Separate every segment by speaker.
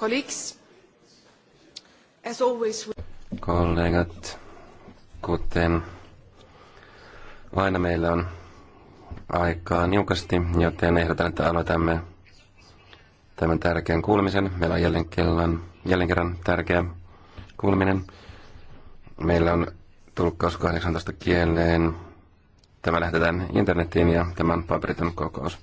Speaker 1: Colleagues, as always we...
Speaker 2: Kollegat, kuten aina meillä on aikaa niukasti, joten ehdotan, että aloitamme tämän tärkeän kuulemisen. Meillä on jälleen, kellan, jälleen kerran tärkeä kuuleminen. Meillä on tulkkaus 18 kieleen. Tämä lähetetään internetiin ja tämän paperiton kokous.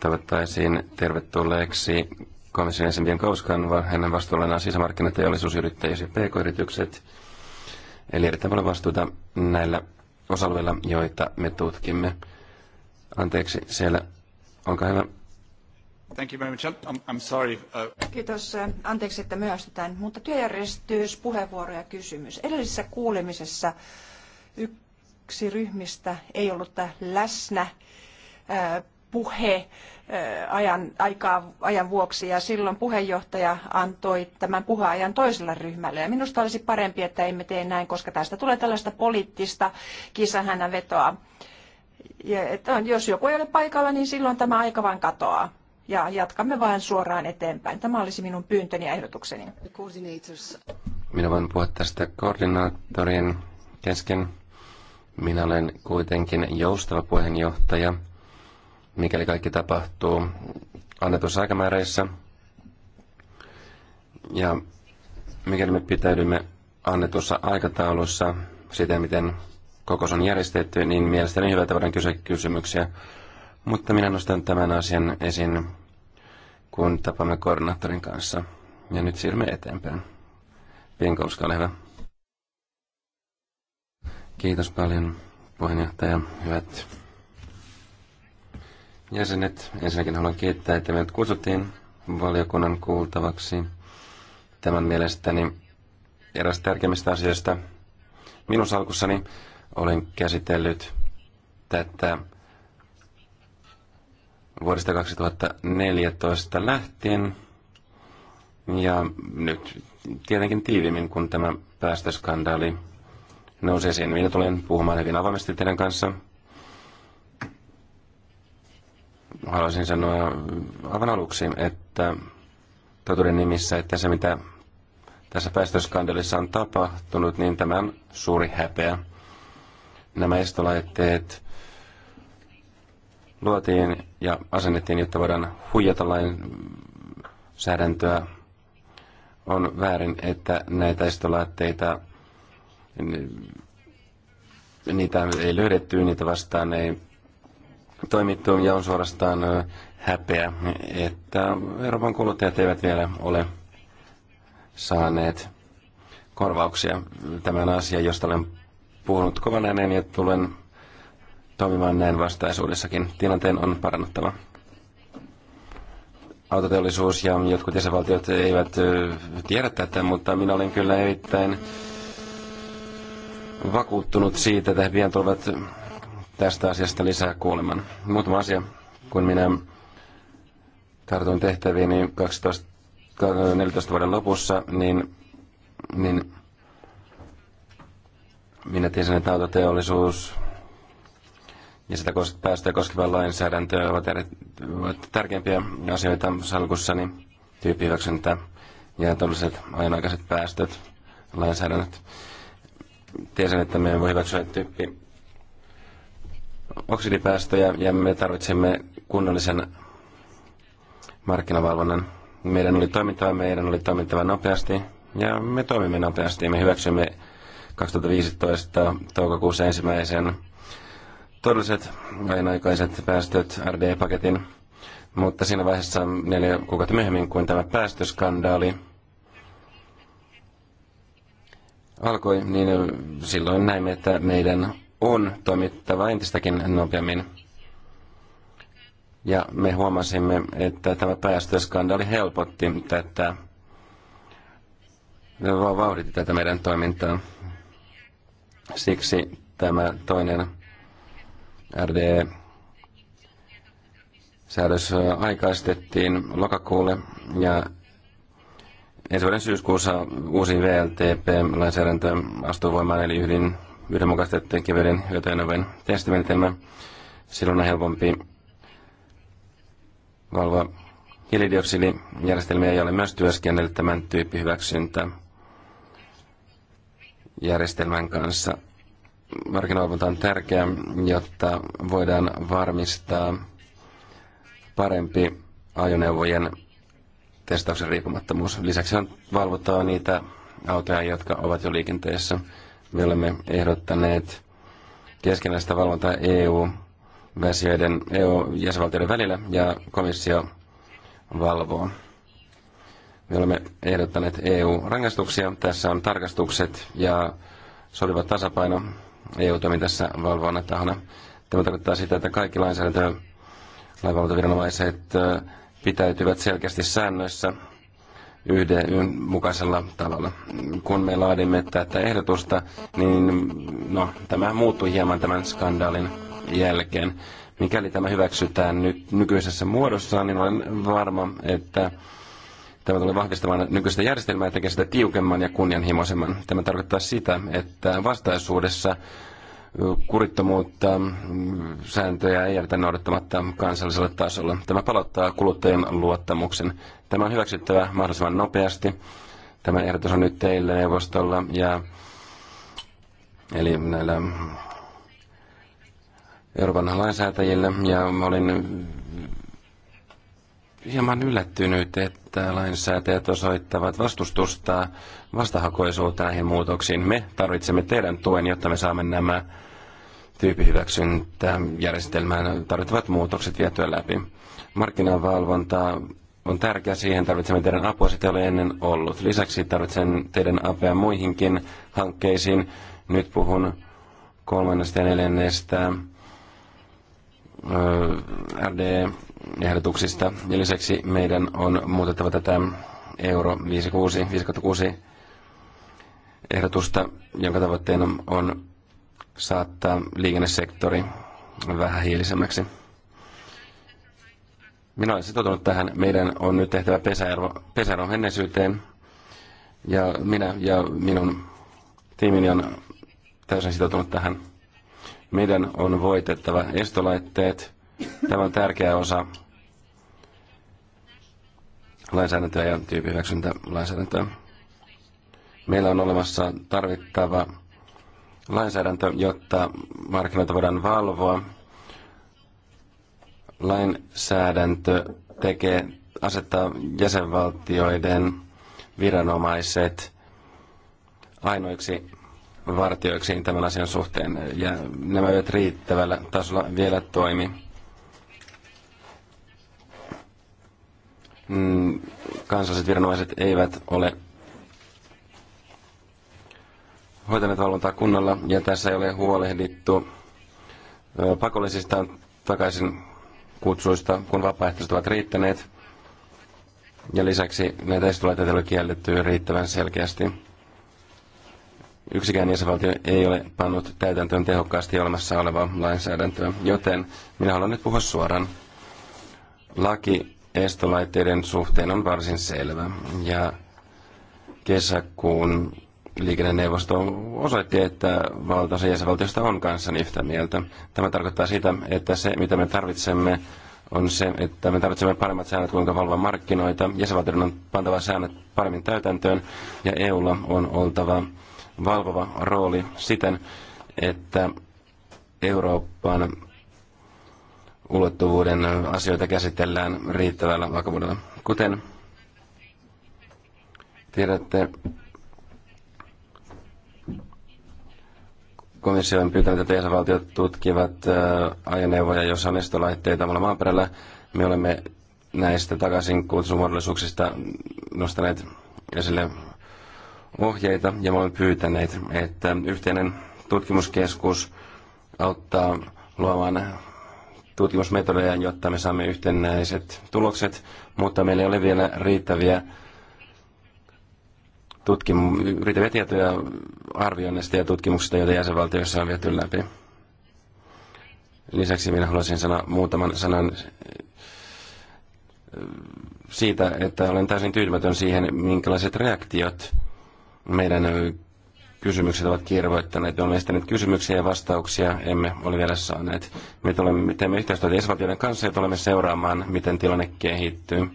Speaker 2: Toivottaisiin tervetulleeksi komission jäsenien kauskan, vaan hänen vastuullaan on sisämarkkinateollisuusyrittäjyys ja pk-yritykset. Eli erittäin paljon vastuuta näillä osa joita me tutkimme. Anteeksi, siellä, olkaa hyvä.
Speaker 3: Thank you very much. I'm, I'm sorry. Uh... Kiitos. Anteeksi, että myöhästytään, mutta työjärjestys, puheenvuoro ja kysymys. Edellisessä kuulemisessa yksi ryhmistä ei ollut läsnä äh, puhe ajan, aikaa, ajan vuoksi ja silloin puheenjohtaja antoi tämän puheajan toiselle ryhmälle. Ja minusta olisi parempi, että emme tee näin, koska tästä tulee tällaista poliittista kisahännän vetoa. Ja, että jos joku ei ole paikalla, niin silloin tämä aika vain katoaa. Ja jatkamme vain suoraan eteenpäin. Tämä olisi minun pyyntöni ja ehdotukseni.
Speaker 2: Minä voin puhua tästä koordinaattorien kesken. Minä olen kuitenkin joustava puheenjohtaja mikäli kaikki tapahtuu annetussa aikamääräissä. Ja mikäli me pitäydymme annetussa aikataulussa sitä, miten kokous on järjestetty, niin mielestäni hyvältä voidaan kysyä kysymyksiä. Mutta minä nostan tämän asian esiin, kun tapaamme koordinaattorin kanssa. Ja nyt siirrymme eteenpäin. Pienkouska, ole hyvä. Kiitos paljon, puheenjohtaja. Hyvät jäsenet, ensinnäkin haluan kiittää, että meidät kutsuttiin valiokunnan kuultavaksi. Tämän mielestäni eräs tärkeimmistä asioista minun salkussani olen käsitellyt tätä vuodesta 2014 lähtien ja nyt tietenkin tiivimmin, kun tämä päästöskandaali nousi esiin. Minä tulen puhumaan hyvin avoimesti teidän kanssa haluaisin sanoa aivan aluksi, että totuuden nimissä, että se mitä tässä päästöskandelissa on tapahtunut, niin tämän suuri häpeä. Nämä estolaitteet luotiin ja asennettiin, jotta voidaan huijata säädäntöä. On väärin, että näitä estolaitteita niin niitä ei löydetty, niitä vastaan ei toimittuun ja on suorastaan häpeä, että Euroopan kuluttajat eivät vielä ole saaneet korvauksia. Tämän asian, josta olen puhunut kovan ääneen ja tulen toimimaan näin vastaisuudessakin. Tilanteen on parannettava. Autoteollisuus ja jotkut jäsenvaltiot eivät tiedä tätä, mutta minä olen kyllä erittäin vakuuttunut siitä, että he pian tulevat tästä asiasta lisää kuuleman. Muutama asia, kun minä tartuin tehtäviin niin 2014 vuoden lopussa, niin, niin minä tiesin, että autoteollisuus ja sitä päästöjä koskeva lainsäädäntö ovat, eri, ovat tärkeimpiä asioita salkussani, tyyppihyväksyntä ja todelliset ajanaikaiset päästöt, lainsäädännöt. Tiesin, että me voi hyväksyä tyyppi oksidipäästöjä ja me tarvitsemme kunnollisen markkinavalvonnan. Meidän oli toimintaa, meidän oli toimintava nopeasti ja me toimimme nopeasti ja me hyväksymme 2015 toukokuussa ensimmäisen todelliset ajanaikaiset päästöt RD-paketin, mutta siinä vaiheessa neljä kuukautta myöhemmin kuin tämä päästöskandaali alkoi, niin silloin näimme, että meidän on toimittava entistäkin nopeammin. Ja me huomasimme, että tämä päästöskandaali helpotti tätä, vauhditti tätä meidän toimintaa. Siksi tämä toinen RDE säädös aikaistettiin lokakuulle ja ensi vuoden syyskuussa uusi VLTP-lainsäädäntö astuu voimaan eli yhdin yhdenmukaistettujenkin veden hyötyenoven testimenetelmä. Silloin on helpompi valvoa hiilidioksidijärjestelmiä, joille myös työskennellä tämän hyväksyntä järjestelmän kanssa. Markkinavalvonta on tärkeää, jotta voidaan varmistaa parempi ajoneuvojen testauksen riippumattomuus. Lisäksi on valvottava niitä autoja, jotka ovat jo liikenteessä. Me olemme ehdottaneet keskenäistä valvontaa EU väsioiden EU-jäsenvaltioiden välillä ja komissio valvoo. Me olemme ehdottaneet EU-rangaistuksia. Tässä on tarkastukset ja sopiva tasapaino eu toimii tässä valvona tahona. Tämä tarkoittaa sitä, että kaikki lainsäädäntö lainvalvontaviranomaiset pitäytyvät selkeästi säännöissä yhdenmukaisella tavalla. Kun me laadimme tätä ehdotusta, niin no, tämä muuttui hieman tämän skandaalin jälkeen. Mikäli tämä hyväksytään nyt nykyisessä muodossaan, niin olen varma, että Tämä tulee vahvistamaan nykyistä järjestelmää ja tekee sitä tiukemman ja kunnianhimoisemman. Tämä tarkoittaa sitä, että vastaisuudessa kurittomuutta, mm, sääntöjä ei jätetä noudattamatta kansallisella tasolla. Tämä palauttaa kuluttajien luottamuksen. Tämä on hyväksyttävä mahdollisimman nopeasti. Tämä ehdotus on nyt teille neuvostolla ja eli näillä Euroopan lainsäätäjille ja olin hieman yllättynyt, että lainsäätäjät osoittavat vastustusta vastahakoisuutta näihin muutoksiin. Me tarvitsemme teidän tuen, jotta me saamme nämä tyyppihyväksyntäjärjestelmään tarvittavat muutokset vietyä läpi. Markkinavalvonta on tärkeä, siihen tarvitsemme teidän apua, sitä ei ole ennen ollut. Lisäksi tarvitsen teidän apua muihinkin hankkeisiin. Nyt puhun kolmannesta ja neljännestä RD ehdotuksista. Ja lisäksi meidän on muutettava tätä euro 56, 56 ehdotusta, jonka tavoitteena on saattaa liikennesektori hiilisemmäksi. Minä olen sitoutunut tähän. Meidän on nyt tehtävä pesäero, pesäero menneisyyteen. Ja minä ja minun tiimini on täysin sitoutunut tähän. Meidän on voitettava estolaitteet – Tämä on tärkeä osa lainsäädäntöä ja tyyppihyväksyntä lainsäädäntöä. Meillä on olemassa tarvittava lainsäädäntö, jotta markkinoita voidaan valvoa. Lainsäädäntö tekee, asettaa jäsenvaltioiden viranomaiset ainoiksi vartioiksi tämän asian suhteen, ja nämä eivät riittävällä tasolla vielä toimi. mm, kansalliset viranomaiset eivät ole hoitaneet valvontaa kunnolla ja tässä ei ole huolehdittu pakollisista takaisin kutsuista, kun vapaaehtoiset ovat riittäneet. Ja lisäksi näitä estulaitteita oli kielletty riittävän selkeästi. Yksikään jäsenvaltio ei ole pannut täytäntöön tehokkaasti olemassa olevaa lainsäädäntöä, joten minä haluan nyt puhua suoraan. Laki estolaitteiden suhteen on varsin selvä. Ja kesäkuun liikenneneuvosto osoitti, että valtaosa jäsenvaltiosta on kanssa yhtä mieltä. Tämä tarkoittaa sitä, että se mitä me tarvitsemme on se, että me tarvitsemme paremmat säännöt, kuinka valvoa markkinoita. Jäsenvaltioiden on pantava säännöt paremmin täytäntöön ja EUlla on oltava valvova rooli siten, että Euroopan ulottuvuuden asioita käsitellään riittävällä vakavuudella. Kuten tiedätte, komissio on pyytänyt, että jäsenvaltiot tutkivat ajoneuvoja, joissa on estolaitteita omalla maaperällä. Me olemme näistä takaisin kutsumuodollisuuksista nostaneet esille ohjeita ja olemme pyytäneet, että yhteinen tutkimuskeskus auttaa luomaan tutkimusmetodeja, jotta me saamme yhtenäiset tulokset, mutta meillä ei ole vielä riittäviä, tutkimu- riittäviä tietoja arvioinnista ja tutkimuksista, joita jäsenvaltioissa on viety läpi. Lisäksi minä haluaisin sanoa muutaman sanan äh, siitä, että olen täysin tyytymätön siihen, minkälaiset reaktiot meidän kysymykset ovat kirvoittaneet. Me olemme esittäneet kysymyksiä ja vastauksia, emme ole vielä saaneet. Me tulemme, teemme yhteistyötä esivaltioiden kanssa ja tulemme seuraamaan, miten tilanne kehittyy.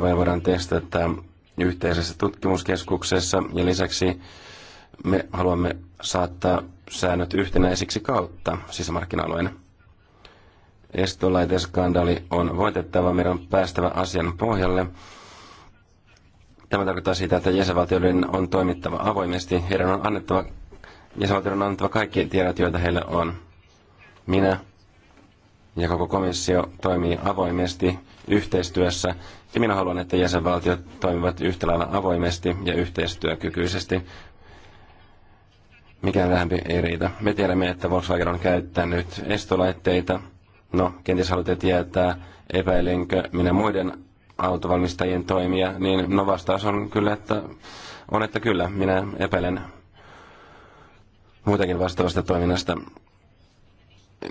Speaker 2: vai voidaan testata yhteisessä tutkimuskeskuksessa ja lisäksi me haluamme saattaa säännöt yhtenäisiksi kautta sisämarkkina-alueen. Estolaiteskandaali on voitettava, meidän on päästävä asian pohjalle. Tämä tarkoittaa sitä, että jäsenvaltioiden on toimittava avoimesti. Heidän on annettava, jäsenvaltioiden on annettava kaikki tiedot, joita heillä on. Minä ja koko komissio toimii avoimesti yhteistyössä, ja minä haluan, että jäsenvaltiot toimivat yhtä lailla avoimesti ja yhteistyökykyisesti. Mikään vähempi ei riitä. Me tiedämme, että Volkswagen on käyttänyt estolaitteita. No, kenties haluatte tietää, epäilenkö minä muiden autovalmistajien toimia, niin no vastaus on kyllä, että on, että kyllä, minä epäilen Muutenkin vastaavasta toiminnasta.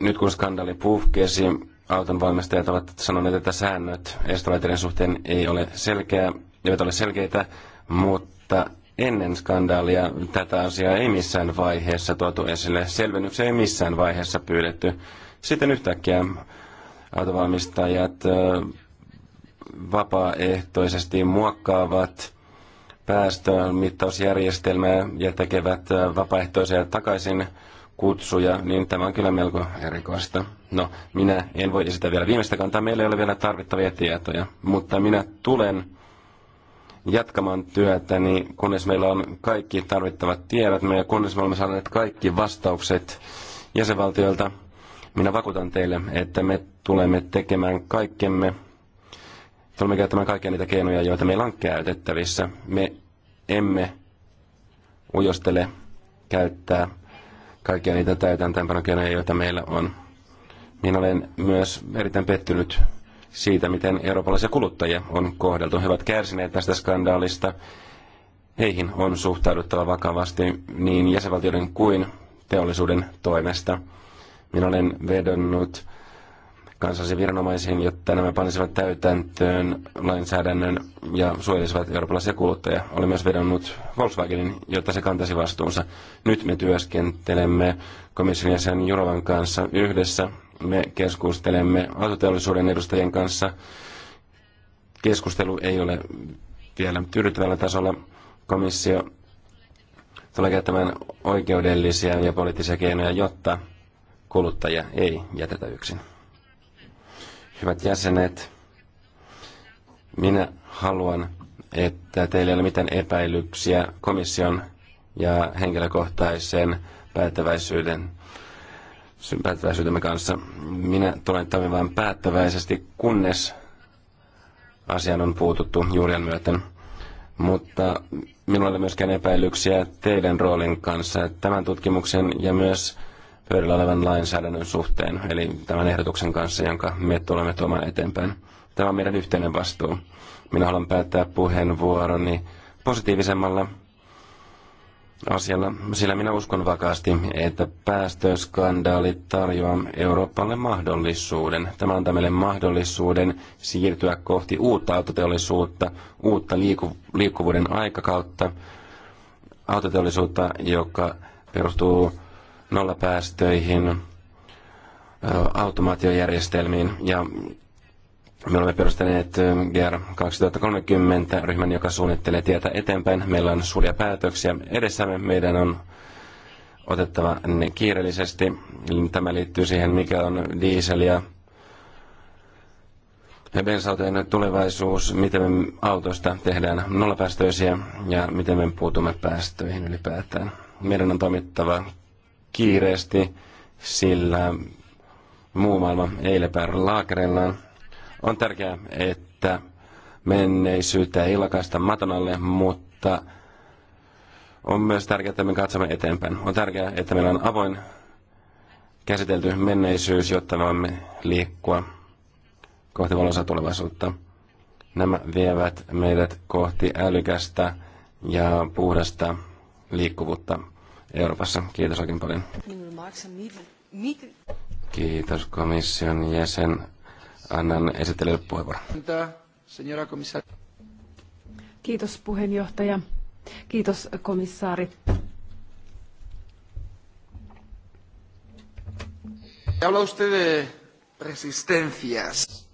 Speaker 2: Nyt kun skandaali puhkesi, auton valmistajat ovat sanoneet, että säännöt estolaitteiden suhteen ei ole selkeä, eivät ole selkeitä, mutta ennen skandaalia tätä asiaa ei missään vaiheessa tuotu esille. Selvennyksiä ei missään vaiheessa pyydetty. Sitten yhtäkkiä autovalmistajat vapaaehtoisesti muokkaavat päästömittausjärjestelmää ja tekevät äh, vapaaehtoisia takaisin kutsuja, niin tämä on kyllä melko erikoista. No, minä en voi sitä vielä viimeistä kantaa, meillä ei ole vielä tarvittavia tietoja, mutta minä tulen jatkamaan työtäni, niin kunnes meillä on kaikki tarvittavat tiedot, ja kunnes me olemme saaneet kaikki vastaukset jäsenvaltioilta. Minä vakuutan teille, että me tulemme tekemään kaikkemme, tulemme käyttämään kaikkia niitä keinoja, joita meillä on käytettävissä. Me emme ujostele käyttää kaikkia niitä täytäntöönpanokeinoja, joita meillä on. Minä olen myös erittäin pettynyt siitä, miten eurooppalaisia kuluttajia on kohdeltu. He ovat kärsineet tästä skandaalista. Heihin on suhtauduttava vakavasti niin jäsenvaltioiden kuin teollisuuden toimesta. Minä olen vedonnut kansallisen viranomaisiin, jotta nämä panisivat täytäntöön lainsäädännön ja suojelisivat eurooppalaisia kuluttajia. Oli myös vedonnut Volkswagenin, jotta se kantaisi vastuunsa. Nyt me työskentelemme komission jäsen Jurovan kanssa yhdessä. Me keskustelemme autoteollisuuden edustajien kanssa. Keskustelu ei ole vielä tyydyttävällä tasolla. Komissio tulee käyttämään oikeudellisia ja poliittisia keinoja, jotta kuluttaja ei jätetä yksin. Hyvät jäsenet, minä haluan, että teillä ei ole mitään epäilyksiä komission ja henkilökohtaisen päättäväisyyden päättäväisyytemme kanssa. Minä tulen toimimaan päättäväisesti, kunnes asian on puututtu juurien myöten. Mutta minulla ei ole myöskään epäilyksiä teidän roolin kanssa tämän tutkimuksen ja myös pöydällä olevan lainsäädännön suhteen, eli tämän ehdotuksen kanssa, jonka me tulemme tuomaan eteenpäin. Tämä on meidän yhteinen vastuu. Minä haluan päättää puheenvuoroni positiivisemmalla asialla, sillä minä uskon vakaasti, että päästöskandaali tarjoaa Euroopalle mahdollisuuden. Tämä antaa meille mahdollisuuden siirtyä kohti uutta autoteollisuutta, uutta liiku- liikkuvuuden aikakautta, autoteollisuutta, joka perustuu nollapäästöihin, automaatiojärjestelmiin ja me olemme perustaneet GR 2030 ryhmän, joka suunnittelee tietä eteenpäin. Meillä on suuria päätöksiä edessämme. Meidän on otettava ne kiireellisesti. Tämä liittyy siihen, mikä on diesel ja bensautojen tulevaisuus, miten me autoista tehdään nollapäästöisiä ja miten me puutumme päästöihin ylipäätään. Meidän on toimittava kiireesti, sillä muu maailma ei lepää laakereillaan. On tärkeää, että menneisyyttä ei lakaista maton alle, mutta on myös tärkeää, että me katsomme eteenpäin. On tärkeää, että meillä on avoin käsitelty menneisyys, jotta voimme liikkua kohti valoisaa tulevaisuutta. Nämä vievät meidät kohti älykästä ja puhdasta liikkuvuutta. Euroopassa. Kiitos oikein paljon. Kiitos komission jäsen. Annan esittelylle puheenvuoron.
Speaker 1: Kiitos puheenjohtaja. Kiitos komissaari.
Speaker 4: Habla usted de resistencias.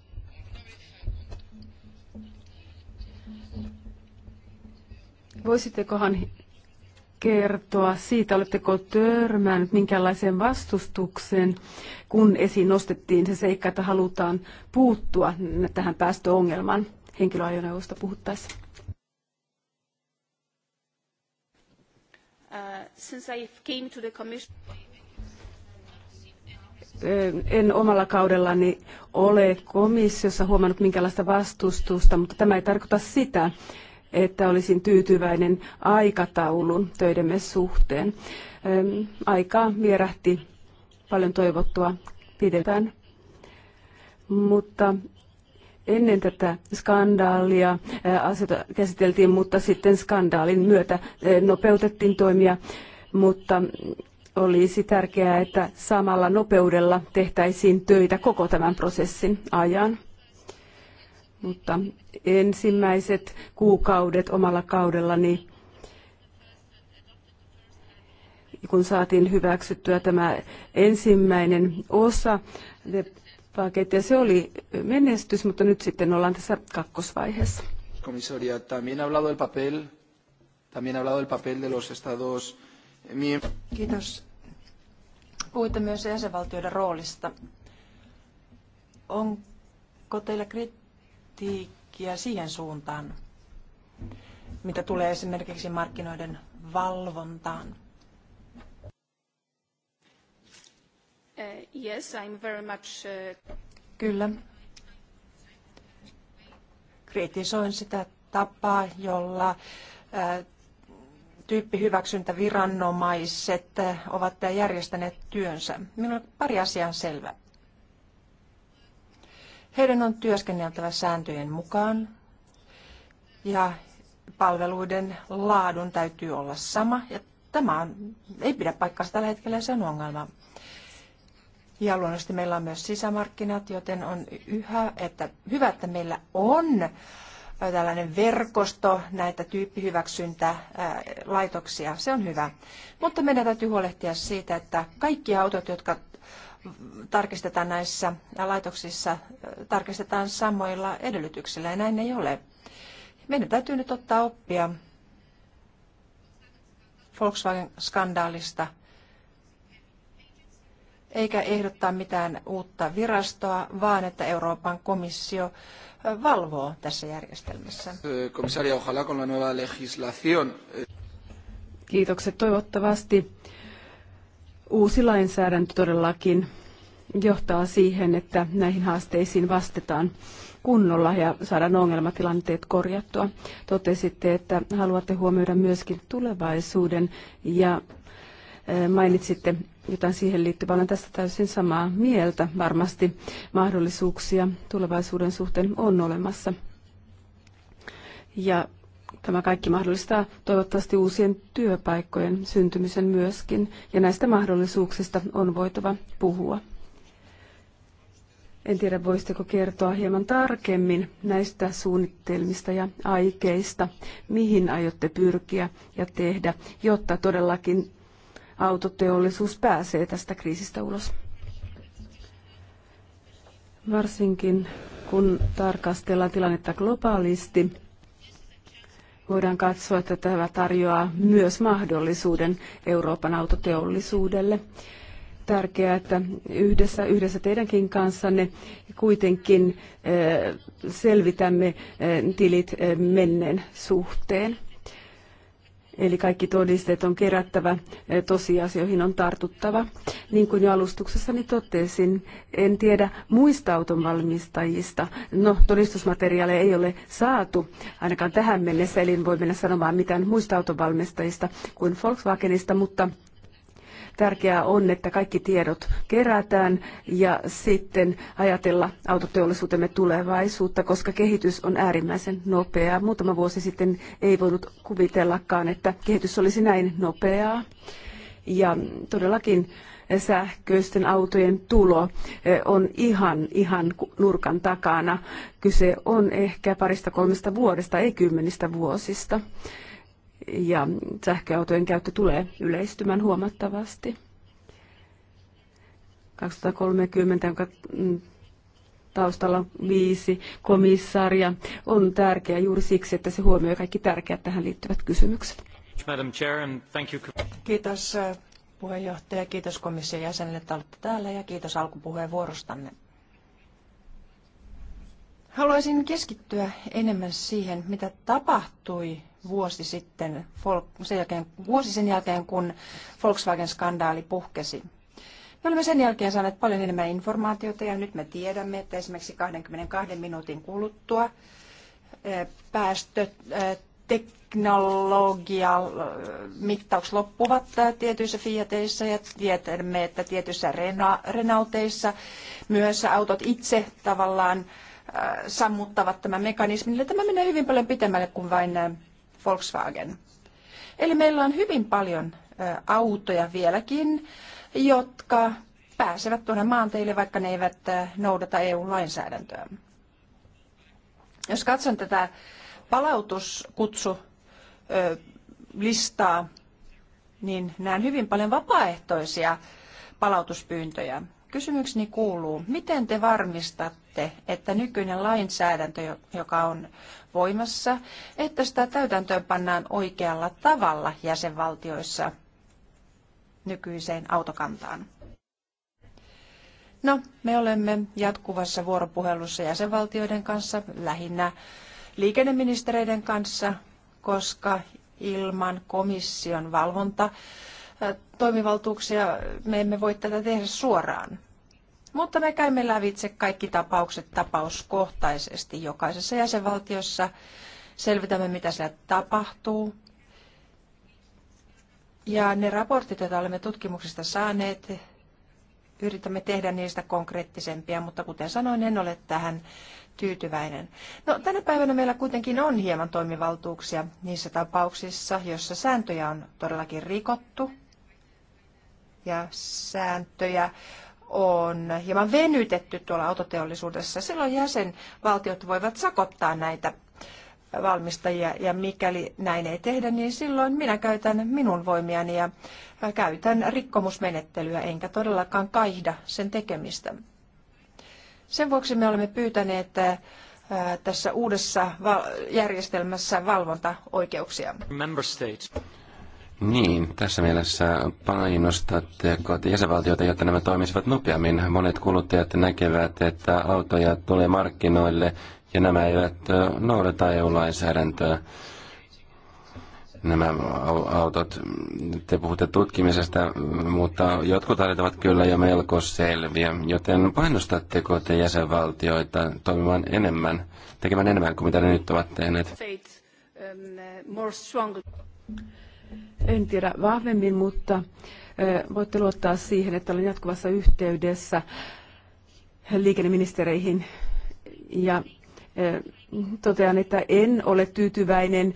Speaker 1: Voisittekohan kertoa siitä, oletteko törmännyt minkälaiseen vastustukseen, kun esiin nostettiin se seikka, että halutaan puuttua tähän päästöongelmaan henkilöajoneuvosta puhuttaessa? Uh, en omalla kaudellani ole komissiossa huomannut minkälaista vastustusta, mutta tämä ei tarkoita sitä, että olisin tyytyväinen aikataulun töidemme suhteen. Aikaa vierähti paljon toivottua pidetään. Mutta ennen tätä skandaalia asioita käsiteltiin, mutta sitten skandaalin myötä nopeutettiin toimia, mutta olisi tärkeää, että samalla nopeudella tehtäisiin töitä koko tämän prosessin ajan mutta ensimmäiset kuukaudet omalla kaudellani, kun saatiin hyväksyttyä tämä ensimmäinen osa, pakettia, se oli menestys, mutta nyt sitten ollaan tässä kakkosvaiheessa.
Speaker 2: Komissaria, también ha hablado del papel, también ha hablado del papel de los estados... Kiitos.
Speaker 3: Puhuitte myös jäsenvaltioiden roolista. Onko teillä kriteerejä? kritiikkiä siihen suuntaan, mitä tulee esimerkiksi markkinoiden valvontaan?
Speaker 5: Uh, yes, I'm very much,
Speaker 3: uh... Kyllä. Kritisoin sitä tapaa, jolla uh, tyyppihyväksyntäviranomaiset uh, ovat järjestäneet työnsä. Minulla on pari asiaa selvä. Heidän on työskenneltävä sääntöjen mukaan ja palveluiden laadun täytyy olla sama. Ja tämä on, ei pidä paikkaansa tällä hetkellä, se on ongelma. Ja luonnollisesti meillä on myös sisämarkkinat, joten on yhä, että hyvä, että meillä on äh, tällainen verkosto näitä tyyppihyväksyntälaitoksia. Se on hyvä. Mutta meidän täytyy huolehtia siitä, että kaikki autot, jotka tarkistetaan näissä laitoksissa, tarkistetaan samoilla edellytyksillä ja näin ei ole. Meidän täytyy nyt ottaa oppia Volkswagen-skandaalista, eikä ehdottaa mitään uutta virastoa, vaan että Euroopan komissio valvoo tässä järjestelmässä.
Speaker 4: ojalá con la nueva legislación.
Speaker 3: Kiitokset toivottavasti
Speaker 1: Uusi lainsäädäntö todellakin johtaa siihen, että näihin haasteisiin vastataan kunnolla ja saadaan ongelmatilanteet korjattua. Totesitte, että haluatte huomioida myöskin tulevaisuuden ja eh, mainitsitte jotain siihen liittyvää. Olen tästä täysin samaa mieltä. Varmasti mahdollisuuksia tulevaisuuden suhteen on olemassa. Ja Tämä kaikki mahdollistaa toivottavasti uusien työpaikkojen syntymisen myöskin, ja näistä mahdollisuuksista on voitava puhua. En tiedä, voisitteko kertoa hieman tarkemmin näistä suunnitelmista ja aikeista, mihin aiotte pyrkiä ja tehdä, jotta todellakin autoteollisuus pääsee tästä kriisistä ulos. Varsinkin kun tarkastellaan tilannetta globaalisti, voidaan katsoa, että tämä tarjoaa myös mahdollisuuden Euroopan autoteollisuudelle. Tärkeää, että yhdessä, yhdessä teidänkin kanssanne kuitenkin eh, selvitämme eh, tilit eh, menneen suhteen. Eli kaikki todisteet on kerättävä, e, tosiasioihin on tartuttava. Niin kuin jo alustuksessani totesin, en tiedä muista autonvalmistajista. No, todistusmateriaaleja ei ole saatu, ainakaan tähän mennessä, eli en voi mennä sanomaan mitään muista autonvalmistajista kuin Volkswagenista, mutta Tärkeää on, että kaikki tiedot kerätään ja sitten ajatella autoteollisuutemme tulevaisuutta, koska kehitys on äärimmäisen nopeaa. Muutama vuosi sitten ei voinut kuvitellakaan, että kehitys olisi näin nopeaa. Ja todellakin sähköisten autojen tulo e, on ihan, ihan nurkan takana. Kyse on ehkä parista kolmesta vuodesta, ei kymmenistä vuosista ja sähköautojen käyttö tulee yleistymään huomattavasti. 2030, jonka mm, taustalla viisi komissaaria, on tärkeä juuri siksi, että
Speaker 6: se
Speaker 3: huomioi kaikki tärkeät tähän liittyvät kysymykset. Kiitos äh, puheenjohtaja, kiitos komission jäsenille, että olette täällä ja kiitos alkupuheenvuorostanne. Haluaisin keskittyä enemmän siihen, mitä tapahtui vuosi sitten, sen jälkeen, vuosi sen jälkeen, kun Volkswagen-skandaali puhkesi. Me olemme sen jälkeen saaneet paljon enemmän informaatiota ja nyt me tiedämme, että esimerkiksi 22 minuutin kuluttua eh, päästöteknologia eh, eh, mittaukset loppuvat tietyissä Fiateissa ja tiedämme, että tietyissä renaulteissa myös autot itse tavallaan sammuttavat tämän mekanismin. tämä menee hyvin paljon pitemmälle kuin vain Volkswagen. Eli meillä on hyvin paljon autoja vieläkin, jotka pääsevät tuonne maanteille, vaikka ne eivät noudata EU-lainsäädäntöä. Jos katson tätä palautuskutsulistaa, niin näen hyvin paljon vapaaehtoisia palautuspyyntöjä. Kysymykseni kuuluu, miten te varmistatte, sitten, että nykyinen lainsäädäntö, joka on voimassa, että sitä täytäntöön pannaan oikealla tavalla jäsenvaltioissa nykyiseen autokantaan. No, me olemme jatkuvassa vuoropuhelussa jäsenvaltioiden kanssa, lähinnä liikenneministereiden kanssa, koska ilman komission valvonta toimivaltuuksia me emme voi tätä tehdä suoraan. Mutta me käymme lävitse kaikki tapaukset tapauskohtaisesti jokaisessa jäsenvaltiossa. Selvitämme, mitä siellä tapahtuu. Ja ne raportit, joita olemme tutkimuksista saaneet, yritämme tehdä niistä konkreettisempia, mutta kuten sanoin, en ole tähän tyytyväinen. No, tänä päivänä meillä kuitenkin on hieman toimivaltuuksia niissä tapauksissa, joissa sääntöjä on todellakin rikottu ja sääntöjä on hieman venytetty tuolla autoteollisuudessa. Silloin jäsenvaltiot voivat sakottaa näitä valmistajia ja mikäli näin ei tehdä, niin silloin minä käytän minun voimiani ja käytän rikkomusmenettelyä enkä todellakaan kaihda sen tekemistä. Sen vuoksi me olemme pyytäneet tässä uudessa järjestelmässä valvontaoikeuksia.
Speaker 2: Niin, tässä mielessä painostatte jäsenvaltioita, jotta nämä toimisivat nopeammin. Monet kuluttajat näkevät, että autoja tulee markkinoille ja nämä eivät noudata EU-lainsäädäntöä. Nämä autot, te puhutte tutkimisesta, mutta jotkut ovat kyllä jo melko selviä, joten painostatteko te jäsenvaltioita toimimaan enemmän, tekemään enemmän kuin mitä ne nyt ovat tehneet?
Speaker 5: Um,
Speaker 1: en tiedä vahvemmin, mutta voitte luottaa siihen, että olen jatkuvassa yhteydessä liikenneministereihin ja totean, että en ole tyytyväinen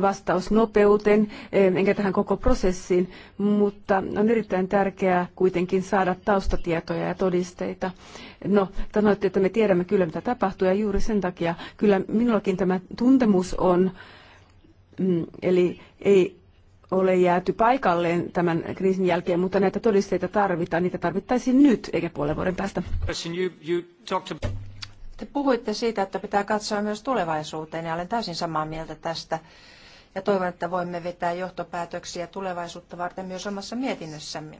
Speaker 1: vastausnopeuteen, enkä tähän koko prosessiin, mutta on erittäin tärkeää kuitenkin saada taustatietoja ja todisteita. No, sanoitte, että me tiedämme kyllä, mitä tapahtuu, ja juuri sen takia kyllä minullakin tämä tuntemus on, mm, eli ei ole jääty paikalleen tämän
Speaker 3: kriisin jälkeen, mutta näitä todisteita tarvitaan. Niitä tarvittaisiin nyt, eikä puolen vuoden päästä. Te puhuitte siitä, että pitää katsoa myös tulevaisuuteen ja olen täysin samaa mieltä tästä. Ja toivon, että voimme vetää johtopäätöksiä tulevaisuutta varten myös omassa mietinnössämme.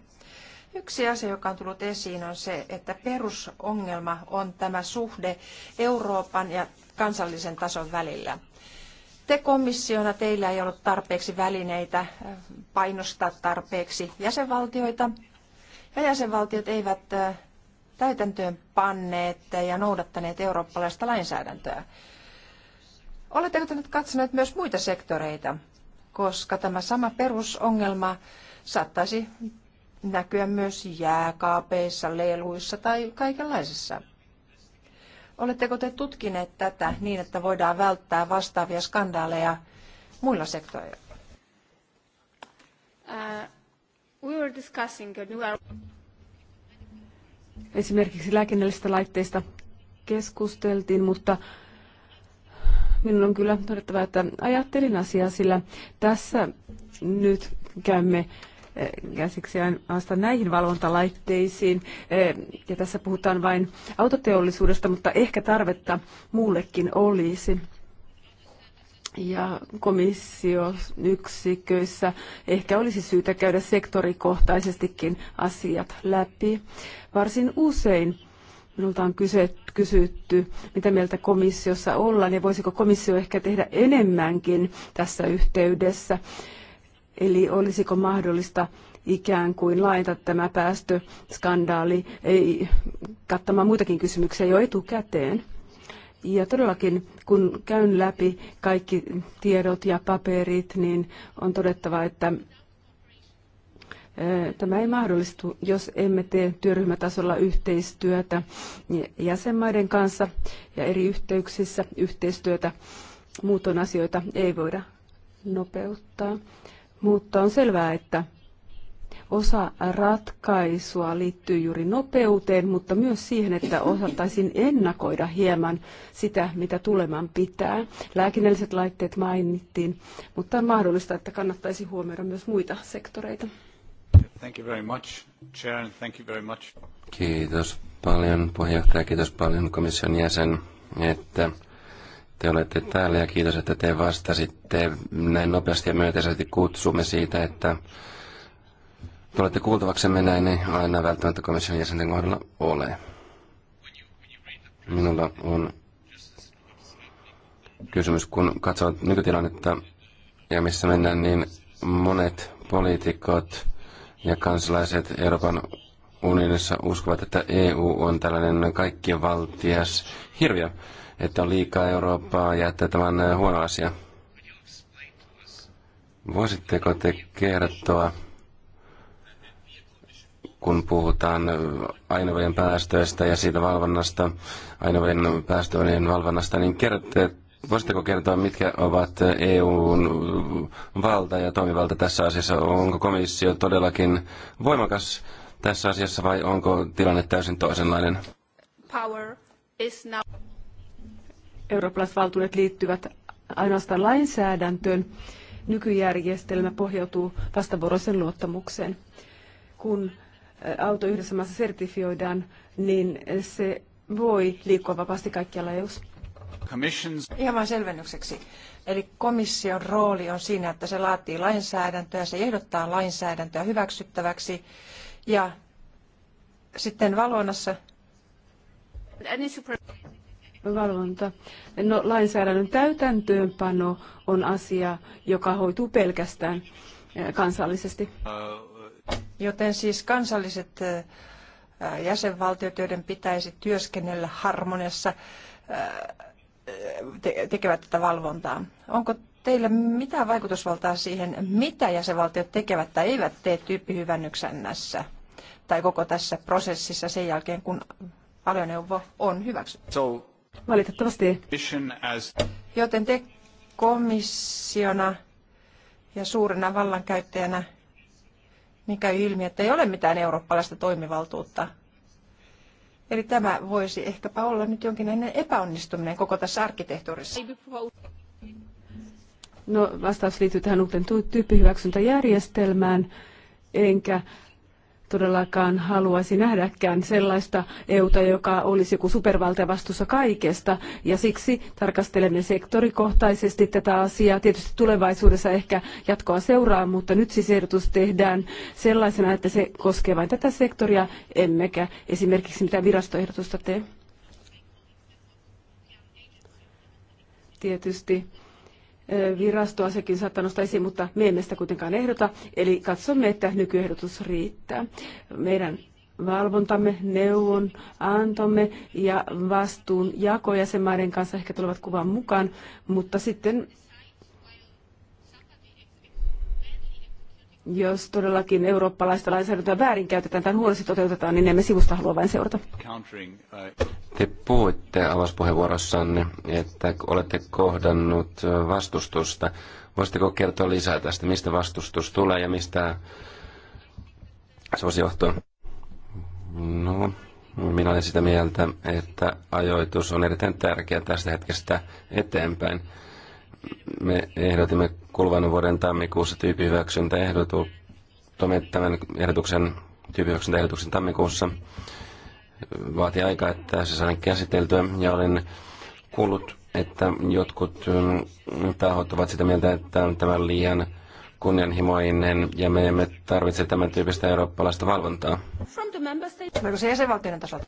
Speaker 3: Yksi asia, joka on tullut esiin, on se, että perusongelma on tämä suhde Euroopan ja kansallisen tason välillä te komissiona teillä ei ollut tarpeeksi välineitä äh, painostaa tarpeeksi jäsenvaltioita, ja jäsenvaltiot eivät äh, täytäntöön panneet ja noudattaneet eurooppalaista lainsäädäntöä. Oletteko te nyt katsoneet myös muita sektoreita, koska tämä sama perusongelma saattaisi näkyä myös jääkaapeissa, leluissa tai kaikenlaisessa Oletteko te tutkineet tätä niin, että voidaan välttää vastaavia skandaaleja muilla sektoreilla?
Speaker 5: Uh, we were discussing a new...
Speaker 1: Esimerkiksi lääkinnällisistä laitteista keskusteltiin, mutta minun on kyllä todettava, että ajattelin asiaa, sillä tässä nyt käymme käsiksi ainoastaan näihin valvontalaitteisiin. E, ja tässä puhutaan vain autoteollisuudesta, mutta ehkä tarvetta muullekin olisi ja komissioyksiköissä ehkä olisi syytä käydä sektorikohtaisestikin asiat läpi. Varsin usein minulta on kysytty, mitä mieltä komissiossa ollaan ja voisiko komissio ehkä tehdä enemmänkin tässä yhteydessä. Eli olisiko mahdollista ikään kuin laita tämä päästöskandaali ei, kattamaan muitakin kysymyksiä jo etukäteen? Ja todellakin, kun käyn läpi kaikki tiedot ja paperit, niin on todettava, että Tämä ei mahdollistu, jos emme tee työryhmätasolla yhteistyötä jäsenmaiden kanssa ja eri yhteyksissä yhteistyötä. Muutoin asioita ei voida nopeuttaa. Mutta on selvää, että osa ratkaisua liittyy juuri nopeuteen, mutta myös siihen, että osattaisiin ennakoida hieman sitä, mitä tuleman pitää. Lääkinnälliset laitteet mainittiin, mutta on mahdollista, että kannattaisi huomioida myös muita sektoreita.
Speaker 5: Thank you very much, Chair, thank you very much.
Speaker 2: Kiitos paljon puheenjohtaja, kiitos paljon komission jäsen, että te olette täällä ja kiitos, että te vastasitte näin nopeasti ja myönteisesti kutsumme siitä, että tulette kuultavaksemme näin, niin aina välttämättä komission jäsenten kohdalla ole. Minulla on kysymys, kun katsoo nykytilannetta ja missä mennään, niin monet poliitikot ja kansalaiset Euroopan unionissa uskovat, että EU on tällainen kaikkien valtias hirviö että on liikaa Eurooppaa ja että tämä on eh, huono asia. Voisitteko te kertoa, kun puhutaan eh, ainevojen päästöistä ja siitä valvonnasta, ainevojen päästöjen valvonnasta, niin kertoa? voisitteko kertoa, mitkä ovat eh, EUn valta ja toimivalta tässä asiassa? Onko komissio todellakin voimakas tässä asiassa vai onko tilanne täysin toisenlainen?
Speaker 5: Power is now
Speaker 1: eurooppalaiset valtuudet liittyvät ainoastaan lainsäädäntöön. Nykyjärjestelmä pohjautuu vastavuoroisen luottamukseen. Kun auto yhdessä maassa sertifioidaan, niin se
Speaker 3: voi liikkua vapaasti kaikkialla EU:ssa. Ihan vain selvennykseksi. Eli komission rooli on siinä, että se laatii lainsäädäntöä, se ehdottaa lainsäädäntöä hyväksyttäväksi ja sitten valvonnassa
Speaker 1: valvonta. No, lainsäädännön täytäntöönpano
Speaker 3: on asia, joka hoituu pelkästään eh, kansallisesti. Joten siis kansalliset eh, jäsenvaltiot, joiden pitäisi työskennellä harmoniassa, eh, tekevät tätä valvontaa. Onko teillä mitään vaikutusvaltaa siihen, mitä jäsenvaltiot tekevät tai eivät tee tyyppihyvännyksennässä tai koko tässä prosessissa sen jälkeen, kun ajoneuvo on hyväksytty? So Valitettavasti. Joten te komissiona ja suurena vallankäyttäjänä niin käy ilmi, että ei ole mitään eurooppalaista toimivaltuutta. Eli tämä voisi ehkäpä olla nyt jonkinlainen epäonnistuminen koko tässä arkkitehtuurissa.
Speaker 1: No, vastaus liittyy tähän uuteen tyyppihyväksyntäjärjestelmään, enkä todellakaan haluaisi nähdäkään sellaista EUta, joka olisi joku supervalta vastuussa kaikesta. Ja siksi tarkastelemme sektorikohtaisesti tätä asiaa. Tietysti tulevaisuudessa ehkä jatkoa seuraa, mutta nyt siis ehdotus tehdään sellaisena, että se koskee vain tätä sektoria, emmekä esimerkiksi mitä virastoehdotusta tee. Tietysti Virasto asiakin saattaa nostaa esiin, mutta me emme sitä kuitenkaan ehdota. Eli katsomme, että nykyehdotus riittää. Meidän valvontamme, neuvon antomme ja vastuun jako jäsenmaiden kanssa ehkä tulevat kuvan mukaan, mutta sitten jos todellakin eurooppalaista lainsäädäntöä väärinkäytetään tai huonosti toteutetaan, niin emme sivusta halua vain seurata.
Speaker 2: Te puhuitte avauspuheenvuorossanne, että olette kohdannut vastustusta. Voisitteko kertoa lisää tästä, mistä vastustus tulee ja mistä se voisi johtua? No, minä olen sitä mieltä, että ajoitus on erittäin tärkeä tästä hetkestä eteenpäin. Me ehdotimme kuluvan vuoden tammikuussa tyyppihyväksyntäehdotuksen tämän ehdotuksen, tyyppihyväksyntäehdotuksen tammikuussa – vaati aikaa, että se sain käsiteltyä ja olen kuullut, että jotkut mm, tahot ovat sitä mieltä, että tämä on liian kunnianhimoinen ja me emme tarvitse tämän tyyppistä eurooppalaista valvontaa.
Speaker 3: Onko se jäsenvaltioiden tasolta?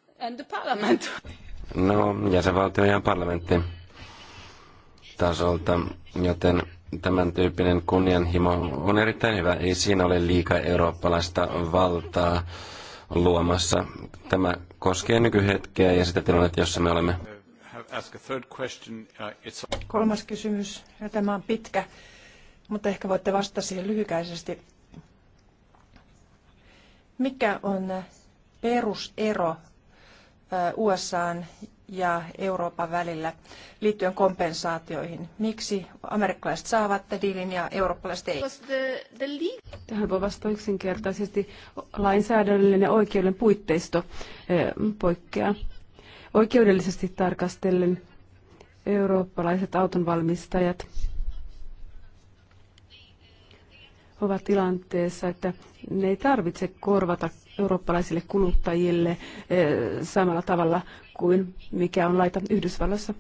Speaker 2: No, jäsenvaltio ja parlamentti tasolta, joten tämän tyyppinen kunnianhimo on erittäin hyvä. Ei siinä ole liikaa eurooppalaista valtaa luomassa. Tämä koskee nykyhetkeä ja sitä tilannetta, jossa me olemme.
Speaker 3: Kolmas kysymys, ja tämä on pitkä, mutta ehkä voitte vastata siihen lyhykäisesti. Mikä on perusero USAn ja Euroopan välillä liittyen kompensaatioihin. Miksi amerikkalaiset saavat diilin ja eurooppalaiset ei? Tähän voi vastata yksinkertaisesti
Speaker 1: lainsäädännöllinen ja oikeuden puitteisto eh, poikkeaa. Oikeudellisesti tarkastellen eurooppalaiset autonvalmistajat ovat tilanteessa, että ne ei tarvitse korvata eurooppalaisille kuluttajille eh, samalla tavalla kuin mikä on laita Yhdysvalloissa.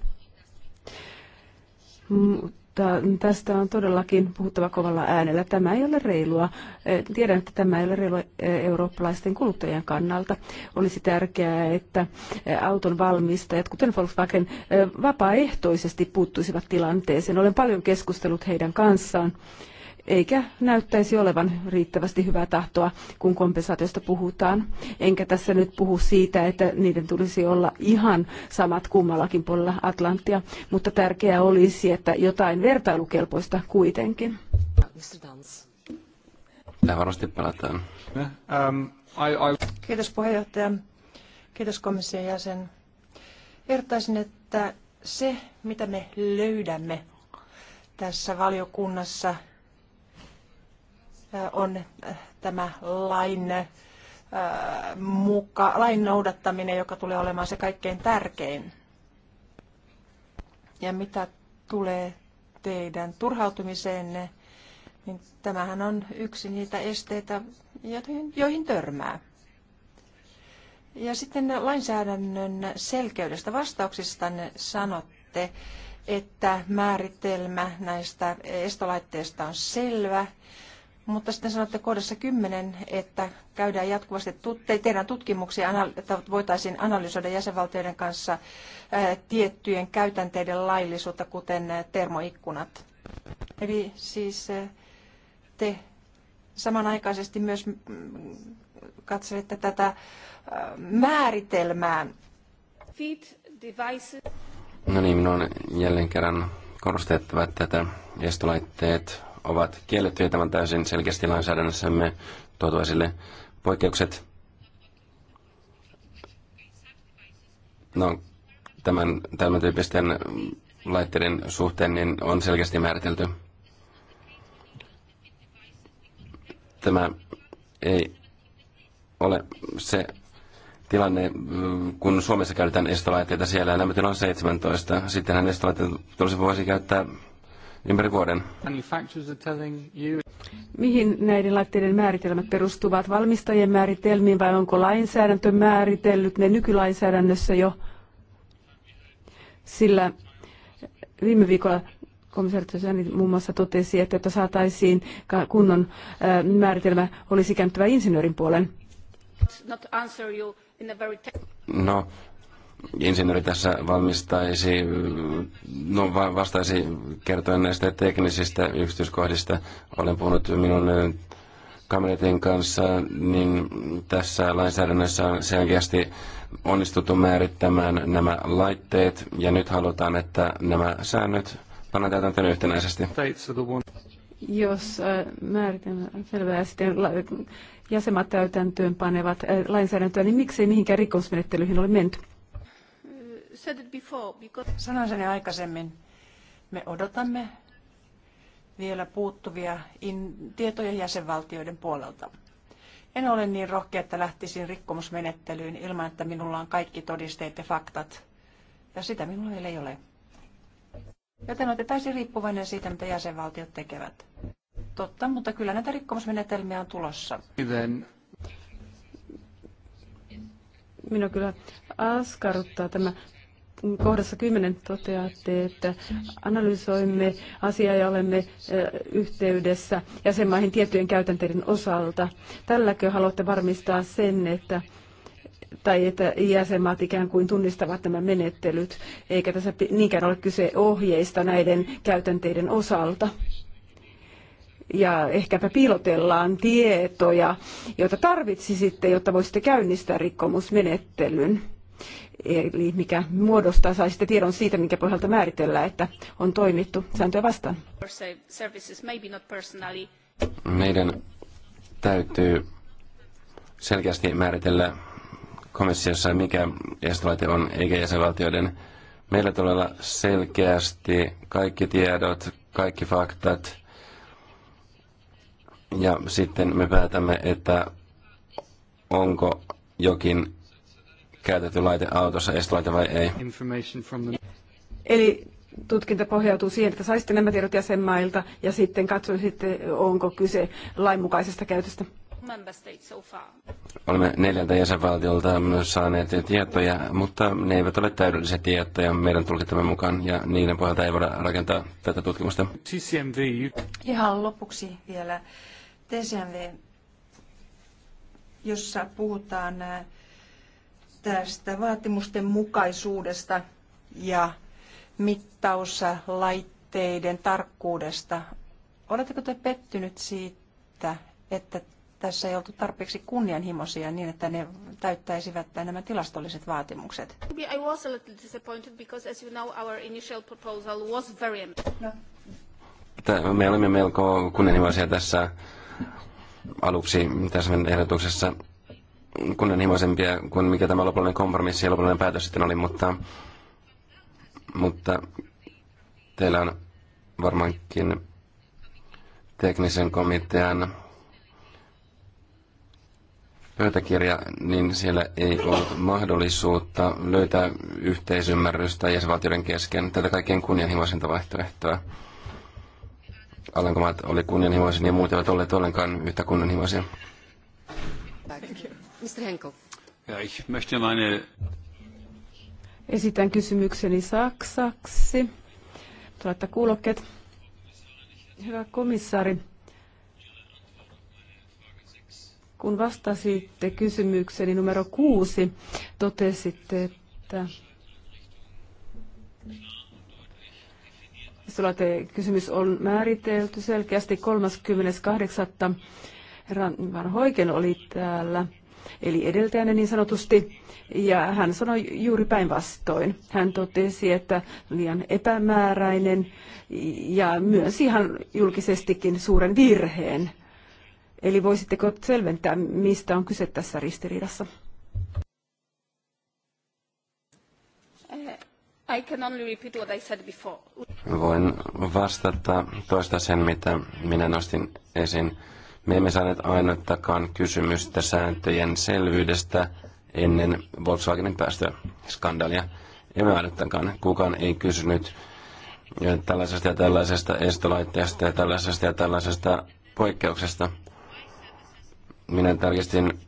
Speaker 1: Mutta tästä on todellakin puhuttava kovalla äänellä. Tämä ei ole reilua. Eh, tiedän, että tämä ei ole reilua eh, eurooppalaisten kuluttajien kannalta. Olisi tärkeää, että eh, auton valmistajat, kuten Volkswagen, vapaaehtoisesti puuttuisivat tilanteeseen. Olen paljon keskustellut heidän kanssaan eikä näyttäisi olevan riittävästi hyvää tahtoa, kun kompensaatiosta puhutaan. Enkä tässä nyt puhu siitä, että niiden tulisi olla ihan samat kummallakin puolella Atlanttia, mutta tärkeää olisi, että jotain vertailukelpoista
Speaker 3: kuitenkin.
Speaker 2: Tämä varmasti palataan.
Speaker 6: Um,
Speaker 3: Kiitos puheenjohtaja. Kiitos komission jäsen. Ehdottaisin, että se, mitä me löydämme tässä valiokunnassa on äh, tämä lain, äh, muka, lain noudattaminen, joka tulee olemaan se kaikkein tärkein. Ja mitä tulee teidän turhautumiseenne, niin tämähän on yksi niitä esteitä, joihin törmää. Ja sitten lainsäädännön selkeydestä vastauksista sanotte, että määritelmä näistä estolaitteista on selvä mutta sitten sanotte kohdassa 10, että käydään jatkuvasti, tehdään tutkimuksia, että voitaisiin analysoida jäsenvaltioiden kanssa tiettyjen käytänteiden laillisuutta, kuten termoikkunat. Eli siis te samanaikaisesti myös mm, katselette tätä määritelmää.
Speaker 2: No niin, minun on jälleen kerran korostettava tätä estolaitteet, ovat kiellettyjä tämän täysin selkeästi lainsäädännössämme tuotu esille poikkeukset. No, tämän, tämän tyyppisten laitteiden suhteen niin on selkeästi määritelty. Tämä ei ole se tilanne, kun Suomessa käytetään estolaitteita, siellä lämpötila on 17. Sittenhän estolaitteita tulisi voisi käyttää ympäri vuoden.
Speaker 1: Mihin näiden laitteiden määritelmät perustuvat? Valmistajien määritelmiin vai onko lainsäädäntö määritellyt ne nykylainsäädännössä jo? Sillä viime viikolla komissaari Tosani muun muassa totesi, että jotta saataisiin kunnon määritelmä, olisi käyttävä insinöörin puolen.
Speaker 2: No, insinööri tässä valmistaisi, no vastaisi kertoen näistä teknisistä yksityiskohdista. Olen puhunut minun kamereiden kanssa, niin tässä lainsäädännössä on selkeästi onnistuttu määrittämään nämä laitteet, ja nyt halutaan, että nämä säännöt pannaan täytäntöön yhtenäisesti.
Speaker 1: Jos määritellään selvää sitten jäsenmaat täytäntöön panevat lainsäädäntöä, niin miksei mihinkään rikosmenettelyihin ole menty?
Speaker 3: said it before, because... Sanoin sen aikaisemmin. Me odotamme vielä puuttuvia in, tietoja jäsenvaltioiden puolelta. En ole niin rohkea, että lähtisin rikkomusmenettelyyn ilman, että minulla on kaikki todisteet ja faktat. Ja sitä minulla vielä ei ole. Joten olette täysin riippuvainen siitä, mitä jäsenvaltiot tekevät. Totta, mutta kyllä näitä rikkomusmenetelmiä on tulossa. Then... Minua kyllä askarruttaa tämä
Speaker 1: kohdassa 10 toteatte, että analysoimme asiaa ja olemme yhteydessä jäsenmaihin tiettyjen käytänteiden osalta. Tälläkö haluatte varmistaa sen, että tai että jäsenmaat ikään kuin tunnistavat nämä menettelyt, eikä tässä niinkään ole kyse ohjeista näiden käytänteiden osalta. Ja ehkäpä piilotellaan tietoja, joita tarvitsisitte, jotta voisitte käynnistää rikkomusmenettelyn eli mikä muodostaa, saa sitten tiedon siitä, minkä pohjalta määritellään, että on toimittu sääntöä vastaan.
Speaker 2: Meidän täytyy selkeästi määritellä komissiossa, mikä jäsenvaltio on, eikä jäsenvaltioiden. Meillä tulee olla selkeästi kaikki tiedot, kaikki faktat, ja sitten me päätämme, että onko jokin käytetty laite autossa, estolaite vai ei.
Speaker 1: Eli tutkinta pohjautuu siihen, että saisitte nämä tiedot jäsenmailta ja sitten katsoisitte, onko kyse lainmukaisesta käytöstä.
Speaker 2: Olemme neljältä jäsenvaltiolta saaneet tietoja, mutta ne eivät ole täydellisiä tietoja meidän tulkintamme mukaan, ja niiden pohjalta ei voida rakentaa tätä tutkimusta.
Speaker 3: Ihan lopuksi vielä TCMV, jossa puhutaan äh, tästä vaatimusten mukaisuudesta ja mittauslaitteiden tarkkuudesta. Oletteko te pettynyt siitä, että tässä ei oltu tarpeeksi kunnianhimoisia niin, että ne täyttäisivät nämä tilastolliset vaatimukset?
Speaker 5: No.
Speaker 2: Me olimme melko kunnianhimoisia tässä aluksi tässä ehdotuksessa kunnianhimoisempia kuin mikä tämä lopullinen kompromissi ja lopullinen päätös sitten oli, mutta, mutta teillä on varmaankin teknisen komitean pöytäkirja, niin siellä ei ollut mahdollisuutta löytää yhteisymmärrystä jäsenvaltioiden kesken tätä kaikkein kunnianhimoisinta vaihtoehtoa. Alankomaat oli kunnianhimoisin ja muut eivät olleet ollenkaan yhtä kunnianhimoisia.
Speaker 6: Thank you. Henkel. Ja, ich möchte meine... Esitän
Speaker 1: kysymykseni saksaksi. Laittaa kuulokkeet. Hyvä komissaari, kun vastasitte kysymykseeni numero kuusi, totesitte, että Sulate, kysymys on määritelty selkeästi 38. Herran Van oli täällä eli edeltäjänne niin sanotusti, ja hän sanoi juuri päinvastoin. Hän totesi, että liian epämääräinen ja myös ihan julkisestikin suuren virheen. Eli voisitteko selventää, mistä on kyse tässä ristiriidassa?
Speaker 5: Eh, I can only repeat what I said before.
Speaker 2: Voin vastata toista sen, mitä minä nostin esiin. Me emme saaneet ainoittakaan kysymystä sääntöjen selvyydestä ennen Volkswagenin päästöskandaalia. Emme ainoittakaan. Kukaan ei kysynyt tällaisesta ja tällaisesta estolaitteesta ja tällaisesta ja tällaisesta poikkeuksesta. Minä tarkistin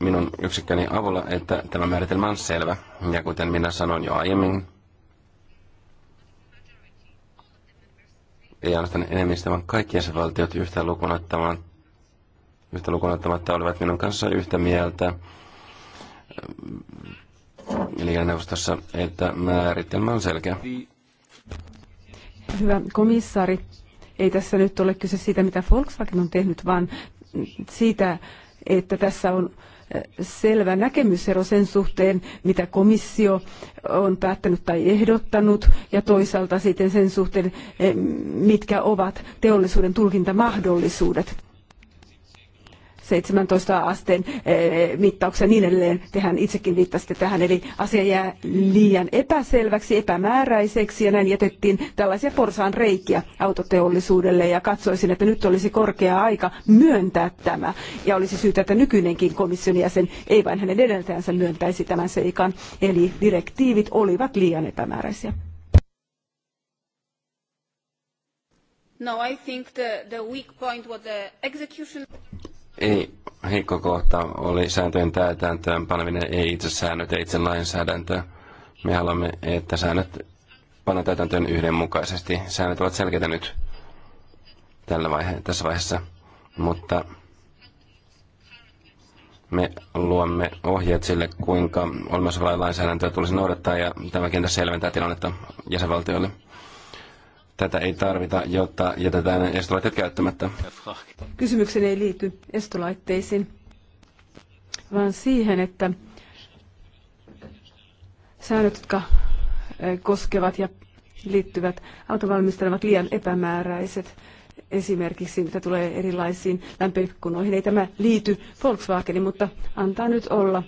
Speaker 2: minun yksikköni avulla, että tämä määritelmä on selvä. Ja kuten minä sanoin jo aiemmin, ei ainoastaan enemmistö, vaan kaikki jäsenvaltiot yhtä lukuun ottamaan yhtä ottamatta olivat minun kanssa yhtä mieltä äh, liikenneuvostossa, että määritelmä on selkeä.
Speaker 1: Hyvä komissaari, ei tässä nyt ole kyse siitä, mitä Volkswagen on tehnyt, vaan siitä, että tässä on äh, selvä näkemysero sen suhteen, mitä komissio on päättänyt tai ehdottanut, ja toisaalta sitten sen suhteen, äh, mitkä ovat teollisuuden tulkintamahdollisuudet 17 asteen eh, mittauksia ja niin edelleen. Tehän itsekin viittasitte tähän, eli asia jää liian epäselväksi, epämääräiseksi ja näin jätettiin tällaisia porsaan reikiä autoteollisuudelle ja katsoisin, että nyt olisi korkea aika myöntää tämä ja olisi syytä, että nykyinenkin komission jäsen ei vain hänen edeltäjänsä myöntäisi tämän seikan, eli direktiivit olivat liian epämääräisiä.
Speaker 5: No, I think the, the weak point was the execution.
Speaker 2: Ei heikko kohta oli sääntöjen täytäntöön paneminen, ei itse säännöt, ei itse lainsäädäntö. Me haluamme, että säännöt panna täytäntöön yhdenmukaisesti. Säännöt ovat selkeitä nyt tällä vaihe- tässä vaiheessa, mutta me luomme ohjeet sille, kuinka olemassa lainsäädäntöä tulisi noudattaa, ja tämä kenttä selventää tilannetta jäsenvaltioille. Tätä ei tarvita, jotta jätetään estolaitteet käyttämättä.
Speaker 1: Kysymykseni ei liity estolaitteisiin, vaan siihen, että säännöt, jotka eh, koskevat ja liittyvät autovalmistajat ovat liian epämääräiset esimerkiksi mitä tulee erilaisiin lämpöikkunoihin. Ei tämä liity Volkswageniin, mutta antaa nyt olla.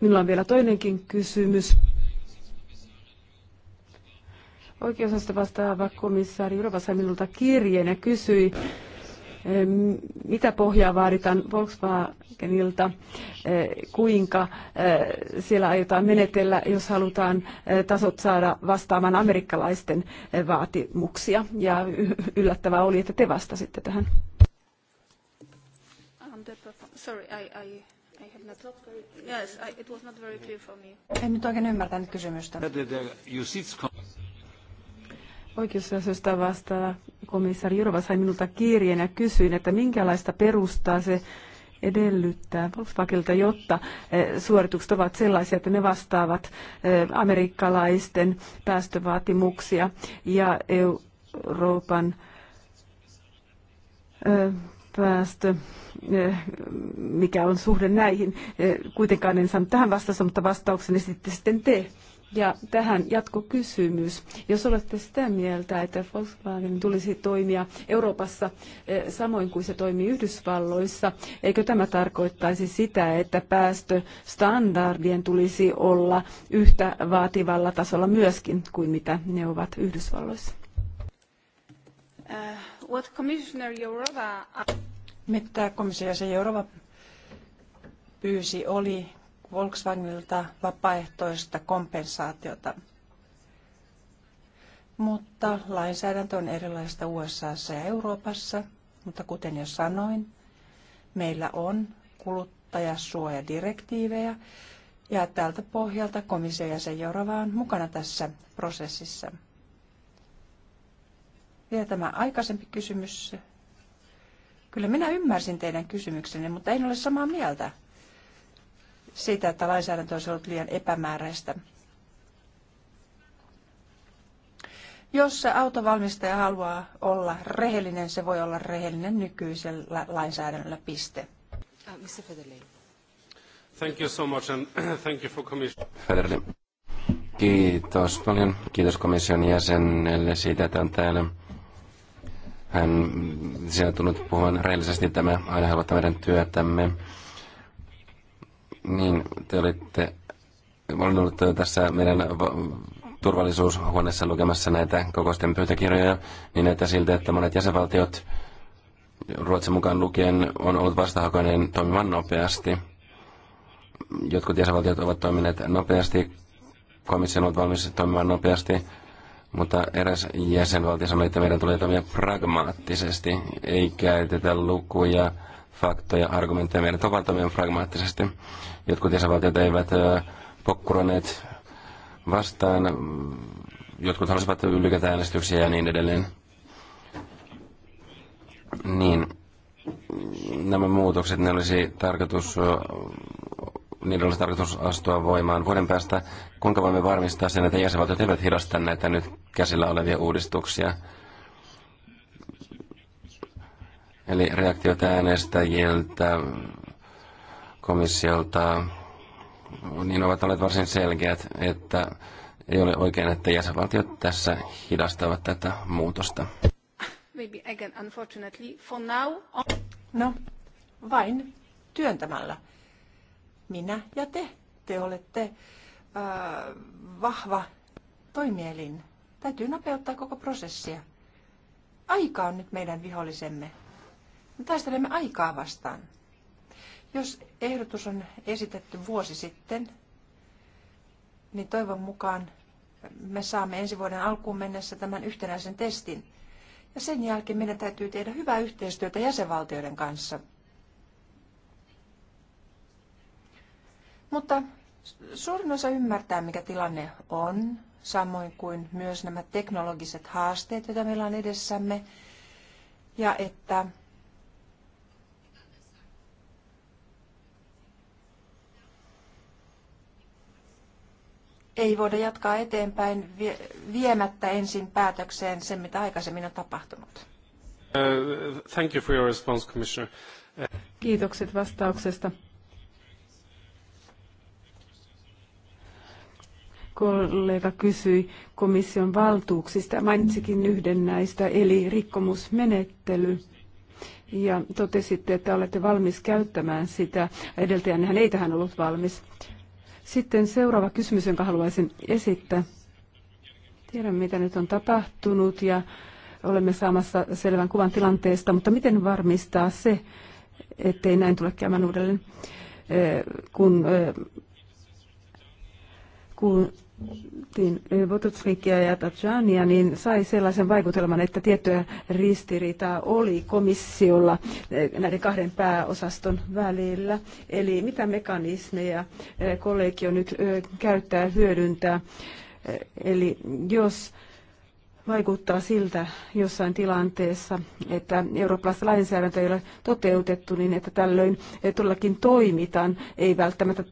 Speaker 1: Minulla on vielä toinenkin kysymys. Oikeusasta vastaava komissaari Jurova sai minulta kirjeen ja kysyi, mitä pohjaa vaaditaan Volkswagenilta, e, kuinka e, siellä aiotaan menetellä, jos halutaan e, tasot saada vastaamaan amerikkalaisten vaatimuksia. Ja
Speaker 3: yllättävää oli, että te vastasitte tähän. Um, en nyt oikein ymmärtänyt kysymystä
Speaker 1: oikeusasioista vastaava komissaari Jurova sai minulta kirjeen ja kysyin, että minkälaista perustaa se edellyttää Volkswagenilta, jotta eh, suoritukset ovat sellaisia, että ne vastaavat eh, amerikkalaisten päästövaatimuksia ja Euroopan eh, päästö, mikä on suhde näihin. Kuitenkaan en saanut tähän vastausta, mutta vastauksen esitti sitten te. Ja tähän jatkokysymys. Jos olette sitä mieltä, että Volkswagen tulisi toimia Euroopassa eh, samoin kuin se toimii Yhdysvalloissa, eikö tämä tarkoittaisi sitä, että päästöstandardien tulisi olla yhtä vaativalla tasolla myöskin kuin mitä ne ovat Yhdysvalloissa?
Speaker 5: Uh, what Commissioner Jourova...
Speaker 3: Mitä komissio Jourova pyysi oli Volkswagenilta vapaaehtoista kompensaatiota. Mutta lainsäädäntö on erilaista USAssa ja Euroopassa, mutta kuten jo sanoin, meillä on kuluttajasuojadirektiivejä ja tältä pohjalta ja sen Jorova on mukana tässä prosessissa. Vielä tämä aikaisempi kysymys. Kyllä minä ymmärsin teidän kysymyksenne, mutta en ole samaa mieltä siitä, että lainsäädäntö olisi ollut liian epämääräistä. Jos se autovalmistaja haluaa olla rehellinen, se voi olla rehellinen nykyisellä lainsäädännöllä piste.
Speaker 6: Uh,
Speaker 2: thank you so much and thank you for commission. Federli. Kiitos paljon. Kiitos komission jäsenelle siitä, että on täällä. Hän on tullut puhumaan rehellisesti. Tämä aina helpottaa meidän työtämme. Niin, te olitte, olen tässä meidän turvallisuushuoneessa lukemassa näitä kokoisten pöytäkirjoja, niin näitä siltä, että monet jäsenvaltiot Ruotsin mukaan lukien on ollut vastahakoinen toimimaan nopeasti. Jotkut jäsenvaltiot ovat toimineet nopeasti, komissio on ollut valmis toimimaan nopeasti, mutta eräs jäsenvaltio sanoi, että meidän tulee toimia pragmaattisesti, ei käytetä lukuja, faktoja, argumentteja. Meidän on valtavien pragmaattisesti. Jotkut jäsenvaltiot eivät pokkuroneet vastaan, jotkut halusivat lykätä äänestyksiä ja niin edelleen. Niin, nämä muutokset, ne olisi tarkoitus, niiden olisi tarkoitus astua voimaan vuoden päästä. Kuinka voimme varmistaa sen, että jäsenvaltiot eivät hidasta näitä nyt käsillä olevia uudistuksia? Eli reaktiot äänestäjiltä, komissiolta, niin ovat olleet varsin selkeät, että ei ole oikein, että jäsenvaltiot tässä hidastavat tätä muutosta.
Speaker 5: Maybe again, unfortunately, for now...
Speaker 3: No, vain työntämällä. Minä ja te, te olette äh, vahva toimielin. Täytyy nopeuttaa koko prosessia. Aika on nyt meidän vihollisemme. Me taistelemme aikaa vastaan. Jos ehdotus on esitetty vuosi sitten, niin toivon mukaan me saamme ensi vuoden alkuun mennessä tämän yhtenäisen testin. Ja sen jälkeen meidän täytyy tehdä hyvää yhteistyötä jäsenvaltioiden kanssa. Mutta suurin osa ymmärtää, mikä tilanne on, samoin kuin myös nämä teknologiset haasteet, joita meillä on edessämme, ja että ei voida jatkaa eteenpäin viemättä ensin päätökseen sen, mitä aikaisemmin on tapahtunut.
Speaker 4: Uh, thank you for your response, Commissioner. Uh...
Speaker 1: Kiitokset
Speaker 3: vastauksesta.
Speaker 1: kollega kysyi komission valtuuksista. Mainitsikin yhden näistä, eli rikkomusmenettely. Ja totesitte, että olette valmis käyttämään sitä. Edeltäjännehän ei tähän ollut valmis. Sitten seuraava kysymys, jonka haluaisin esittää. Tiedän, mitä nyt on tapahtunut ja olemme saamassa selvän kuvan tilanteesta, mutta miten varmistaa se, ettei näin tule käymään uudelleen, eh, kun, eh, kun Votutskikia ja Tajania, niin sai sellaisen vaikutelman, että tiettyä ristiriitaa oli komissiolla näiden kahden pääosaston välillä. Eli mitä mekanismeja kollegio nyt käyttää hyödyntää? Eli jos vaikuttaa siltä jossain tilanteessa, että eurooppalaista lainsäädäntöä ei ole toteutettu, niin että tällöin todellakin toimitaan, ei välttämättä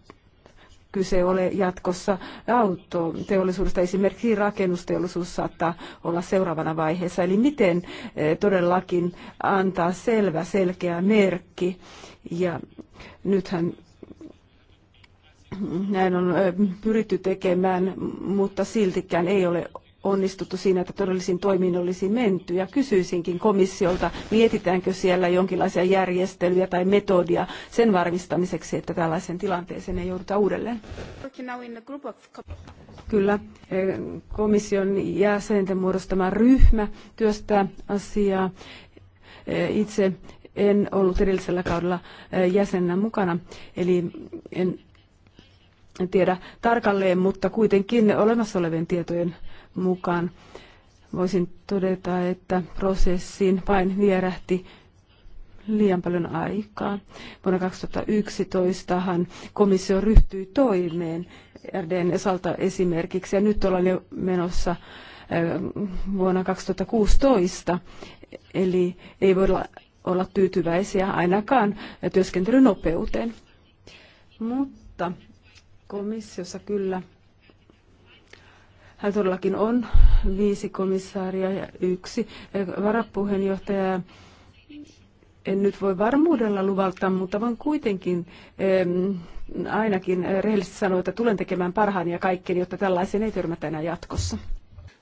Speaker 1: kyse ole jatkossa autoteollisuudesta. Esimerkiksi rakennusteollisuus saattaa olla seuraavana vaiheessa. Eli miten eh, todellakin antaa selvä, selkeä merkki. Ja nythän näin on eh, pyritty tekemään, mutta siltikään ei ole onnistuttu siinä, että todellisiin toimiin olisi menty. Ja kysyisinkin komissiolta, mietitäänkö siellä jonkinlaisia järjestelyjä tai metodia sen varmistamiseksi, että tällaisen tilanteeseen ei jouduta uudelleen. Kyllä, komission jäsenten muodostama ryhmä työstää asiaa. Itse en ollut edellisellä kaudella jäsenenä mukana, eli en tiedä tarkalleen, mutta kuitenkin olemassa olevien tietojen mukaan. Voisin todeta, että prosessiin vain vierähti liian paljon aikaa. Vuonna 2011han komissio ryhtyi toimeen RDn osalta esimerkiksi, ja nyt ollaan jo menossa äh, vuonna 2016, eli ei voida olla tyytyväisiä ainakaan työskentelyn nopeuteen. Mutta komissiossa kyllä hän todellakin on viisi komissaaria ja yksi eh, varapuheenjohtaja. En nyt voi varmuudella luvalta, mutta voin kuitenkin ainakin eh, rehellisesti sanoa, että tulen tekemään parhaani ja kaikkeni, jotta tällaiseen ei törmätä
Speaker 3: enää jatkossa.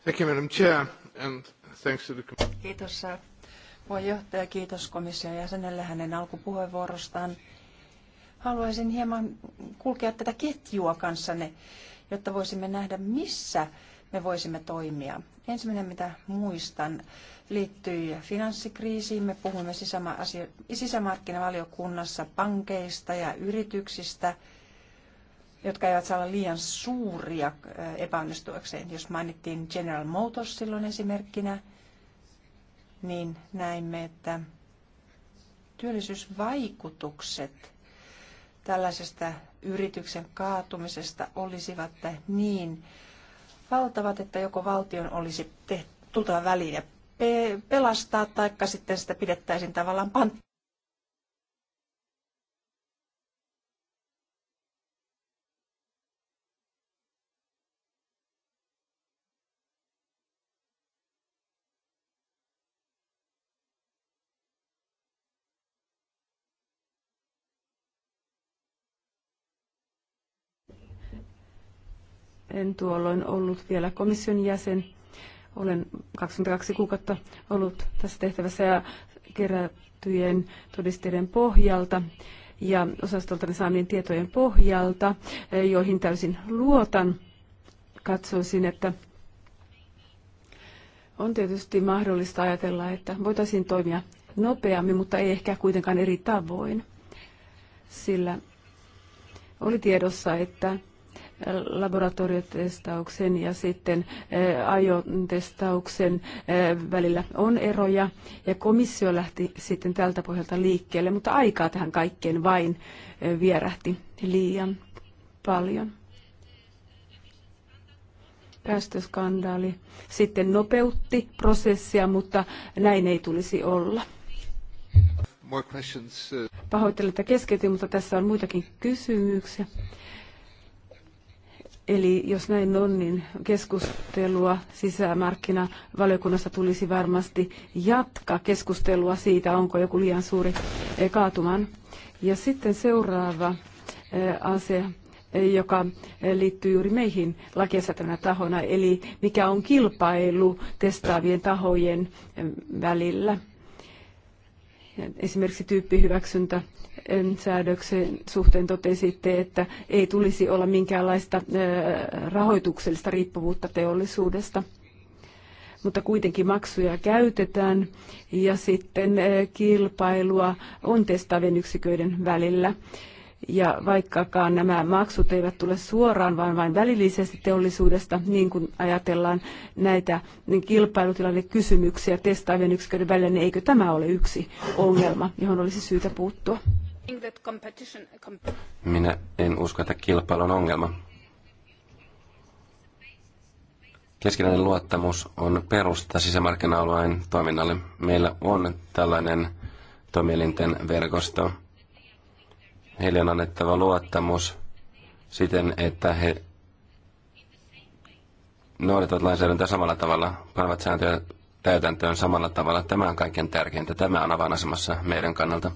Speaker 6: Thank you, Madam Chair, and thanks to the...
Speaker 3: Kiitos eh, puheenjohtaja, kiitos komission jäsenelle hänen alkupuheenvuorostaan. Haluaisin hieman kulkea tätä ketjua kanssanne jotta voisimme nähdä, missä me voisimme toimia. Ensimmäinen, mitä muistan, liittyy finanssikriisiin. Me puhuimme sisämarkkinavaliokunnassa pankeista ja yrityksistä, jotka eivät saa olla liian suuria äh, epäonnistuakseen. Jos mainittiin General Motors silloin esimerkkinä, niin näimme, että työllisyysvaikutukset tällaisesta yrityksen kaatumisesta olisivat niin valtavat, että joko valtion olisi tehty, tultava väliin ja pelastaa, taikka sitten sitä pidettäisiin tavallaan pant-
Speaker 1: En tuolloin ollut vielä komission jäsen. Olen 22 kuukautta ollut tässä tehtävässä ja kerättyjen todisteiden pohjalta ja osastoltani saamien tietojen pohjalta, eh, joihin täysin luotan. Katsoisin, että on tietysti mahdollista ajatella, että voitaisiin toimia nopeammin, mutta ei ehkä kuitenkaan eri tavoin. Sillä oli tiedossa, että laboratoriotestauksen ja sitten eh, ajotestauksen eh, välillä on eroja. Ja komissio lähti sitten tältä pohjalta liikkeelle, mutta aikaa tähän kaikkeen vain eh, vierähti liian paljon päästöskandaali sitten nopeutti prosessia, mutta näin ei tulisi olla. Uh. Pahoittelen, että keskeytin, mutta tässä on muitakin kysymyksiä. Eli jos näin on, niin keskustelua sisämarkkinavaliokunnassa tulisi varmasti jatkaa keskustelua siitä, onko joku liian suuri eh, kaatuman. Ja sitten seuraava eh, asia eh, joka liittyy juuri meihin lakiesäätämänä tahona, eli mikä on kilpailu testaavien tahojen välillä esimerkiksi tyyppihyväksyntä säädöksen suhteen totesitte, että ei tulisi olla minkäänlaista rahoituksellista riippuvuutta teollisuudesta mutta kuitenkin maksuja käytetään ja sitten kilpailua on testaavien yksiköiden välillä. Ja vaikkakaan nämä maksut eivät tule suoraan, vaan vain välillisesti teollisuudesta, niin kuin ajatellaan näitä niin kilpailutilannekysymyksiä testaavien yksiköiden välillä, niin eikö tämä ole yksi ongelma, johon olisi syytä puuttua?
Speaker 2: Minä en usko, että kilpailu on ongelma. Keskinäinen luottamus on perusta sisämarkkina-alueen toiminnalle. Meillä on tällainen toimielinten verkosto – Heille on annettava luottamus siten, että he noudattavat lainsäädäntöä samalla tavalla, panevat sääntöjä täytäntöön samalla tavalla. Tämä on kaiken tärkeintä. Tämä on avainasemassa meidän kannalta.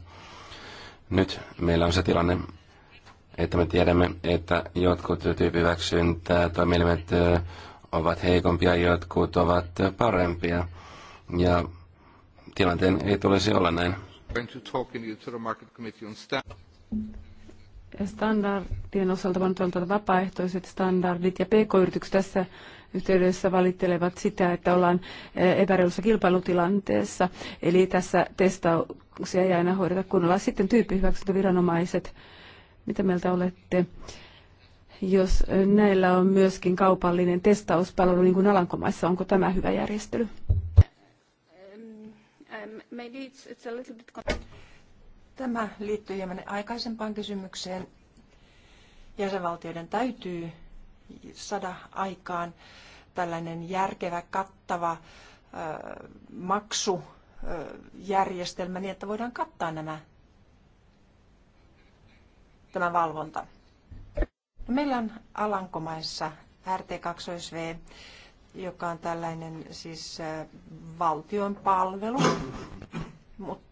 Speaker 2: Nyt meillä on se tilanne, että me tiedämme, että jotkut tyypiväksyntää toimielimet ovat heikompia, jotkut ovat parempia. Ja tilanteen ei tulisi olla näin
Speaker 1: standardien osalta on tuolta vapaaehtoiset standardit ja pk-yritykset tässä yhteydessä valittelevat sitä, että ollaan eh, epäreilussa kilpailutilanteessa. Eli tässä testauksia ei aina hoideta kunnolla. Sitten tyyppihyväksyntäviranomaiset, mitä mieltä olette? Jos eh, näillä on myöskin kaupallinen testauspalvelu, niin kuin Alankomaissa, onko tämä hyvä järjestely?
Speaker 3: Um, um, Tämä liittyy hieman aikaisempaan kysymykseen. Jäsenvaltioiden täytyy saada aikaan tällainen järkevä, kattava maksujärjestelmä niin, että voidaan kattaa nämä, tämä valvonta. No, meillä on Alankomaissa RT2V, joka on tällainen siis valtion palvelu, mutta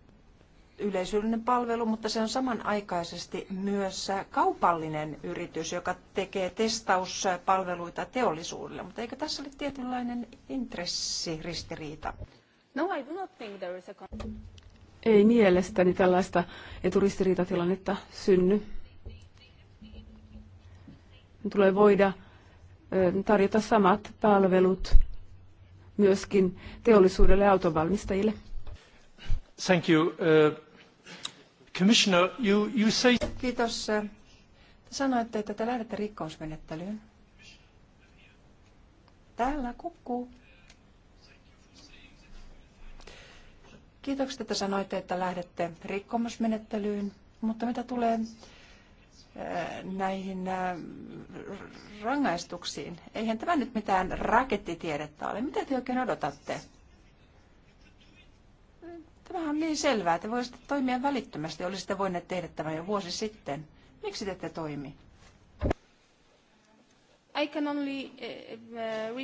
Speaker 3: yleisöllinen palvelu, mutta se on samanaikaisesti myös kaupallinen yritys, joka tekee testauspalveluita teollisuudelle. Mutta eikö tässä ole tietynlainen intressiristiriita? No, I do not think there is a...
Speaker 1: Ei mielestäni tällaista eturistiriitatilannetta synny. Tulee voida tarjota samat palvelut myöskin teollisuudelle ja autonvalmistajille.
Speaker 4: Thank you. Uh... Commissioner, you, you
Speaker 3: say... Kiitos. Te sanoitte, että te lähdette rikkousmenettelyyn. Täällä kukkuu. Kiitokset, että sanoitte, että lähdette rikkomusmenettelyyn, mutta mitä tulee äh, näihin äh, rangaistuksiin. Eihän tämä nyt mitään rakettitiedettä ole. Mitä te oikein odotatte? Tämähän on niin selvää. että voisitte toimia välittömästi. Olisitte voineet tehdä tämän jo vuosi sitten. Miksi te ette toimi?
Speaker 5: Eh, eh,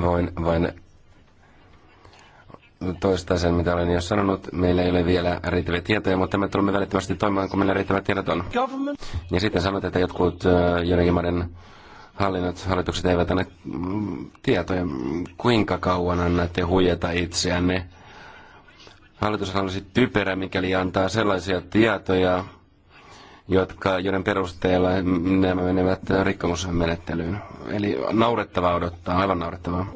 Speaker 2: Voin vain toistaa sen, mitä olen jo sanonut. Meillä ei ole vielä riittäviä tietoja, mutta me tulemme välittömästi toimimaan, kun meillä riittävät tiedot on. Ja sitten sanot, että jotkut uh, eh, joidenkin maiden hallinnot, hallitukset eivät anna tietoja, kuinka kauan annatte huijata itseänne. Hallitus olisi typerä, mikäli antaa sellaisia tietoja, jotka, joiden perusteella nämä menevät rikkomusmenettelyyn. Eli naurettavaa odottaa, aivan naurettavaa.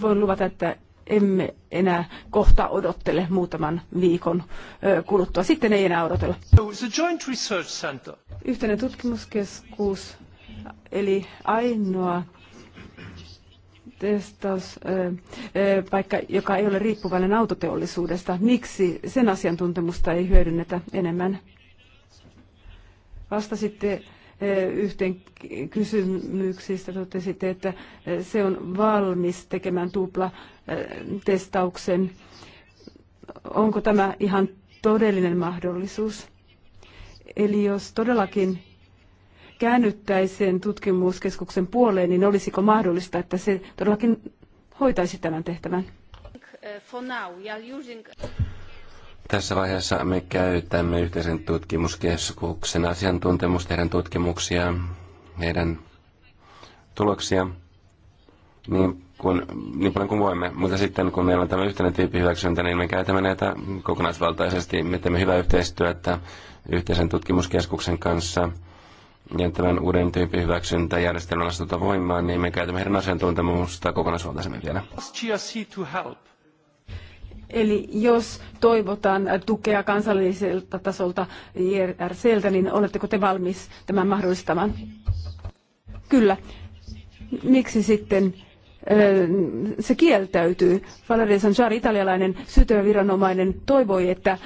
Speaker 5: Voin
Speaker 1: luvata, että emme enää kohta odottele muutaman viikon kuluttua. Sitten ei enää odotella. Yhteinen tutkimuskeskus, eli ainoa testauspaikka, joka ei ole riippuvainen autoteollisuudesta. Miksi sen asiantuntemusta ei hyödynnetä enemmän? Vastasitte yhteen kysymyksistä totesitte, että se on valmis tekemään tuplatestauksen. Onko tämä ihan todellinen mahdollisuus? Eli jos todellakin käännyttäisiin tutkimuskeskuksen puoleen, niin olisiko mahdollista, että se todellakin
Speaker 5: hoitaisi tämän
Speaker 1: tehtävän? Uh,
Speaker 2: tässä vaiheessa me käytämme yhteisen tutkimuskeskuksen asiantuntemusta, heidän tutkimuksia, heidän tuloksia niin, kun, niin paljon kuin voimme. Mutta sitten kun meillä on tämä yhteinen hyväksyntä, niin me käytämme näitä kokonaisvaltaisesti. Me teemme hyvää yhteistyötä yhteisen tutkimuskeskuksen kanssa ja tämän uuden tyypin hyväksyntä astuta voimaan, niin me käytämme heidän asiantuntemusta kokonaisvaltaisemmin vielä.
Speaker 1: Eli jos toivotaan tukea kansalliselta tasolta IRCltä, niin oletteko te valmis tämän mahdollistamaan? Kyllä. Miksi sitten se kieltäytyy. Valerio Sanchar, italialainen syyteviranomainen, toivoi, että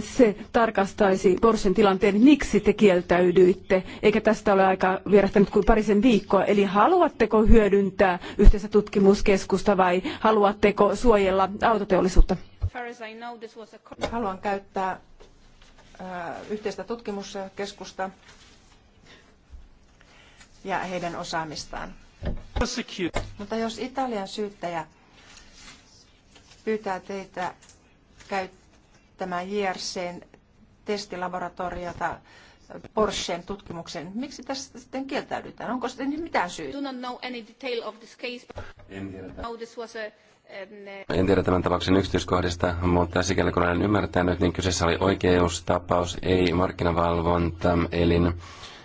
Speaker 1: se tarkastaisi Porschen tilanteen, miksi te kieltäydyitte, eikä tästä ole aikaa vierähtänyt kuin parisen viikkoa. Eli haluatteko hyödyntää yhteistä tutkimuskeskusta vai haluatteko suojella autoteollisuutta?
Speaker 3: Haluan käyttää yhteistä tutkimuskeskusta ja heidän osaamistaan. Mutta jos Italian syyttäjä pyytää teitä käyttämään JRCn testilaboratoriota Porschen tutkimuksen. Miksi tässä sitten kieltäydytään? Onko sitten niin mitään syytä? En tiedä.
Speaker 5: Uh,
Speaker 6: um,
Speaker 2: uh, en tiedä tämän tapauksen yksityiskohdista, mutta sikäli kun olen ymmärtänyt, niin kyseessä oli oikeustapaus, ei markkinavalvonta, elin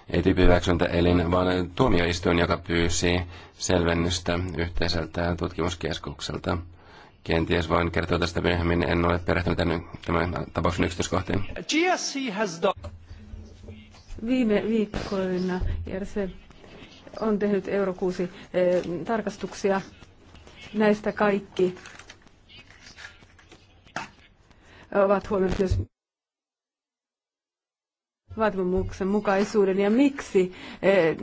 Speaker 2: ei tyyppihyväksyntäelin, vaan tuomioistuin, joka pyysi selvennystä yhteiseltä tutkimuskeskukselta. Kenties voin kertoa tästä myöhemmin, en ole perehtynyt tämän tapauksen yksityiskohtiin.
Speaker 1: GSC has Viime viikkoina Järse on tehnyt Euro 6 eh, tarkastuksia. Näistä kaikki ovat huomioon myös vaatimuksen mukaisuuden ja miksi eh,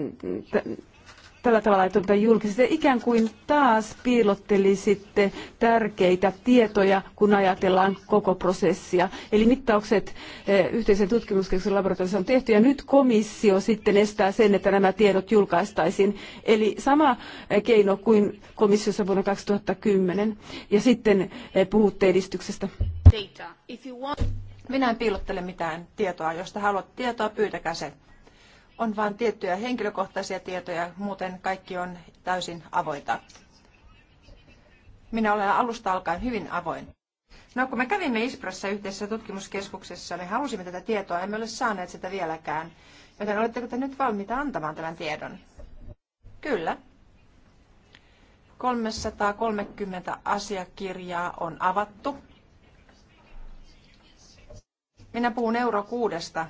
Speaker 1: tällä tavalla, että mitä julkisesti ikään kuin taas piilottelisitte tärkeitä tietoja, kun ajatellaan koko prosessia. Eli mittaukset eh, yhteisen tutkimuskeskuksen laboratoriossa on tehty ja nyt komissio sitten estää sen, että nämä tiedot julkaistaisiin. Eli sama eh, keino kuin komissiossa vuonna 2010. Ja sitten puhutte edistyksestä.
Speaker 3: Data. Minä en piilottele mitään tietoa. Jos te haluatte tietoa, pyytäkää se. On vain tiettyjä henkilökohtaisia tietoja, muuten kaikki on täysin avoita. Minä olen alusta alkaen hyvin avoin. No kun me kävimme Isprassa yhdessä tutkimuskeskuksessa, me niin halusimme tätä tietoa, emme ole saaneet sitä vieläkään. Joten oletteko te nyt valmiita antamaan tämän tiedon? Kyllä. 330 asiakirjaa on avattu minä puhun euro kuudesta.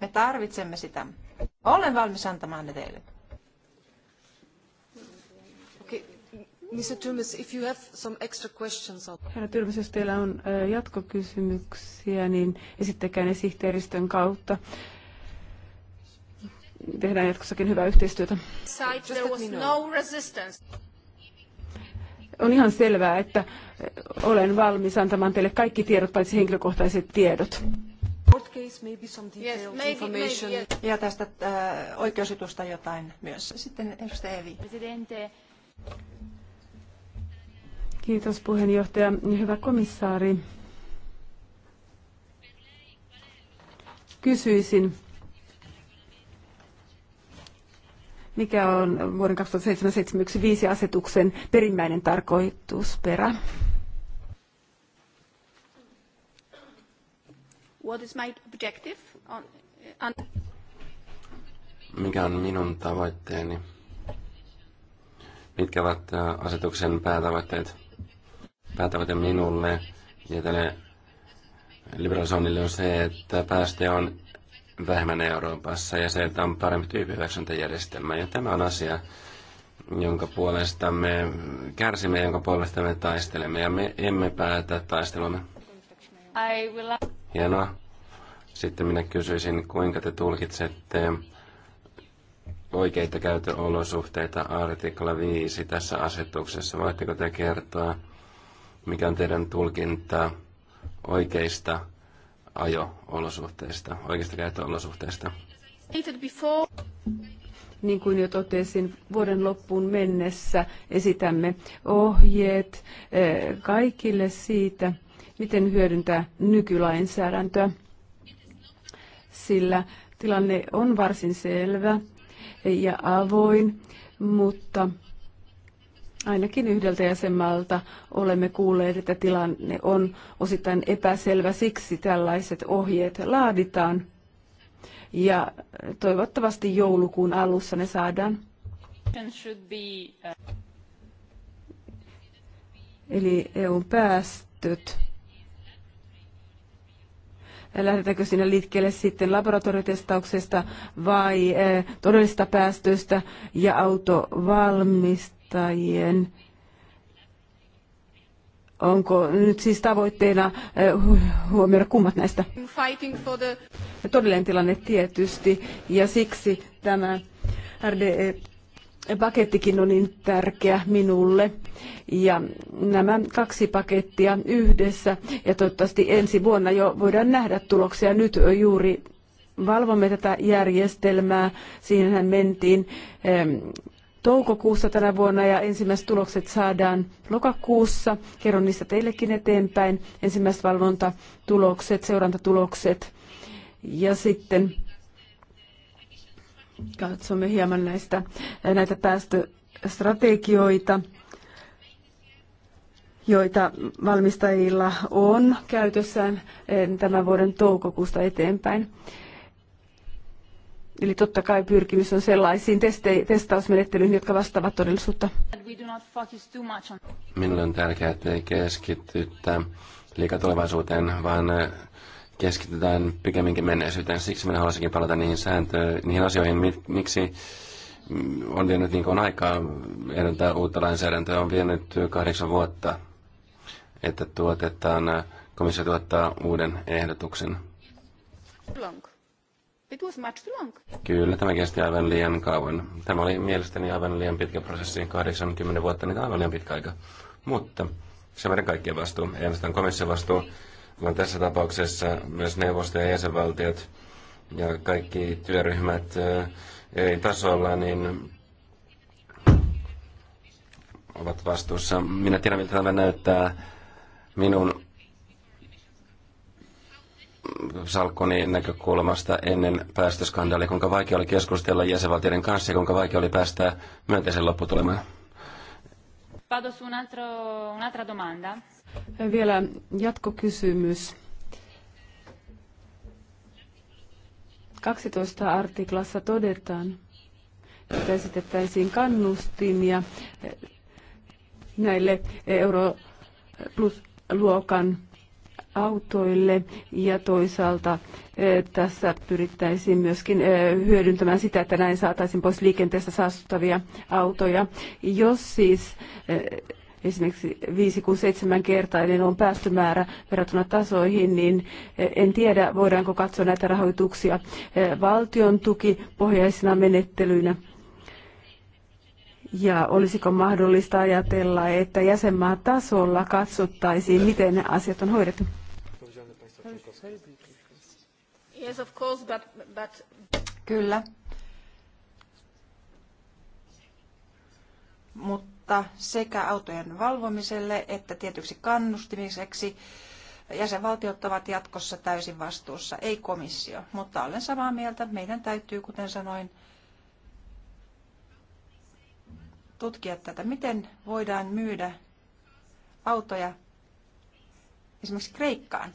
Speaker 3: Me tarvitsemme sitä. Olen valmis antamaan ne teille.
Speaker 1: Herra Turmes, jos teillä on jatkokysymyksiä, niin esittäkää ne sihteeristön kautta. Tehdään jatkossakin hyvää yhteistyötä on ihan selvää, että olen valmis antamaan teille kaikki tiedot, paitsi henkilökohtaiset
Speaker 3: tiedot. Ja tästä äh, oikeusjutusta jotain myös. Sitten edustaja Evi. Presidente.
Speaker 1: Kiitos puheenjohtaja. Hyvä komissaari. Kysyisin, mikä on vuoden 2007-715 asetuksen perimmäinen tarkoitusperä.
Speaker 5: What is my objective? On, on...
Speaker 2: Mikä on minun tavoitteeni? Mitkä ovat asetuksen päätavoitteet? Päätavoite minulle ja tälle liberalisoinnille on se, että päästöjä on vähemmän Euroopassa ja se, että on parempi tyyppiväksyntäjärjestelmä. Ja tämä on asia, jonka puolesta me kärsimme, jonka puolesta me taistelemme ja me emme päätä taistelumme. Hienoa. Sitten minä kysyisin, kuinka te tulkitsette oikeita käytöolosuhteita artikla 5 tässä asetuksessa. Voitteko te kertoa, mikä on teidän tulkinta oikeista ajo-olosuhteista, oikeista käyttöolosuhteista.
Speaker 1: Niin kuin jo totesin, vuoden loppuun mennessä esitämme ohjeet eh, kaikille siitä, miten hyödyntää nykylainsäädäntöä, sillä tilanne on varsin selvä ja avoin, mutta Ainakin yhdeltä jäsenmaalta olemme kuulleet, että tilanne on osittain epäselvä, siksi tällaiset ohjeet laaditaan. Ja toivottavasti joulukuun alussa ne saadaan. Eli EUn päästöt. Lähdetäänkö siinä liikkeelle sitten laboratoriotestauksesta vai eh, todellisista päästöistä ja autovalmista? kuluttajien Onko nyt siis tavoitteena eh, huomioida kummat näistä? Todellinen tilanne tietysti, ja siksi tämä RDE-pakettikin on niin tärkeä minulle. Ja nämä kaksi pakettia yhdessä, ja toivottavasti ensi vuonna jo voidaan nähdä tuloksia. Nyt juuri valvomme tätä järjestelmää. Siinähän mentiin toukokuussa tänä vuonna ja ensimmäiset tulokset saadaan lokakuussa. Kerron niistä teillekin eteenpäin. Ensimmäiset valvontatulokset, seurantatulokset ja sitten katsomme hieman näistä, näitä päästöstrategioita joita valmistajilla on käytössään eh, tämän vuoden toukokuusta eteenpäin. Eli totta kai pyrkimys on sellaisiin teste- testausmenettelyihin, jotka vastaavat todellisuutta.
Speaker 2: Minulle on tärkeää, että ei keskitytä liikaa tulevaisuuteen, vaan äh, keskitytään pikemminkin menneisyyteen. Siksi minä haluaisinkin palata niihin sääntöihin, niihin asioihin, miksi mm, on vienyt niin kuin aikaa edentää uutta lainsäädäntöä. On vienyt kahdeksan vuotta, että tuotetaan, äh, komissio tuottaa uuden ehdotuksen.
Speaker 5: Long. It was much too long.
Speaker 2: Kyllä, tämä kesti aivan liian kauan. Tämä oli mielestäni aivan liian pitkä prosessi, 80 vuotta, niin aivan liian pitkä aika. Mutta se on meidän kaikkien vastuu, ei ainoastaan komission vastuu, vaan tässä tapauksessa myös neuvosto ja jäsenvaltiot ja kaikki työryhmät eri eh, tasolla, niin ovat vastuussa. Minä tiedän, miltä tämä näyttää minun Salkoni näkökulmasta ennen päästöskandaalia, kuinka vaikea oli keskustella jäsenvaltioiden kanssa ja kuinka vaikea oli päästä myönteisen lopputulemaan?
Speaker 5: Vado su un'altra domanda.
Speaker 1: Vielä jatkokysymys. 12 artiklassa todetaan, että esitettäisiin kannustimia näille euro plus luokan autoille ja toisaalta eh, tässä pyrittäisiin myöskin eh, hyödyntämään sitä, että näin saataisiin pois liikenteestä saastuttavia autoja. Jos siis eh, esimerkiksi 5, seitsemän 7 kertainen on päästömäärä verrattuna tasoihin, niin en tiedä, voidaanko katsoa näitä rahoituksia valtion tuki pohjaisina menettelyinä. Ja olisiko mahdollista ajatella, että jäsenmaan tasolla katsottaisiin, miten ne asiat on hoidettu?
Speaker 5: Yes, of course, but, but...
Speaker 3: Kyllä. Mutta sekä autojen valvomiselle että tietyksi kannustimiseksi jäsenvaltiot ovat jatkossa täysin vastuussa, ei komissio. Mutta olen samaa mieltä, meidän täytyy, kuten sanoin, tutkia tätä, miten voidaan myydä autoja esimerkiksi Kreikkaan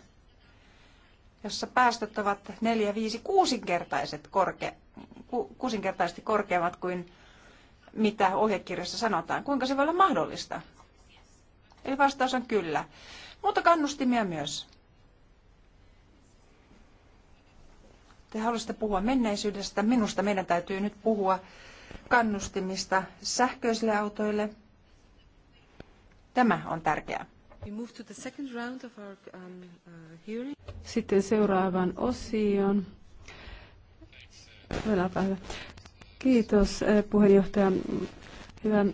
Speaker 3: jossa päästöt ovat 4, 5, 6 kertaiset korke, ku, kuusinkertaisesti korkeammat kuin mitä ohjekirjassa sanotaan. Kuinka se voi olla mahdollista? Eli vastaus on kyllä. Mutta kannustimia myös. Te haluaisitte puhua menneisyydestä. Minusta meidän täytyy nyt puhua kannustimista sähköisille autoille. Tämä on tärkeää.
Speaker 1: Sitten seuraavaan osioon. Kiitos eh, puheenjohtaja. Hyvä mm,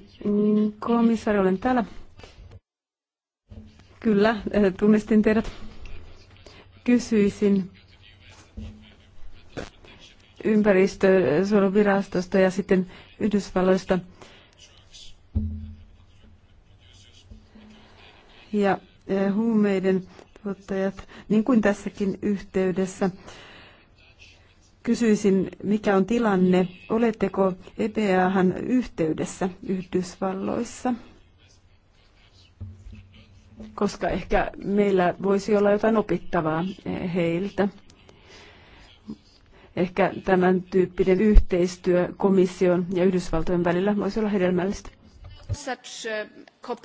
Speaker 1: komissaari, olen täällä. Kyllä, eh, tunnistin teidät. Kysyisin ympäristösuojeluvirastosta ja sitten Yhdysvalloista. ja eh, huumeiden tuottajat, niin kuin tässäkin yhteydessä. Kysyisin, mikä on tilanne? Oletteko EPA-han yhteydessä Yhdysvalloissa? Koska ehkä meillä voisi olla jotain opittavaa eh, heiltä. Ehkä tämän tyyppinen yhteistyö komission ja Yhdysvaltojen välillä voisi olla hedelmällistä.
Speaker 5: Uh,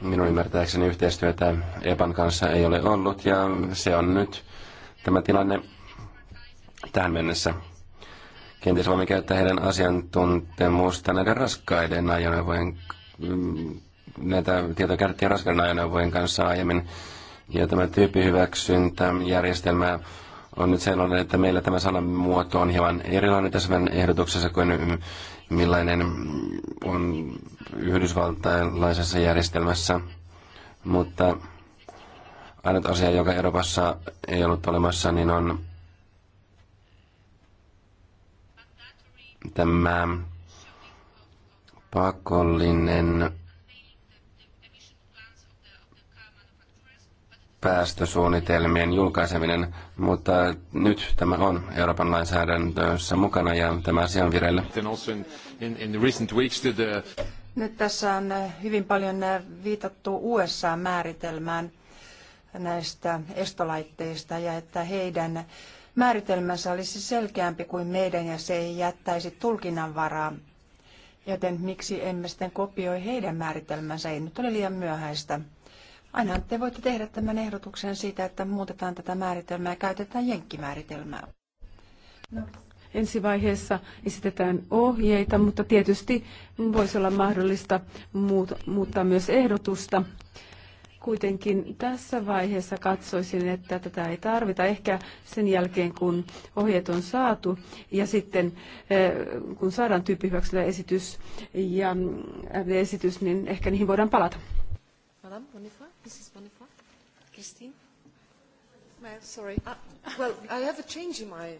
Speaker 2: Minun ymmärtääkseni yhteistyötä EPAN kanssa ei ole ollut ja se on nyt tämä tilanne tähän mennessä. Kenties voimme käyttää heidän asiantuntemusta näiden raskaiden ajoneuvojen, mm, näitä tietoja käytettiin raskaiden ajoneuvojen kanssa aiemmin. Ja tämä tyyppihyväksyntäjärjestelmä on nyt sellainen, että meillä tämä sanamuoto on hieman erilainen tässä meidän ehdotuksessa kuin millainen on yhdysvaltainlaisessa järjestelmässä, mutta ainut asia, joka Euroopassa ei ollut olemassa, niin on tämä pakollinen päästösuunnitelmien julkaiseminen, mutta nyt tämä on Euroopan lainsäädännössä mukana ja tämä asia on vireillä.
Speaker 3: Nyt tässä on eh, hyvin paljon eh, viitattu USA-määritelmään näistä estolaitteista ja että heidän määritelmänsä olisi selkeämpi kuin meidän ja se ei jättäisi tulkinnanvaraa. Joten miksi emme sitten kopioi heidän määritelmänsä? Ei nyt ole liian myöhäistä. Aina te voitte tehdä tämän ehdotuksen siitä, että muutetaan tätä määritelmää ja käytetään jenkkimääritelmää. No. Ensi vaiheessa
Speaker 1: esitetään ohjeita, mutta tietysti voisi olla mahdollista muuttaa myös ehdotusta kuitenkin tässä vaiheessa katsoisin, että tätä ei tarvita. Ehkä sen jälkeen, kun ohjeet on saatu ja sitten eh, kun saadaan tyyppihyväksyllä esitys ja eh, esitys, niin ehkä niihin voidaan palata.
Speaker 3: Madame, Mrs. Christine? May I, sorry. Uh, well, I have a change in my...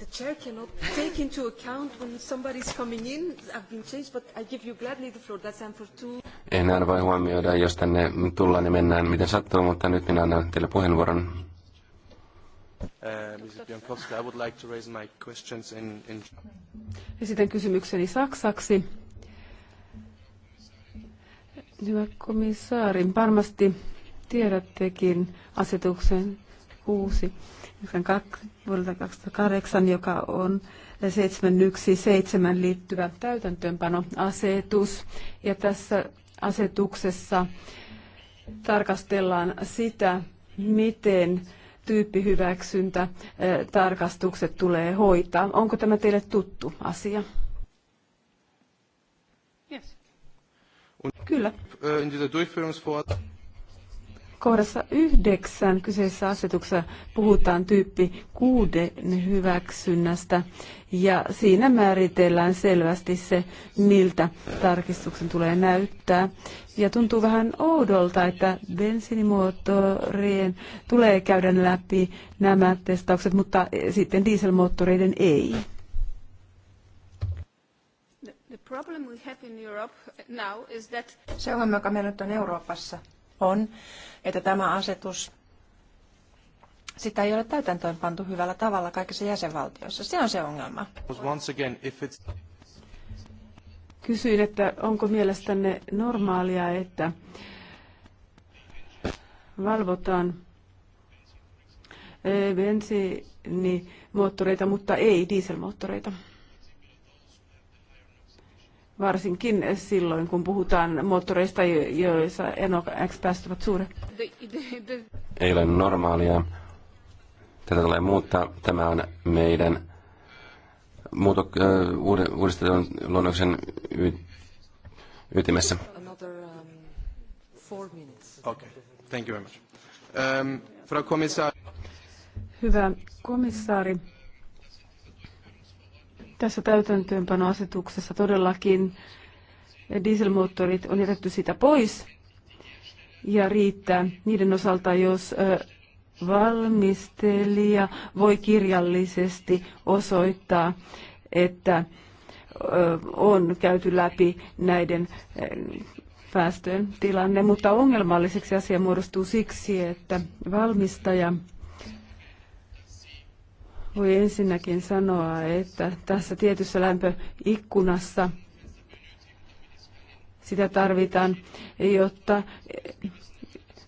Speaker 1: the chair cannot take into account when somebody's coming in. I've been changed, but I give you gladly the floor. That's time for two.
Speaker 2: En aina voi huomioida, jos tänne tullaan ja niin mennään miten sattuu, mutta nyt minä annan teille puheenvuoron.
Speaker 4: Uh,
Speaker 1: Esitän kysymykseni saksaksi. Hyvä komissaari, varmasti tiedättekin asetuksen 6 vuodelta 2008, joka on 717 liittyvä täytäntöönpanoasetus. Ja tässä asetuksessa tarkastellaan sitä, miten tyyppihyväksyntä tarkastukset tulee hoitaa. Onko tämä teille tuttu asia?
Speaker 4: Yes. Kyllä. Äh, in dieser
Speaker 1: Kohdassa yhdeksän kyseisessä asetuksessa puhutaan tyyppi kuuden hyväksynnästä ja siinä määritellään selvästi se, miltä tarkistuksen tulee näyttää. Ja tuntuu vähän oudolta, että bensiinimoottorien tulee käydä läpi nämä testaukset, mutta e, sitten dieselmoottoreiden ei.
Speaker 5: The problem we have in Europe
Speaker 3: se ongelma, joka meillä nyt on Euroopassa, on, että tämä asetus, sitä ei ole täytäntöönpantu hyvällä tavalla kaikissa jäsenvaltioissa. Se on se ongelma. Kysyin, että onko mielestänne normaalia, että
Speaker 1: valvotaan eh, bensiinimoottoreita, mutta ei dieselmoottoreita varsinkin silloin, kun puhutaan moottoreista, joissa NOx-päästöt ovat suuret.
Speaker 2: Ei ole normaalia. Tätä tulee muuttaa. Tämä on meidän muutok- uudistetun luonnoksen y- ytimessä. Um,
Speaker 4: okay. Thank you very much. Um,
Speaker 1: Hyvä komissaari. Tässä täytäntöönpanoasetuksessa todellakin dieselmoottorit on jätetty sitä pois ja riittää niiden osalta, jos valmistelija voi kirjallisesti osoittaa, että on käyty läpi näiden päästöjen tilanne, mutta ongelmalliseksi asia muodostuu siksi, että valmistaja voi ensinnäkin sanoa, että tässä tietyssä lämpöikkunassa sitä tarvitaan, jotta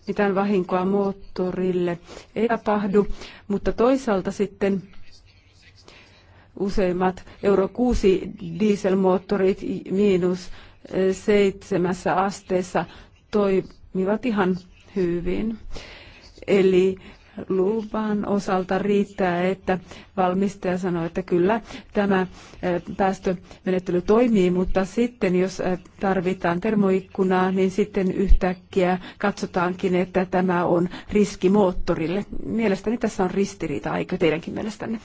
Speaker 1: mitään vahinkoa moottorille ei tapahdu, mutta toisaalta sitten useimmat Euro 6 dieselmoottorit miinus seitsemässä asteessa toimivat ihan hyvin. Eli luvan osalta riittää, että valmistaja sanoo, että kyllä tämä päästömenettely toimii, mutta sitten jos tarvitaan termoikkunaa, niin sitten yhtäkkiä katsotaankin, että tämä on riski moottorille. Mielestäni tässä on ristiriita, eikö teidänkin mielestänne?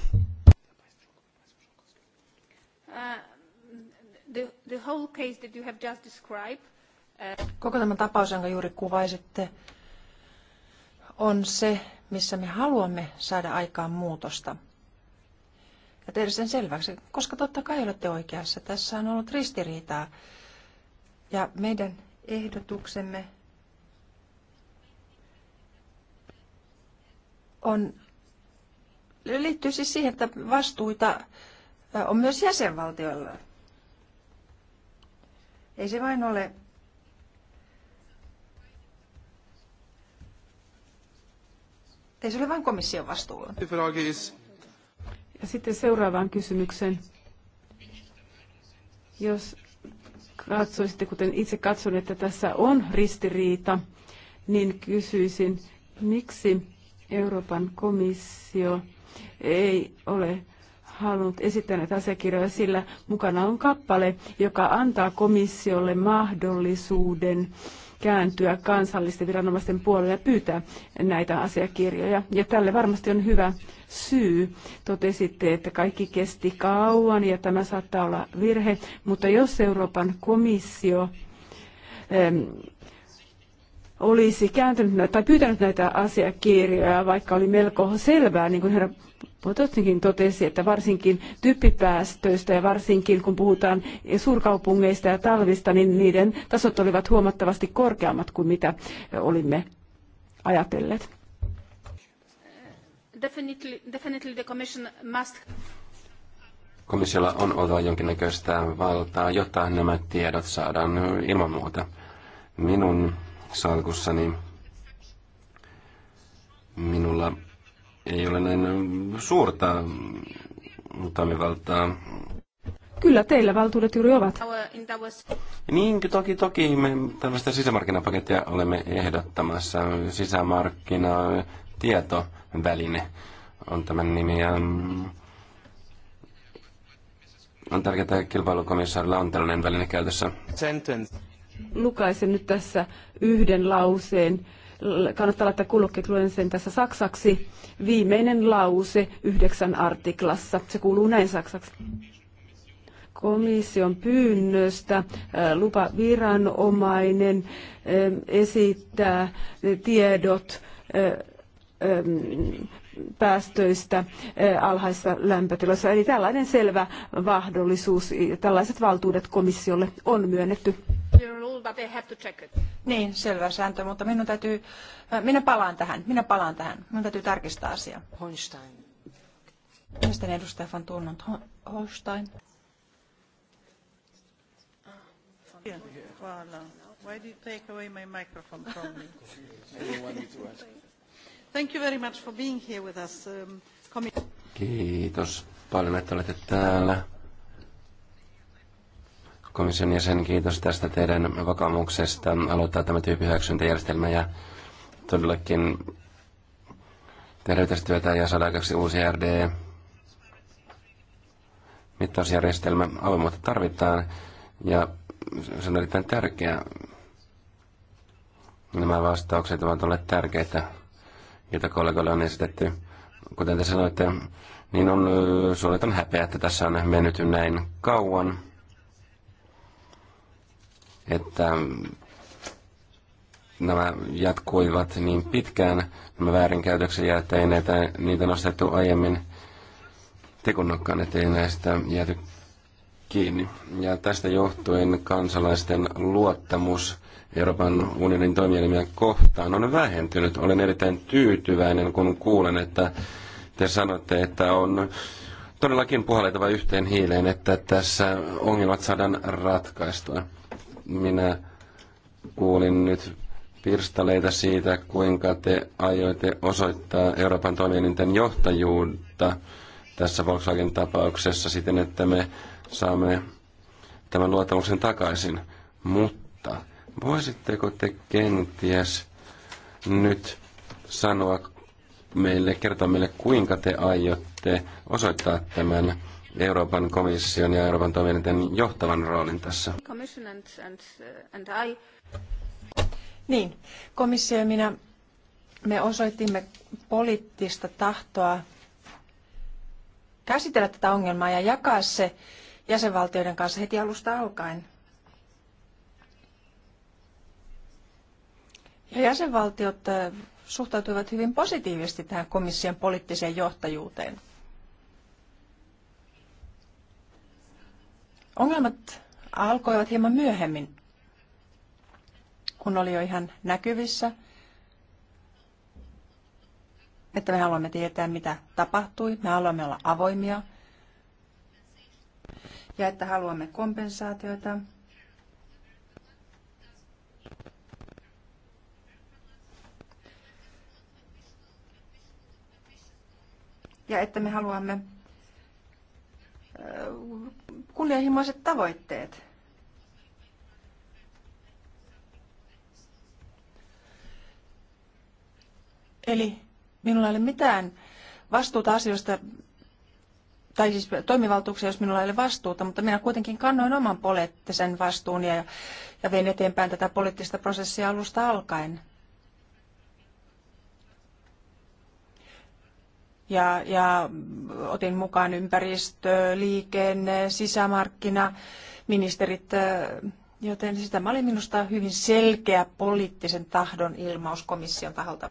Speaker 5: Uh, uh,
Speaker 3: Koko tämä tapaus, jonka juuri kuvaisitte, on se, missä me haluamme saada aikaan muutosta. Ja tehdä sen selväksi, koska totta kai olette oikeassa. Tässä on ollut ristiriitaa. Ja meidän ehdotuksemme on, liittyy siis siihen, että vastuita on myös jäsenvaltioilla. Ei se vain ole ettei se ole vain komission vastuulla.
Speaker 1: Ja sitten seuraavaan kysymykseen. Jos katsoisitte, kuten itse katson, että tässä on ristiriita, niin kysyisin, miksi Euroopan komissio ei ole halunnut esittää näitä asiakirjoja, sillä mukana on kappale, joka antaa komissiolle mahdollisuuden kääntyä kansallisten viranomaisten puolelle ja pyytää näitä asiakirjoja. Ja tälle varmasti on hyvä syy. Totesitte, että kaikki kesti kauan ja tämä saattaa olla virhe, mutta jos Euroopan komissio olisi kääntynyt tai pyytänyt näitä asiakirjoja, vaikka oli melko selvää, niin kuin herra Potocnikin totesi, että varsinkin typpipäästöistä ja varsinkin kun puhutaan suurkaupungeista ja talvista, niin niiden tasot olivat huomattavasti korkeammat kuin mitä olimme ajatelleet.
Speaker 5: Definitely, definitely the commission must...
Speaker 2: Komissiolla on oltava jonkinnäköistä valtaa, jotta nämä tiedot saadaan ilman muuta. Minun salkussani minulla ei ole näin äh, suurta mutamivaltaa. Mm,
Speaker 1: Kyllä teillä valtuudet juuri ovat.
Speaker 2: Niin, toki, toki me tällaista sisämarkkinapakettia olemme ehdottamassa. Sisämarkkina tietoväline on tämän nimi. Ja mm, on tärkeää, että kilpailukomissaarilla on tällainen väline käytössä. Sentence.
Speaker 1: Lukaisin nyt tässä yhden lauseen kannattaa laittaa kullokkeet, luen sen tässä saksaksi. Viimeinen lause yhdeksän artiklassa, se kuuluu näin saksaksi komission pyynnöstä äh, lupa viranomainen äh, esittää tiedot äh, ähm, päästöistä alhaisissa lämpötiloissa. Eli tällainen selvä mahdollisuus, tällaiset valtuudet komissiolle on myönnetty
Speaker 3: but they have to check it. Niin, selvä sääntö, mutta minun täytyy, äh, minä palaan tähän, minä palaan tähän. Minun täytyy tarkistaa asia. Holstein. Mielestäni edustaja van Tunnant, Holstein. Why you take away my microphone from me? Thank you very much for being here with
Speaker 1: us. Um,
Speaker 2: Kiitos paljon, että olette täällä Komission jäsen, kiitos tästä teidän vakaumuksesta aloittaa tämä tyyppihyväksyntäjärjestelmä ja todellakin tehdä ja saada aikaksi uusi RD mittausjärjestelmä. Avoimuutta tarvitaan ja se on erittäin tärkeää. Nämä vastaukset ovat olleet tärkeitä, joita kollegoille on esitetty. Kuten te sanoitte, niin on suunnaton häpeä, että tässä on mennyt näin kauan että nämä jatkuivat niin pitkään, nämä väärinkäytöksiä, että ei näitä, niitä nostettu aiemmin että ei näistä jääty kiinni. Ja tästä johtuen kansalaisten luottamus Euroopan unionin toimielimiä kohtaan on vähentynyt. Olen erittäin tyytyväinen, kun kuulen, että te sanotte, että on todellakin puhaletava yhteen hiileen, että tässä ongelmat saadaan ratkaistua minä kuulin nyt pirstaleita siitä, kuinka te aioitte osoittaa Euroopan toimielinten johtajuutta tässä Volkswagen-tapauksessa siten, että me saamme tämän luottamuksen takaisin. Mutta voisitteko te kenties nyt sanoa meille, kertoa meille, kuinka te aiotte osoittaa tämän Euroopan komission ja Euroopan toimijoiden johtavan roolin tässä.
Speaker 3: Niin, komissio ja minä, me osoitimme poliittista tahtoa käsitellä tätä ongelmaa ja jakaa se jäsenvaltioiden kanssa heti alusta alkaen. Ja jäsenvaltiot eh, suhtautuivat hyvin positiivisesti tähän komission poliittiseen johtajuuteen. Ongelmat alkoivat hieman myöhemmin, kun oli jo ihan näkyvissä, että me haluamme tietää, mitä tapahtui, me haluamme olla avoimia ja että haluamme kompensaatioita. Ja että me haluamme kunnianhimoiset tavoitteet. Eli minulla ei ole mitään vastuuta asioista, tai siis toimivaltuuksia, jos minulla ei ole vastuuta, mutta minä kuitenkin kannoin oman poliittisen vastuun ja, ja vein eteenpäin tätä poliittista prosessia alusta alkaen. ja, ja otin mukaan ympäristö, liikenne, sisämarkkina, ministerit, joten siis tämä oli minusta hyvin selkeä poliittisen tahdon ilmaus komission taholta.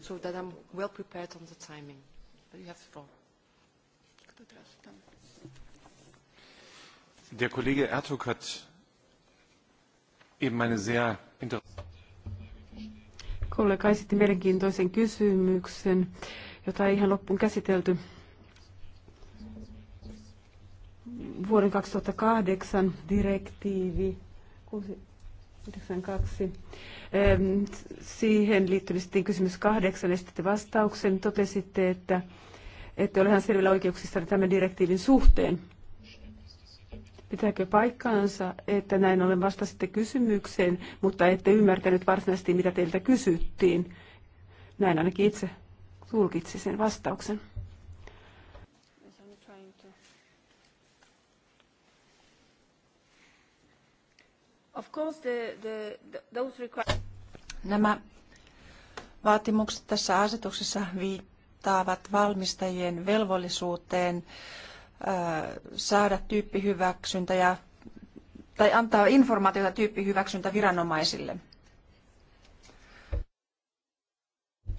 Speaker 3: So that I'm well prepared on the timing. You have the floor.
Speaker 4: Der Kollege Ertug hat eben eine sehr interessante
Speaker 1: Kollega esitti mielenkiintoisen kysymyksen. Äh, jota ei ihan loppuun käsitelty. Vuoden 2008 direktiivi 92. Siihen liittyy kysymys kahdeksan, esititte vastauksen. Totesitte, että ette ole ihan selvillä oikeuksista tämän direktiivin suhteen. Pitääkö paikkaansa, että näin ollen vastasitte kysymykseen, mutta ette ymmärtänyt varsinaisesti, mitä teiltä kysyttiin? Näin ainakin itse tulkitsi sen vastauksen.
Speaker 3: Nämä vaatimukset tässä asetuksessa viittaavat valmistajien velvollisuuteen saada tyyppihyväksyntä ja, tai antaa informaatiota tyyppihyväksyntä viranomaisille.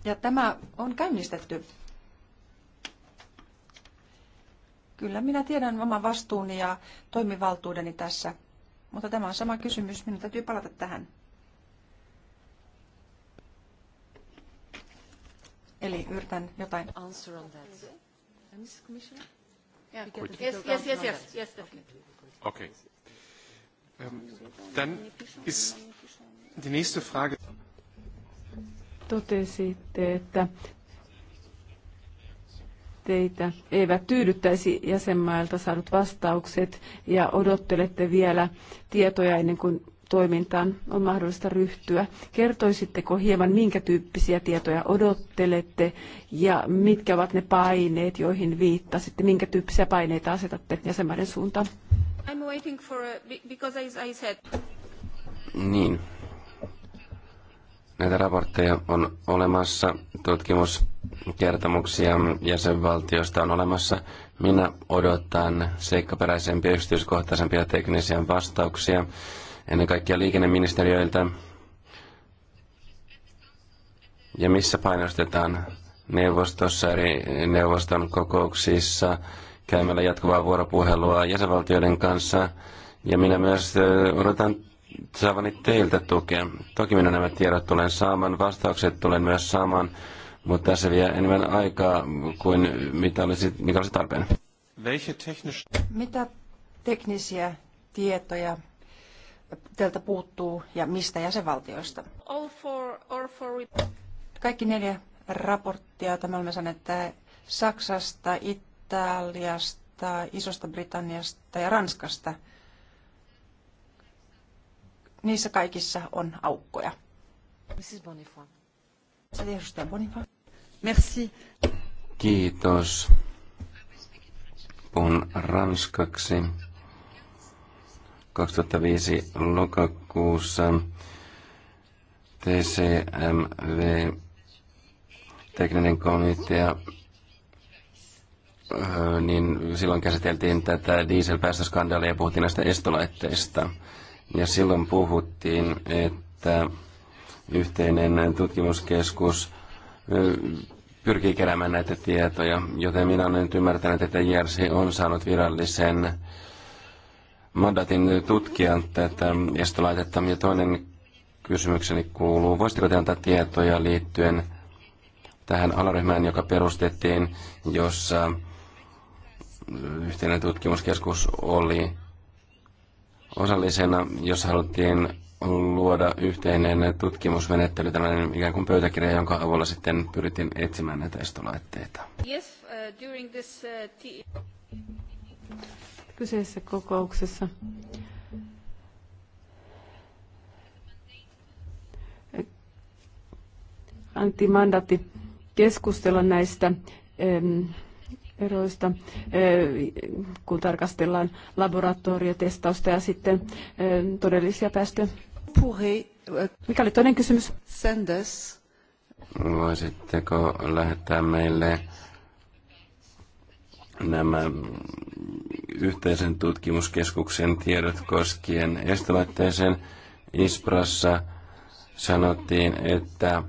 Speaker 3: Ja tämä on käynnistetty. Kyllä minä tiedän oman vastuuni ja toimivaltuudeni tässä, mutta tämä on sama kysymys. Minun täytyy palata tähän. Eli yritän jotain. Answer on that.
Speaker 6: Yeah. Yes, yes, yes, yes, yes, definitely.
Speaker 4: Okay. Um, dann ist die nächste Frage.
Speaker 1: Totesitte, että teitä eivät tyydyttäisi jäsenmailta saadut vastaukset ja odottelette vielä tietoja ennen kuin toimintaan on mahdollista ryhtyä. Kertoisitteko hieman, minkä tyyppisiä tietoja odottelette ja mitkä ovat ne paineet, joihin viittasitte, minkä tyyppisiä paineita asetatte jäsenmaiden suuntaan?
Speaker 5: I'm waiting for a, because I said...
Speaker 2: Niin, Näitä raportteja on olemassa, tutkimuskertomuksia jäsenvaltiosta on olemassa. Minä odotan seikkaperäisempiä, yksityiskohtaisempia teknisiä vastauksia ennen kaikkea liikenneministeriöiltä. Ja missä painostetaan neuvostossa eri neuvoston kokouksissa käymällä jatkuvaa vuoropuhelua jäsenvaltioiden kanssa. Ja minä myös odotan saavani teiltä tukea. Toki minä nämä tiedot tulen saamaan, vastaukset tulen myös saamaan, mutta tässä vie enemmän aikaa kuin mitä olisi, mikä olisi tarpeen.
Speaker 3: Mitä teknisiä tietoja teiltä puuttuu ja mistä jäsenvaltioista?
Speaker 5: All for, all for...
Speaker 3: Kaikki neljä raporttia, joita me olemme saaneet Saksasta, Italiasta, Isosta Britanniasta ja Ranskasta – niissä kaikissa on aukkoja.
Speaker 2: Kiitos. Puhun ranskaksi. 2005 lokakuussa TCMV tekninen komitea öö, niin silloin käsiteltiin tätä dieselpäästöskandaalia ja puhuttiin näistä estolaitteista. Ja silloin puhuttiin, että yhteinen tutkimuskeskus pyrkii keräämään näitä tietoja, joten minä olen nyt ymmärtänyt, että JRC on saanut virallisen mandatin tutkia tätä estolaitetta. Ja toinen kysymykseni kuuluu, voisitteko te antaa tietoja liittyen tähän alaryhmään, joka perustettiin, jossa yhteinen tutkimuskeskus oli osallisena, jos haluttiin luoda yhteinen tutkimusmenettely, tällainen ikään kuin pöytäkirja, jonka avulla sitten pyrittiin etsimään näitä estolaitteita.
Speaker 5: Yes, uh, this, uh,
Speaker 1: Kyseisessä kokouksessa antti mandatti keskustella näistä um, eroista, eh, kun tarkastellaan laboratoriotestausta ja sitten eh, todellisia päästöjä.
Speaker 3: Euh, Mikä
Speaker 1: oli toinen kysymys? sendes?
Speaker 2: Voisitteko lähettää meille nämä yhteisen tutkimuskeskuksen tiedot koskien estolaitteeseen? Isprassa sanottiin, että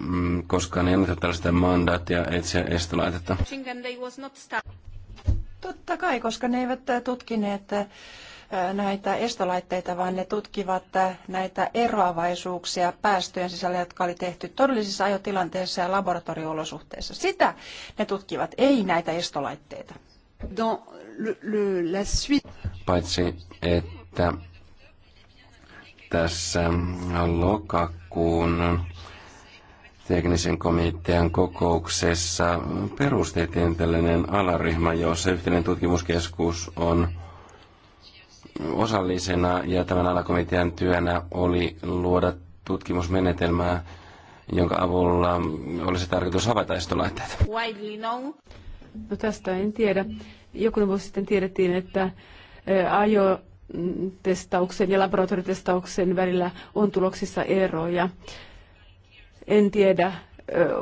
Speaker 2: Mm, koskaan ei anneta tällaista mandaattia etsiä estolaitetta.
Speaker 3: Totta kai, koska ne eivät äh, tutkineet äh, näitä estolaitteita, vaan ne tutkivat äh, näitä eroavaisuuksia päästöjen sisällä, jotka oli tehty todellisissa ajotilanteissa ja laboratorioolosuhteissa. Sitä ne tutkivat, ei näitä estolaitteita.
Speaker 2: Paitsi, että tässä lokakuun teknisen komitean kokouksessa perustettiin tällainen alaryhmä, jossa yhteinen tutkimuskeskus on osallisena ja tämän alakomitean työnä oli luoda tutkimusmenetelmää, jonka avulla olisi tarkoitus havaita estolaitteita.
Speaker 1: No tästä en tiedä. Joku vuosi sitten tiedettiin, että ajo testauksen ja laboratoritestauksen välillä on tuloksissa eroja. En tiedä,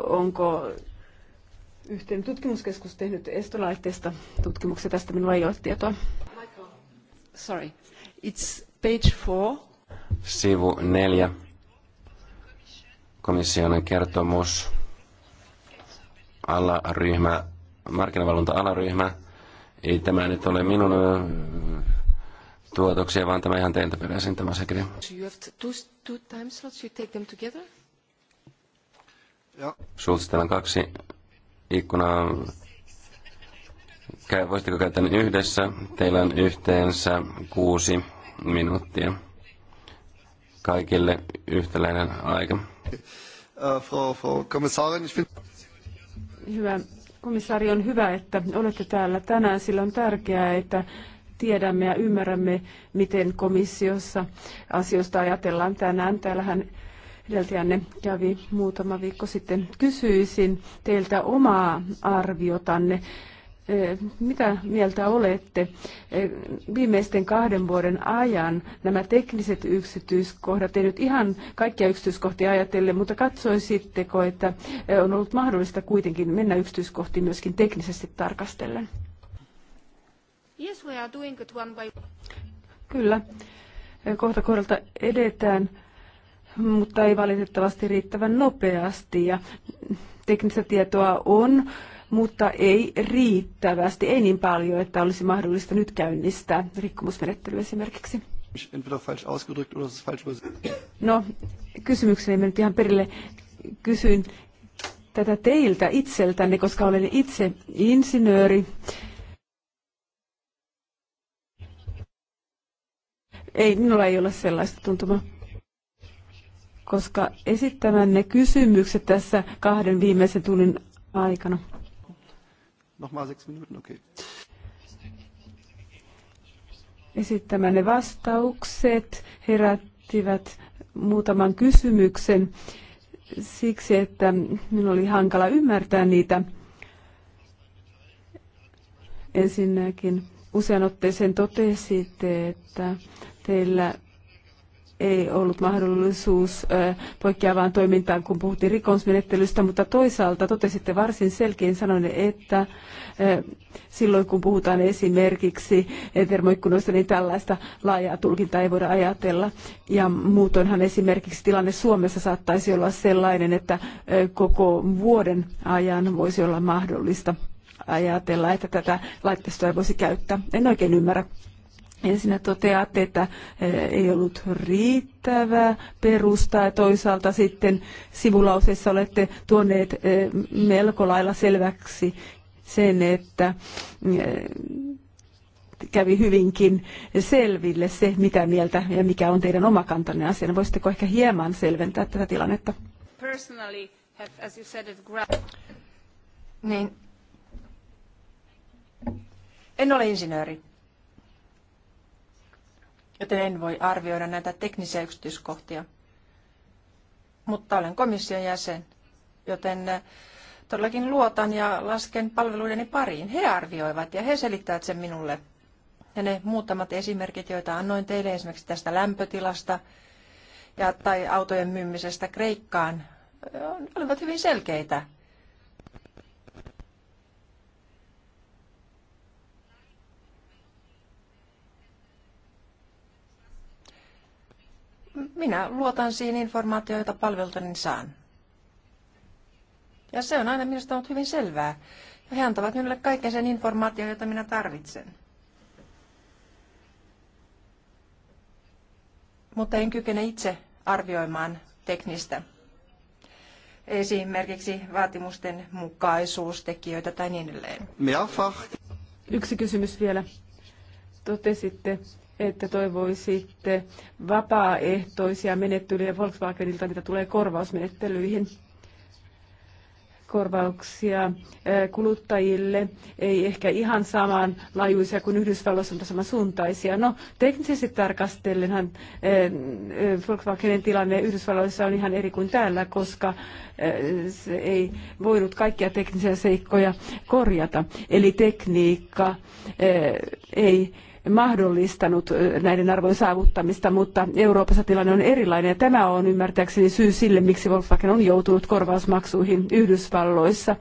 Speaker 1: onko yhteinen tutkimuskeskus tehnyt estolaitteesta tutkimuksia. Tästä minulla ei ole tietoa. Sorry. It's page four.
Speaker 2: Sivu neljä. Komission kertomus. Alaryhmä, markkinavalvonta-alaryhmä. Ei tämä nyt ole minun tuotoksia, vaan tämä ihan teiltä peräisin tämä sekri.
Speaker 5: So you have two, two time slots, you take them together?
Speaker 2: Schultz, on kaksi ikkunaa. Voisitteko käyttää ne yhdessä? Teillä on yhteensä kuusi minuuttia. Kaikille yhtäläinen aika.
Speaker 5: Äh,
Speaker 1: hyvä komissaari, on hyvä, että olette täällä tänään, sillä on tärkeää, että tiedämme ja ymmärrämme, miten komissiossa asioista ajatellaan tänään. Täällähän edeltäjänne kävi muutama viikko sitten. Kysyisin teiltä omaa arviotanne. Eh, mitä mieltä olette? Eh, viimeisten kahden vuoden ajan nämä tekniset yksityiskohdat, ei nyt ihan kaikkia yksityiskohtia ajatelle, mutta katsoisitteko, että eh, on ollut mahdollista kuitenkin mennä yksityiskohtiin myöskin teknisesti tarkastellen? Kyllä, kohta kohdalta edetään mutta ei valitettavasti riittävän nopeasti. Ja teknistä tietoa on, mutta ei riittävästi, ei niin paljon, että olisi mahdollista nyt käynnistää rikkomusmenettely esimerkiksi. No, kysymykseni ei mennyt ihan perille. Kysyin tätä teiltä itseltänne, koska olen itse insinööri. Ei, minulla ei ole sellaista tuntumaa koska esittämänne kysymykset tässä kahden viimeisen tunnin aikana.
Speaker 5: Nochmal sechs Minuten, okay.
Speaker 1: Esittämänne vastaukset herättivät muutaman kysymyksen siksi, että minun oli hankala ymmärtää niitä. Ensinnäkin usean otteeseen totesitte, että teillä ei ollut mahdollisuus poikkeavaan toimintaan, kun puhuttiin rikosmenettelystä, mutta toisaalta totesitte varsin selkein sanoen, että silloin kun puhutaan esimerkiksi termoikkunoista, niin tällaista laajaa tulkintaa ei voida ajatella. Ja muutoinhan esimerkiksi tilanne Suomessa saattaisi olla sellainen, että koko vuoden ajan voisi olla mahdollista ajatella, että tätä laitteistoa ei voisi käyttää. En oikein ymmärrä Ensinnä toteatte, että eh, ei ollut riittävää perustaa ja toisaalta sitten sivulausessa olette tuoneet eh, melko lailla selväksi sen, että eh, kävi hyvinkin selville se, mitä mieltä ja mikä on teidän oma kantanne asia. Voisitteko ehkä hieman selventää tätä
Speaker 3: tilannetta? Niin. En ole insinööri joten en voi arvioida näitä teknisiä yksityiskohtia. Mutta olen komission jäsen, joten eh, todellakin luotan ja lasken palveluideni pariin. He arvioivat ja he selittävät sen minulle. Ja ne muutamat esimerkit, joita annoin teille esimerkiksi tästä lämpötilasta ja, tai autojen myymisestä Kreikkaan, eh, olivat hyvin selkeitä. minä luotan siihen informaatioon, jota palvelutani saan. Ja se on aina minusta ollut hyvin selvää. Ja he antavat minulle kaiken sen informaation, jota minä tarvitsen. Mutta en kykene itse arvioimaan teknistä esimerkiksi vaatimusten mukaisuustekijöitä tai niin edelleen. Yksi kysymys vielä. Totesitte,
Speaker 1: että toivoisitte vapaaehtoisia menettelyjä Volkswagenilta, mitä tulee korvausmenettelyihin korvauksia kuluttajille, ei ehkä ihan saman laajuisia kuin Yhdysvalloissa, mutta samansuuntaisia. No, teknisesti tarkastellenhan Volkswagenin tilanne Yhdysvalloissa on ihan eri kuin täällä, koska se ei voinut kaikkia teknisiä seikkoja korjata. Eli tekniikka ei mahdollistanut näiden arvojen saavuttamista, mutta Euroopassa tilanne on erilainen ja tämä on ymmärtääkseni syy sille, miksi Volkswagen on joutunut korvausmaksuihin Yhdysvalloissa.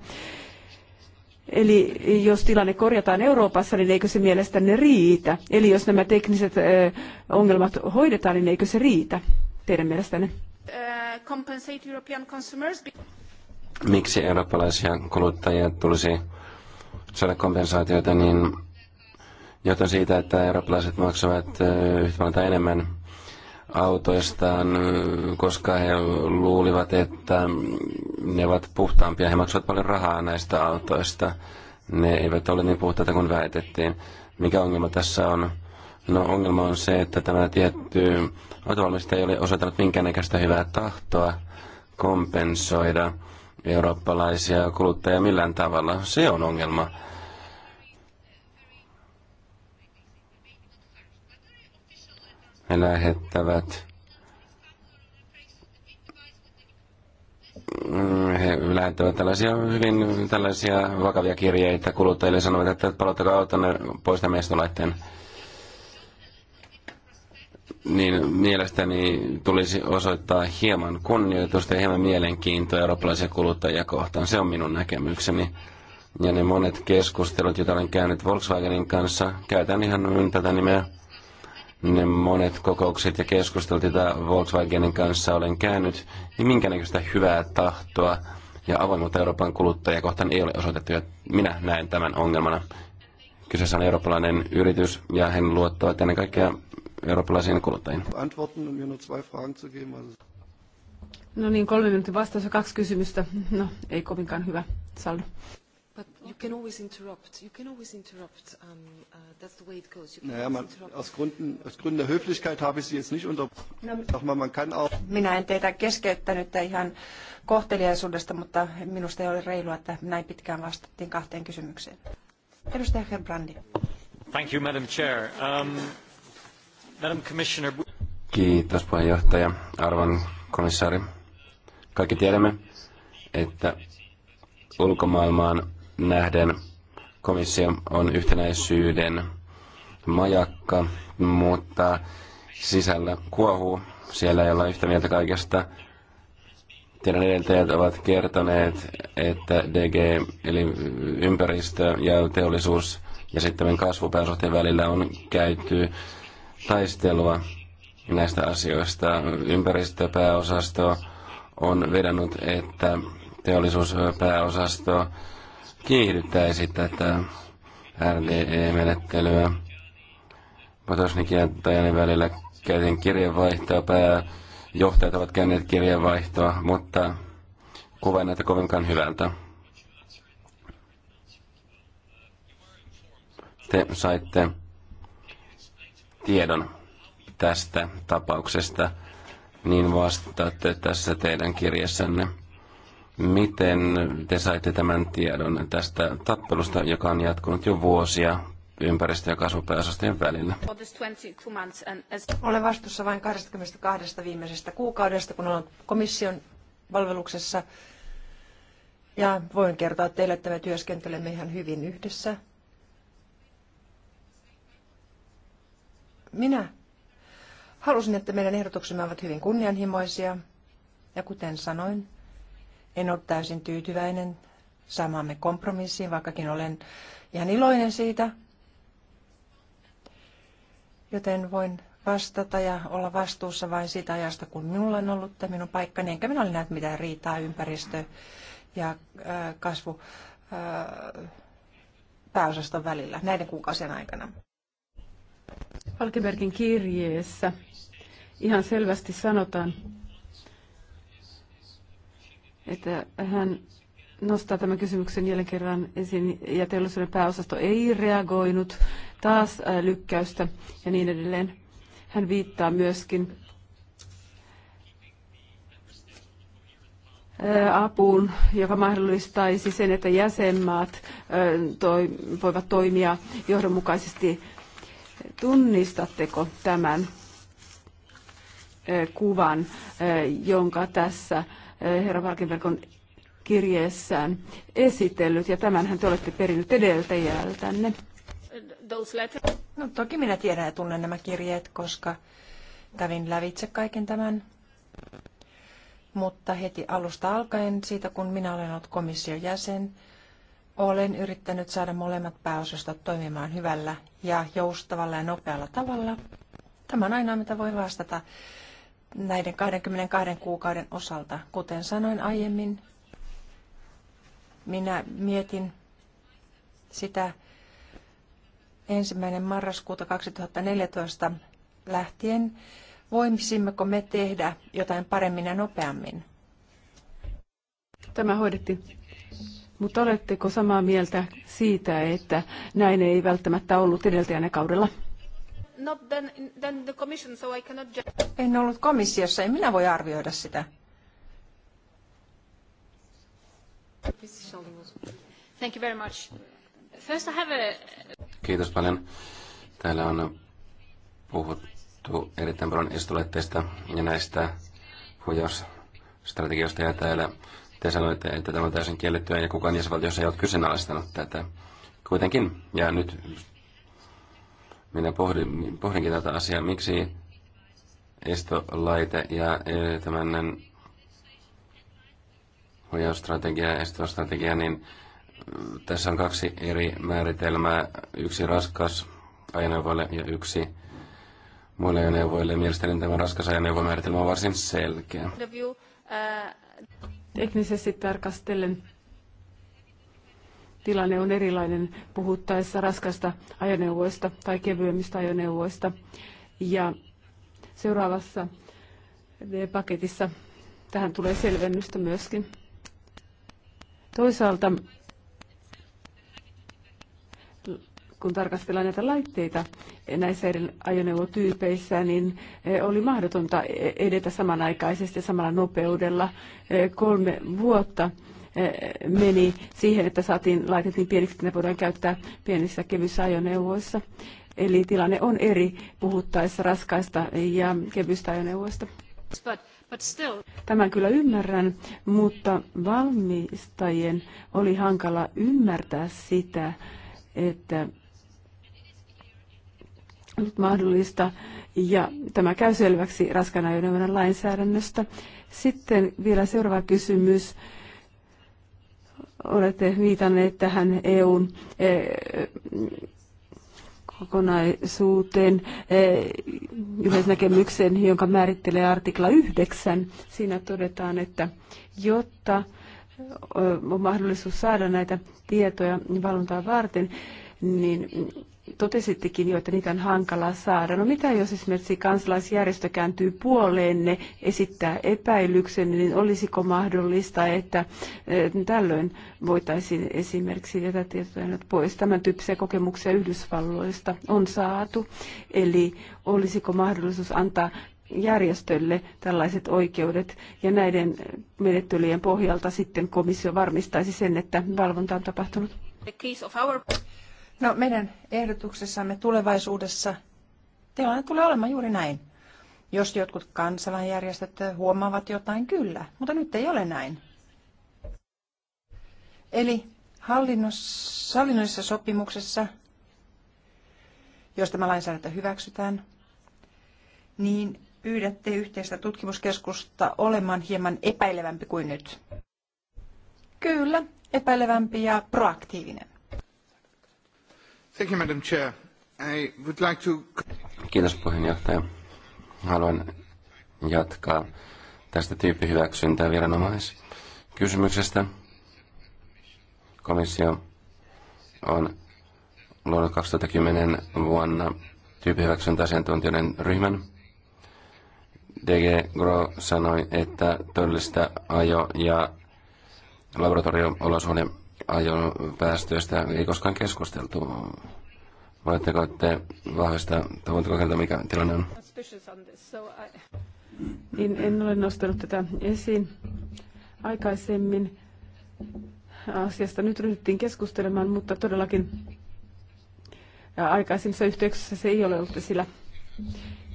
Speaker 1: Eli jos tilanne korjataan Euroopassa, niin eikö se mielestänne riitä? Eli jos nämä tekniset ongelmat hoidetaan, niin eikö se riitä teidän mielestänne?
Speaker 5: Uh,
Speaker 2: miksi eurooppalaisia kuluttajia tulisi saada kompensaatioita, niin joten siitä, että eurooppalaiset maksavat yhtä enemmän autoistaan, koska he luulivat, että ne ovat puhtaampia. He maksavat paljon rahaa näistä autoista. Ne eivät ole niin puhtaita kuin väitettiin. Mikä ongelma tässä on? No ongelma on se, että tämä tietty autovalmistaja ei ole osoittanut minkäännäköistä hyvää tahtoa kompensoida eurooppalaisia kuluttajia millään tavalla. Se on ongelma. he lähettävät mm, he lähettävät tällaisia hyvin tällaisia vakavia kirjeitä kuluttajille sanovat, että palauttakaa autonne pois tämän Niin mielestäni tulisi osoittaa hieman kunnioitusta ja hieman mielenkiintoa eurooppalaisia kuluttajia kohtaan. Se on minun näkemykseni. Ja ne monet keskustelut, joita olen käynyt Volkswagenin kanssa, käytän ihan tätä nimeä ne monet kokoukset ja keskustelut, joita Volkswagenin kanssa olen käynyt, niin näköistä hyvää tahtoa ja avoimuutta Euroopan kuluttajakohtaan ei ole osoitettu. Ja minä näen tämän ongelmana. Kyseessä on eurooppalainen yritys ja hän luottavat ennen kaikkea eurooppalaisiin kuluttajiin.
Speaker 5: Um no
Speaker 1: niin, kolme minuutin vastaus ja kaksi kysymystä. No, ei kovinkaan hyvä. Sallu. You can always interrupt. You can always interrupt. Um, uh, that's the way it goes. You can naja, man, aus,
Speaker 3: Gründen, aus Gründen der Höflichkeit habe ich Sie jetzt nicht unterbrochen. No, man, kann auch minä en teitä keskeyttänyt ihan kohteliaisuudesta, mutta minusta ei ole reilua, että näin pitkään vastattiin kahteen kysymykseen. Edustaja Herbrandi.
Speaker 6: Thank you, Madam Chair. Um, Madam Commissioner...
Speaker 2: Kiitos puheenjohtaja, arvon komissaari. Kaikki tiedämme, että ulkomaailmaan nähden komissio on yhtenäisyyden majakka, mutta sisällä kuohuu. Siellä ei olla yhtä mieltä kaikesta. Teidän edeltäjät ovat kertoneet, että DG eli ympäristö ja teollisuus ja sitten kasvupääsuhteen välillä on käyty taistelua näistä asioista. Ympäristöpääosasto on vedannut, että teollisuuspääosasto kiihdyttäisi tätä RDE-menettelyä. Potosnikin ja Tajanin välillä käytiin kirjeenvaihtoa, pääjohtajat ovat käyneet kirjeenvaihtoa, mutta kuva ei kovinkaan hyvältä. Te saitte tiedon tästä tapauksesta, niin vastaatte tässä teidän kirjassanne. Miten te saitte tämän tiedon tästä tappelusta, joka on jatkunut jo vuosia ympäristö- ja kasvupääosastojen välillä?
Speaker 3: Olen vastuussa vain 22 viimeisestä kuukaudesta, kun olen komission palveluksessa. Ja voin kertoa teille, että me työskentelemme ihan hyvin yhdessä. Minä halusin, että meidän ehdotuksemme ovat hyvin kunnianhimoisia. Ja kuten sanoin, en ole täysin tyytyväinen saamaamme kompromissiin, vaikkakin olen ihan iloinen siitä. Joten voin vastata ja olla vastuussa vain sitä ajasta, kun minulla on ollut tämä minun paikkani, enkä minä ole näet mitään riitaa ympäristö- ja äh, kasvu äh, pääosaston välillä näiden kuukausien aikana. Falkenbergin
Speaker 1: kirjeessä ihan selvästi sanotaan, että hän nostaa tämän kysymyksen jälleen kerran esiin, ja teollisuuden pääosasto ei reagoinut taas äh, lykkäystä ja niin edelleen. Hän viittaa myöskin äh, apuun, joka mahdollistaisi sen, että jäsenmaat äh, voivat toimia johdonmukaisesti. Tunnistatteko tämän kuvan, jonka tässä Eh, herra Valkenverkon kirjeessään esitellyt, ja tämänhän te olette perinyt
Speaker 3: edeltäjältänne. No, toki minä tiedän ja tunnen nämä kirjeet, koska kävin lävitse kaiken tämän. Mutta heti alusta alkaen, siitä kun minä olen ollut komission jäsen, olen yrittänyt saada molemmat pääosastot toimimaan hyvällä ja joustavalla ja nopealla tavalla. Tämä on aina mitä voi vastata näiden 22 kuukauden osalta. Kuten sanoin aiemmin, minä mietin sitä ensimmäinen marraskuuta 2014 lähtien, voimisimmeko me tehdä jotain paremmin ja nopeammin. Tämä hoidettiin. Mutta oletteko samaa mieltä
Speaker 1: siitä, että näin ei välttämättä ollut edeltäjänä kaudella?
Speaker 5: not then, then the commission, so I cannot
Speaker 3: En ollut komissiossa, en minä voi arvioida sitä.
Speaker 5: Thank you very much. First I have
Speaker 2: a... Kiitos paljon. Täällä on puhuttu erittäin paljon estoletteista ja näistä huijausstrategioista ja täällä te sanoitte, että tämä on täysin kiellettyä ja kukaan jäsenvaltiossa ei ole kyseenalaistanut tätä. Kuitenkin, ja nyt minä pohdin, pohdinkin tätä asiaa, miksi estolaite ja e, tämmöinen huijausstrategia ja estostrategia, niin tässä on kaksi eri määritelmää. Yksi raskas ajoneuvoille ja yksi muille ajoneuvoille. Mielestäni tämä raskas ajoneuvomääritelmä on varsin selkeä.
Speaker 1: Teknisesti tarkastellen tilanne on erilainen puhuttaessa raskasta ajoneuvoista tai kevyemmistä ajoneuvoista. Ja seuraavassa paketissa tähän tulee selvennystä myöskin. Toisaalta, kun tarkastellaan näitä laitteita näissä eri ajoneuvotyypeissä, niin eh, oli mahdotonta e-, edetä samanaikaisesti ja samalla nopeudella eh, kolme vuotta meni siihen, että saatiin, laitettiin pieniksi, että ne voidaan käyttää pienissä kevyissä ajoneuvoissa. Eli tilanne on eri puhuttaessa raskaista ja kevyistä ajoneuvoista. Tämän kyllä ymmärrän, mutta valmistajien oli hankala ymmärtää sitä, että ollut mahdollista, ja tämä käy selväksi raskana ajoneuvon lainsäädännöstä. Sitten vielä seuraava kysymys olette viitanneet tähän EUn eh, kokonaisuuteen, eh, yleisnäkemykseen, jonka määrittelee artikla 9. Siinä todetaan, että jotta eh, on mahdollisuus saada näitä tietoja valvontaa varten, niin totesittekin jo, että niitä on hankala saada. No mitä jos esimerkiksi kansalaisjärjestö kääntyy puoleenne, esittää epäilyksen, niin olisiko mahdollista, että eh, tällöin voitaisiin esimerkiksi jätä tietoja pois. Tämän tyyppisiä kokemuksia Yhdysvalloista on saatu. Eli olisiko mahdollisuus antaa järjestölle tällaiset oikeudet ja näiden menettelyjen pohjalta sitten komissio varmistaisi sen, että valvonta on tapahtunut.
Speaker 3: No meidän ehdotuksessamme tulevaisuudessa tilanne tulee olemaan juuri näin. Jos jotkut kansalaisjärjestöt huomaavat jotain, kyllä, mutta nyt ei ole näin. Eli hallinnollisessa sopimuksessa, jos tämä lainsäädäntö hyväksytään, niin pyydätte yhteistä tutkimuskeskusta olemaan hieman epäilevämpi kuin nyt. Kyllä, epäilevämpi ja proaktiivinen.
Speaker 4: Thank you, Madam Chair. I would like to...
Speaker 2: Kiitos puheenjohtaja. Haluan jatkaa tästä tyyppihyväksyntää viranomaiskysymyksestä. Komissio on luonut 2010 vuonna tyyppihyväksyntäasiantuntijoiden ryhmän. DG Gro sanoi, että todellista ajo- ja laboratorio laboratorioolosuhde Ajon päästöistä ei koskaan keskusteltu. Voitteko te vahvistaa kertoa, mikä tilanne on?
Speaker 1: Niin, en ole nostanut tätä esiin aikaisemmin. Asiasta nyt ryhdyttiin keskustelemaan, mutta todellakin aikaisemmissa yhteyksissä se ei ole ollut esillä.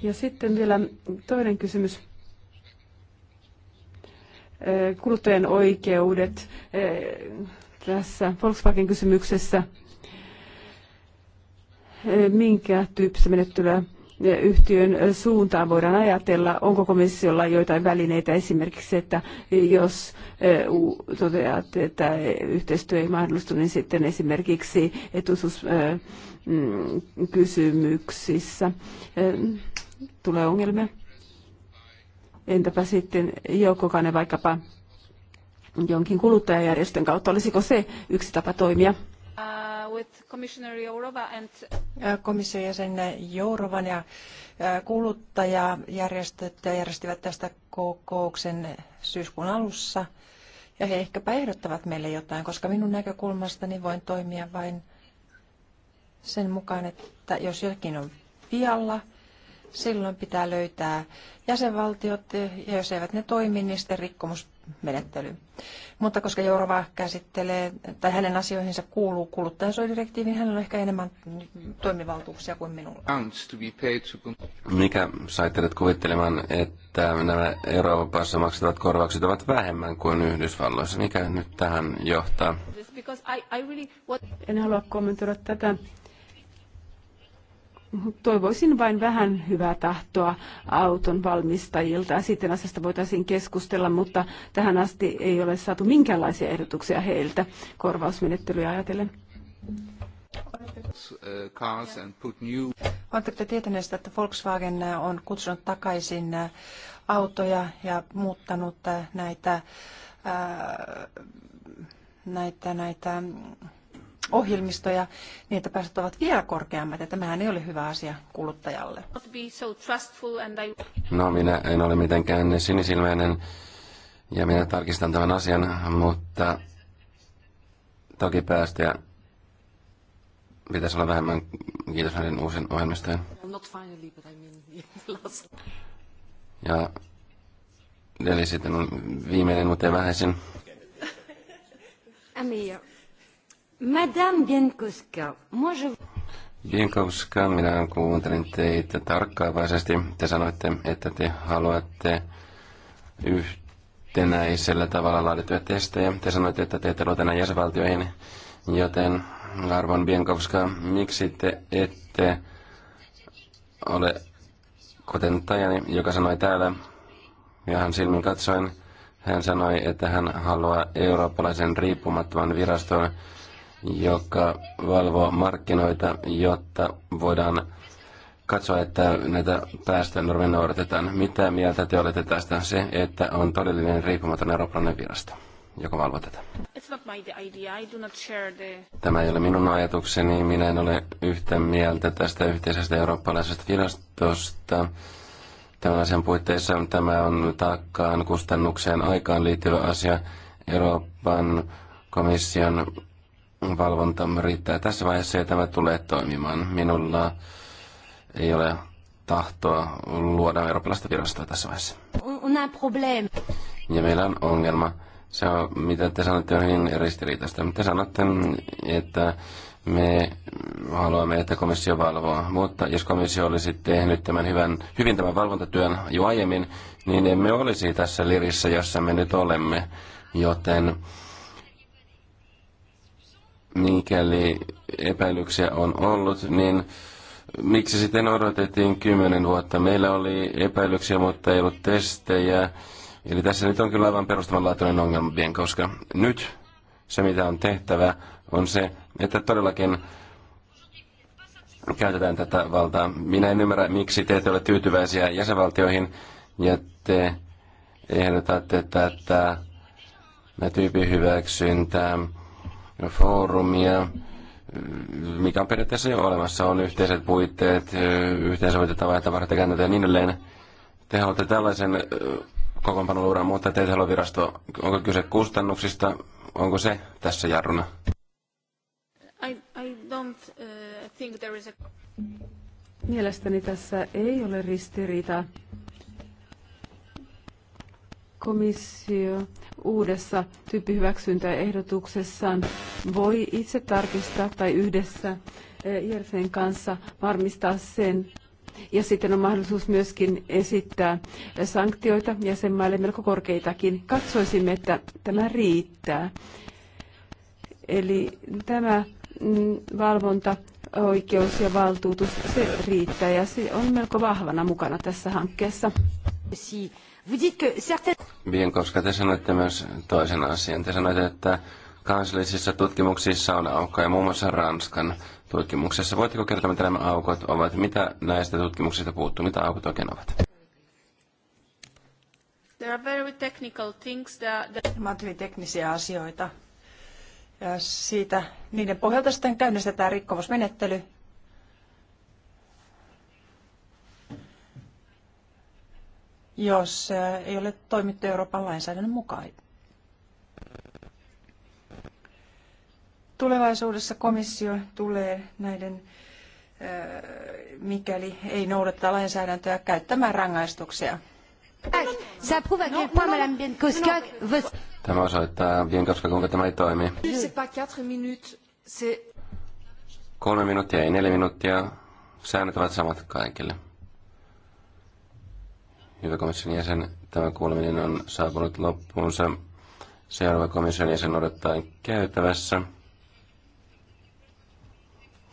Speaker 1: Ja sitten vielä toinen kysymys kuluttajien oikeudet tässä Volkswagen-kysymyksessä, eh, minkä tyyppistä menettelyä eh, yhtiön suuntaan voidaan ajatella? Onko komissiolla joitain välineitä esimerkiksi, että jos eh, toteat, että yhteistyö ei mahdollistu, niin sitten esimerkiksi etuisuuskysymyksissä mm, tulee ongelmia? Entäpä sitten joukkokainen vaikkapa
Speaker 3: jonkin kuluttajajärjestön kautta. Olisiko se yksi tapa toimia? Uh, komission jäsen Jourovan ja kuluttajajärjestöt järjestivät tästä kokouksen syyskuun alussa. Ja he ehkäpä ehdottavat meille jotain, koska minun näkökulmastani voin toimia vain sen mukaan, että jos jokin on vialla, silloin pitää löytää jäsenvaltiot, ja jos eivät ne toimi, niin sitten rikkomus menettely. Mutta koska Jourova käsittelee, tai hänen asioihinsa kuuluu kuluttajansuojadirektiivi, hän hänellä on ehkä enemmän toimivaltuuksia kuin minulla.
Speaker 2: Mikä sait teidät kuvittelemaan, että nämä Euroopassa maksettavat korvaukset ovat vähemmän kuin Yhdysvalloissa? Mikä nyt tähän johtaa?
Speaker 1: En halua kommentoida tätä toivoisin vain vähän hyvää tahtoa auton valmistajilta. Sitten asiasta voitaisiin keskustella, mutta tähän asti ei ole saatu minkäänlaisia ehdotuksia heiltä korvausmenettelyä ajatellen.
Speaker 3: Oletteko te tietäneet, että Volkswagen on kutsunut takaisin autoja ja muuttanut näitä, näitä, näitä ohjelmistoja niin, että päästöt ovat vielä korkeammat, ja tämähän ei ole hyvä asia kuluttajalle.
Speaker 2: No, minä en ole mitenkään sinisilmäinen, ja minä tarkistan tämän asian, mutta toki päästöjä pitäisi olla vähemmän, kiitos näiden uusien ohjelmistojen. Ja eli sitten on viimeinen, mutta ei vähäisin.
Speaker 1: Amia. Madame Bienkowska, moi je...
Speaker 2: Bienkowska, minä kuuntelin teitä tarkkaavaisesti. Te sanoitte, että te haluatte yhtenäisellä tavalla laadittuja testejä. Te sanoitte, että te ette luota jäsenvaltioihin, joten arvon Bienkowska, miksi te ette ole kuten Tajani, joka sanoi täällä, ja hän silmin katsoen, hän sanoi, että hän haluaa eurooppalaisen riippumattoman viraston, joka valvoo markkinoita, jotta voidaan katsoa, että näitä päästönormeja noudatetaan. Mitä mieltä te olette tästä? Se, että on todellinen riippumaton eurooppalainen virasto, joka valvoo tätä. Tämä ei ole minun ajatukseni. Minä en ole yhtä mieltä tästä yhteisestä eurooppalaisesta virastosta. Tämän asian puitteissa tämä on taakkaan kustannukseen aikaan liittyvä asia. Euroopan komission valvonta riittää tässä vaiheessa ja tämä tulee toimimaan. Minulla ei ole tahtoa luoda eurooppalaista virastoa tässä vaiheessa.
Speaker 5: On a problem.
Speaker 2: Ja meillä on ongelma. Se, on, mitä te sanotte, on hyvin ristiriitaista. Te sanotte, että me haluamme, että komissio valvoo. Mutta jos komissio olisi tehnyt tämän hyvän, hyvin tämän valvontatyön jo aiemmin, niin emme olisi tässä lirissä, jossa me nyt olemme. Joten mikäli epäilyksiä on ollut, niin miksi sitten odotettiin kymmenen vuotta? Meillä oli epäilyksiä, mutta ei ollut testejä. Eli tässä nyt on kyllä aivan perustavanlaatuinen ongelma koska nyt se mitä on tehtävä on se, että todellakin käytetään tätä valtaa. Minä en ymmärrä, miksi te ette ole tyytyväisiä jäsenvaltioihin ja te ehdotatte tätä hyväksyntää foorumia, mikä on periaatteessa jo olemassa, on yhteiset puitteet, yhteensovitettava ja tavarat ja niin edelleen. Te haluatte tällaisen kokoonpanoluuran, mutta te virasto, onko kyse kustannuksista, onko se tässä jarruna?
Speaker 5: I, I don't, uh, think there is a...
Speaker 1: Mielestäni tässä ei ole ristiriitaa komissio uudessa tyyppihyväksyntäehdotuksessaan voi itse tarkistaa tai yhdessä IRFn eh, kanssa varmistaa sen, ja sitten on mahdollisuus myöskin esittää sanktioita jäsenmaille melko korkeitakin. Katsoisimme, että tämä riittää. Eli tämä mm, valvonta, oikeus ja valtuutus, se riittää ja se on melko vahvana mukana tässä hankkeessa.
Speaker 2: Bien, koska te sanoitte myös toisen asian. Te sanoitte, että kansallisissa tutkimuksissa on aukkoja, muun muassa Ranskan tutkimuksessa. Voitteko kertoa, mitä nämä aukot ovat? Mitä näistä tutkimuksista puuttuu? Mitä aukot oikein ovat?
Speaker 3: There are very technical things that... Nämä ovat hyvin teknisiä asioita. Ja siitä, niiden pohjalta sitten käynnistetään rikkomusmenettely, jos eh, ei ole toimittu Euroopan lainsäädännön mukaan. Tulevaisuudessa komissio tulee näiden, eh, mikäli ei noudata lainsäädäntöä, käyttämään rangaistuksia.
Speaker 2: Tämä osoittaa Bienkoska, kuinka tämä ei toimi. Kolme minuuttia, ei neljä minuuttia. Säännöt ovat samat kaikille. Hyvä komission jäsen, tämä kuuleminen on saapunut loppuunsa. Seuraava komission jäsen odottaa käytävässä.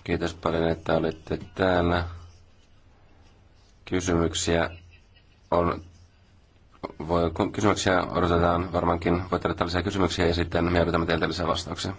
Speaker 2: Kiitos paljon, että olitte täällä. Kysymyksiä on voi, kysymyksiä odotetaan varmaankin. Voitte odottaa lisää kysymyksiä ja sitten me odotamme teiltä lisää vastauksia.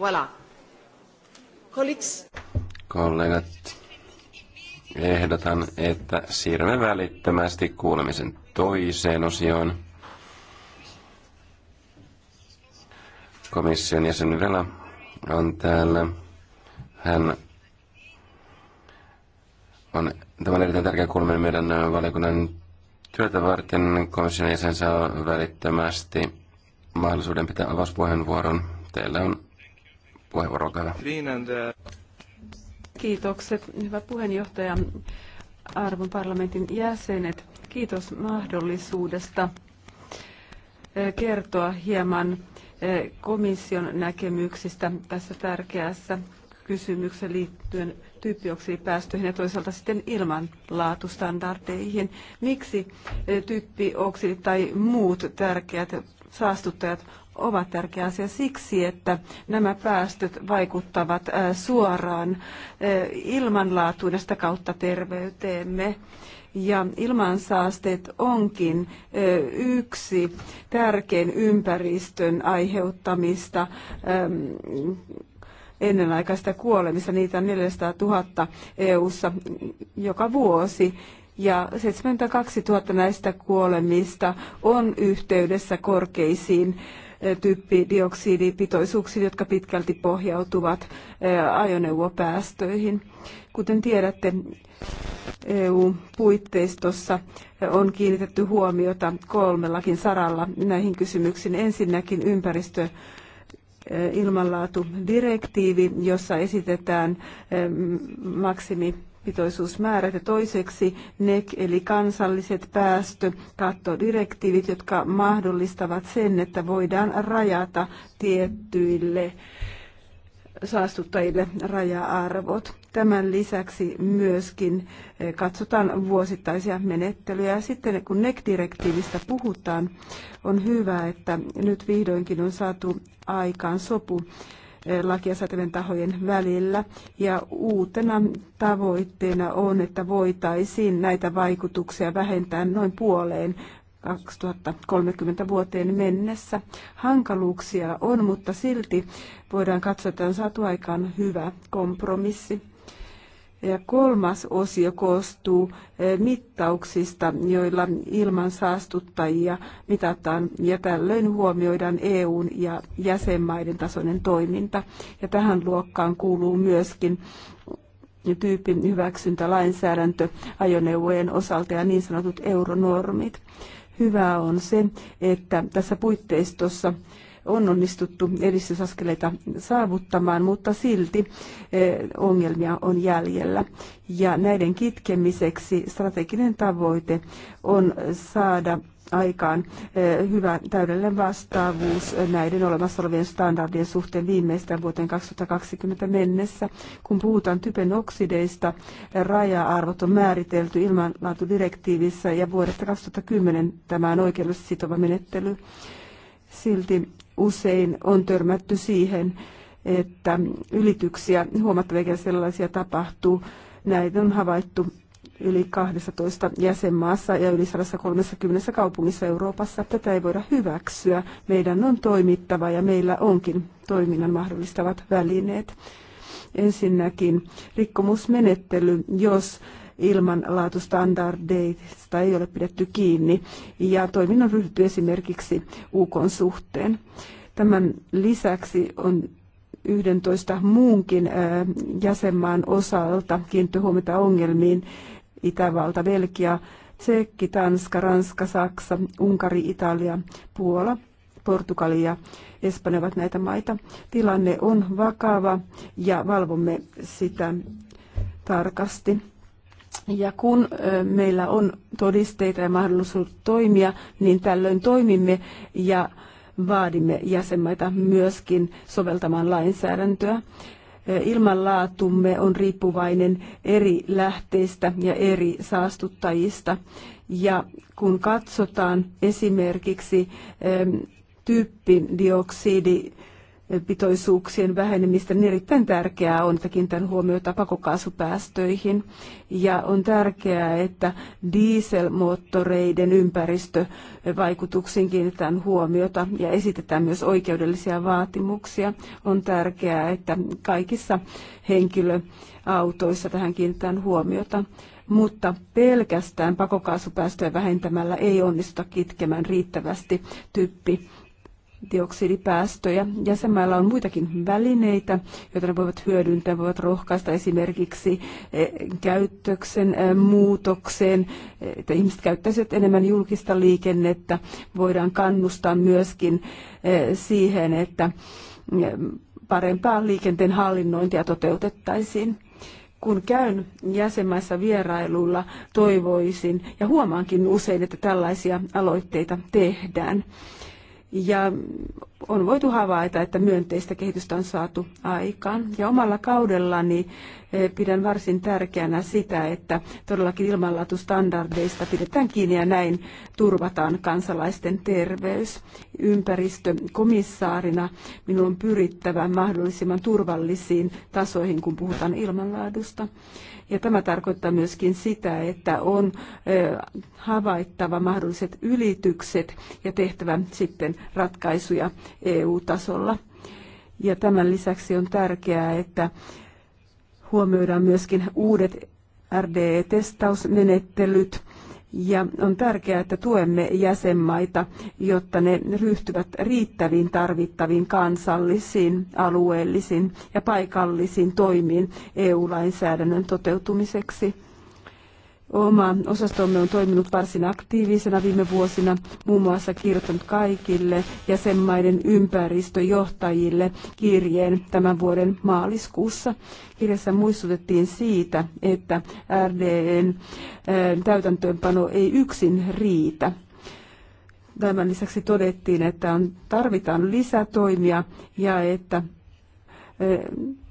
Speaker 3: Voilà. Colleagues.
Speaker 2: Kollegat, ehdotan, että siirrymme välittömästi kuulemisen toiseen osioon. Komission jäsen Vela on täällä. Hän on, tämä on erittäin tärkeä kuuleminen meidän valiokunnan työtä varten. Komission jäsen saa välittömästi mahdollisuuden pitää avauspuheenvuoron. Teillä on puheenvuoro, olkaa uh,
Speaker 4: Kiitokset,
Speaker 1: hyvä puheenjohtaja, arvon parlamentin jäsenet. Kiitos mahdollisuudesta eh, kertoa hieman eh, komission näkemyksistä tässä tärkeässä kysymyksessä liittyen typpioksidipäästöihin ja toisaalta sitten ilmanlaatustandardeihin. Miksi eh, typpioksidit tai muut tärkeät saastuttajat ovat tärkeä asia siksi, että nämä päästöt vaikuttavat äh, suoraan äh, ilmanlaatuun ja sitä kautta terveyteemme. Ja ilmansaasteet onkin äh, yksi tärkein ympäristön aiheuttamista ähm, ennenaikaista kuolemista. Niitä on 400 000 EU-ssa joka vuosi ja 72 000 näistä kuolemista on yhteydessä korkeisiin typpidioksidipitoisuuksiin, jotka pitkälti pohjautuvat ajoneuvopäästöihin. Kuten tiedätte, EU-puitteistossa on kiinnitetty huomiota kolmellakin saralla näihin kysymyksiin. Ensinnäkin ympäristö direktiivi, jossa esitetään maksimi pitoisuusmäärät ja toiseksi NEC eli kansalliset päästökattodirektiivit, jotka mahdollistavat sen, että voidaan rajata tiettyille saastuttajille raja-arvot. Tämän lisäksi myöskin eh, katsotaan vuosittaisia menettelyjä. sitten kun NEC-direktiivistä puhutaan, on hyvä, että nyt vihdoinkin on saatu aikaan sopu Eh, lakia säätävien tahojen välillä. Ja uutena tavoitteena on, että voitaisiin näitä vaikutuksia vähentää noin puoleen 2030 vuoteen mennessä. Hankaluuksia on, mutta silti voidaan katsoa, että on saatu aikaan hyvä kompromissi. Ja kolmas osio koostuu eh, mittauksista, joilla ilman saastuttajia mitataan ja tällöin huomioidaan EUn ja jäsenmaiden tasoinen toiminta. Ja tähän luokkaan kuuluu myöskin tyypin hyväksyntä, lainsäädäntö ajoneuvojen osalta ja niin sanotut euronormit. Hyvää on se, että tässä puitteistossa on onnistuttu edistysaskeleita saavuttamaan, mutta silti eh, ongelmia on jäljellä. Ja näiden kitkemiseksi strateginen tavoite on saada aikaan eh, hyvä täydellinen vastaavuus näiden olemassa olevien standardien suhteen viimeistään vuoteen 2020 mennessä. Kun puhutaan typen oksideista, eh, raja-arvot on määritelty ilmanlaatudirektiivissä ja vuodesta 2010 tämä on oikeudellisesti sitova menettely. Silti usein on törmätty siihen, että ylityksiä, huomattavia sellaisia tapahtuu. Näitä on havaittu yli 12 jäsenmaassa ja yli 130 kaupungissa Euroopassa. Tätä ei voida hyväksyä. Meidän on toimittava ja meillä onkin toiminnan mahdollistavat välineet. Ensinnäkin rikkomusmenettely, jos ilmanlaatustandardeista ei ole pidetty kiinni ja toiminnan ryhdytty esimerkiksi UK suhteen. Tämän lisäksi on 11 muunkin jäsenmaan osalta kiinnitty huomiota ongelmiin Itävalta, Belgia, Tsekki, Tanska, Ranska, Saksa, Unkari, Italia, Puola, Portugali ja Espanja ovat näitä maita. Tilanne on vakava ja valvomme sitä tarkasti. Ja kun meillä on todisteita ja mahdollisuus toimia, niin tällöin toimimme ja vaadimme jäsenmaita myöskin soveltamaan lainsäädäntöä. Ilmanlaatumme on riippuvainen eri lähteistä ja eri saastuttajista. Ja kun katsotaan esimerkiksi tyyppidioksidi pitoisuuksien vähenemistä, niin erittäin tärkeää on, että kiinnitän huomiota pakokaasupäästöihin. Ja on tärkeää, että dieselmoottoreiden ympäristövaikutuksiin kiinnitetään huomiota ja esitetään myös oikeudellisia vaatimuksia. On tärkeää, että kaikissa henkilöautoissa tähän kiinnitetään huomiota mutta pelkästään pakokaasupäästöjä vähentämällä ei onnistuta kitkemään riittävästi typpi dioksidipäästöjä. Jäsenmailla on muitakin välineitä, joita ne voivat hyödyntää, voivat rohkaista esimerkiksi eh, käyttöksen eh, muutokseen, eh, että ihmiset käyttäisivät enemmän julkista liikennettä. Voidaan kannustaa myöskin siihen, että parempaa liikenteen hallinnointia toteutettaisiin kun käyn jäsenmaissa vierailulla, toivoisin ja huomaankin usein, että tällaisia aloitteita tehdään ja on voitu havaita, että myönteistä kehitystä on saatu aikaan. Ja omalla kaudellani e, pidän varsin tärkeänä sitä, että todellakin ilmanlaatustandardeista pidetään kiinni ja näin turvataan kansalaisten terveys. Ympäristökomissaarina minun on pyrittävä mahdollisimman turvallisiin tasoihin, kun puhutaan ilmanlaadusta. Ja tämä tarkoittaa myöskin sitä, että on havaittava mahdolliset ylitykset ja tehtävä sitten ratkaisuja EU-tasolla. Ja tämän lisäksi on tärkeää, että huomioidaan myöskin uudet RDE-testausmenettelyt ja on tärkeää, että tuemme jäsenmaita, jotta ne ryhtyvät riittäviin tarvittaviin kansallisiin, alueellisiin ja paikallisiin toimiin EU-lainsäädännön toteutumiseksi. Oma osastomme on toiminut varsin aktiivisena viime vuosina, muun muassa kirjoittanut kaikille jäsenmaiden ympäristöjohtajille kirjeen tämän vuoden maaliskuussa. Kirjassa muistutettiin siitä, että RDN eh, täytäntöönpano ei yksin riitä. Tämän lisäksi todettiin, että on, tarvitaan lisätoimia ja että eh,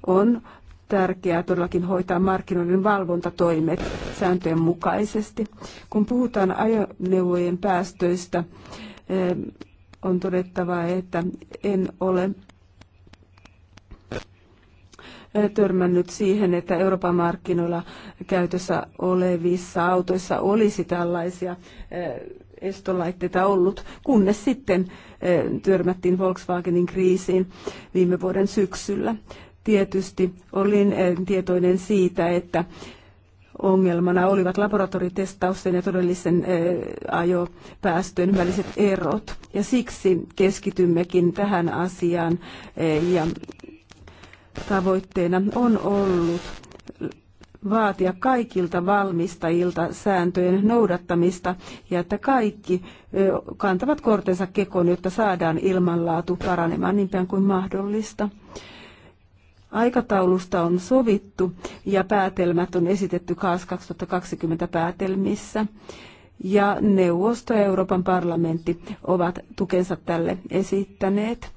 Speaker 1: on tärkeää todellakin hoitaa markkinoiden valvontatoimet sääntöjen mukaisesti. Kun puhutaan ajoneuvojen päästöistä, eh, on todettava, että en ole eh, törmännyt siihen, että Euroopan markkinoilla käytössä olevissa autoissa olisi tällaisia eh, estolaitteita ollut, kunnes sitten törmättiin Volkswagenin kriisiin viime vuoden syksyllä tietysti olin eh, tietoinen siitä, että ongelmana olivat laboratoritestausten ja todellisen eh, ajopäästöjen väliset erot. Ja siksi keskitymmekin tähän asiaan eh, ja tavoitteena on ollut vaatia kaikilta valmistajilta sääntöjen noudattamista ja että kaikki kantavat kortensa kekoon, jotta saadaan ilmanlaatu paranemaan niin pian kuin mahdollista. Aikataulusta on sovittu ja päätelmät on esitetty KAAS 2020 päätelmissä. Ja neuvosto ja Euroopan parlamentti ovat tukensa tälle esittäneet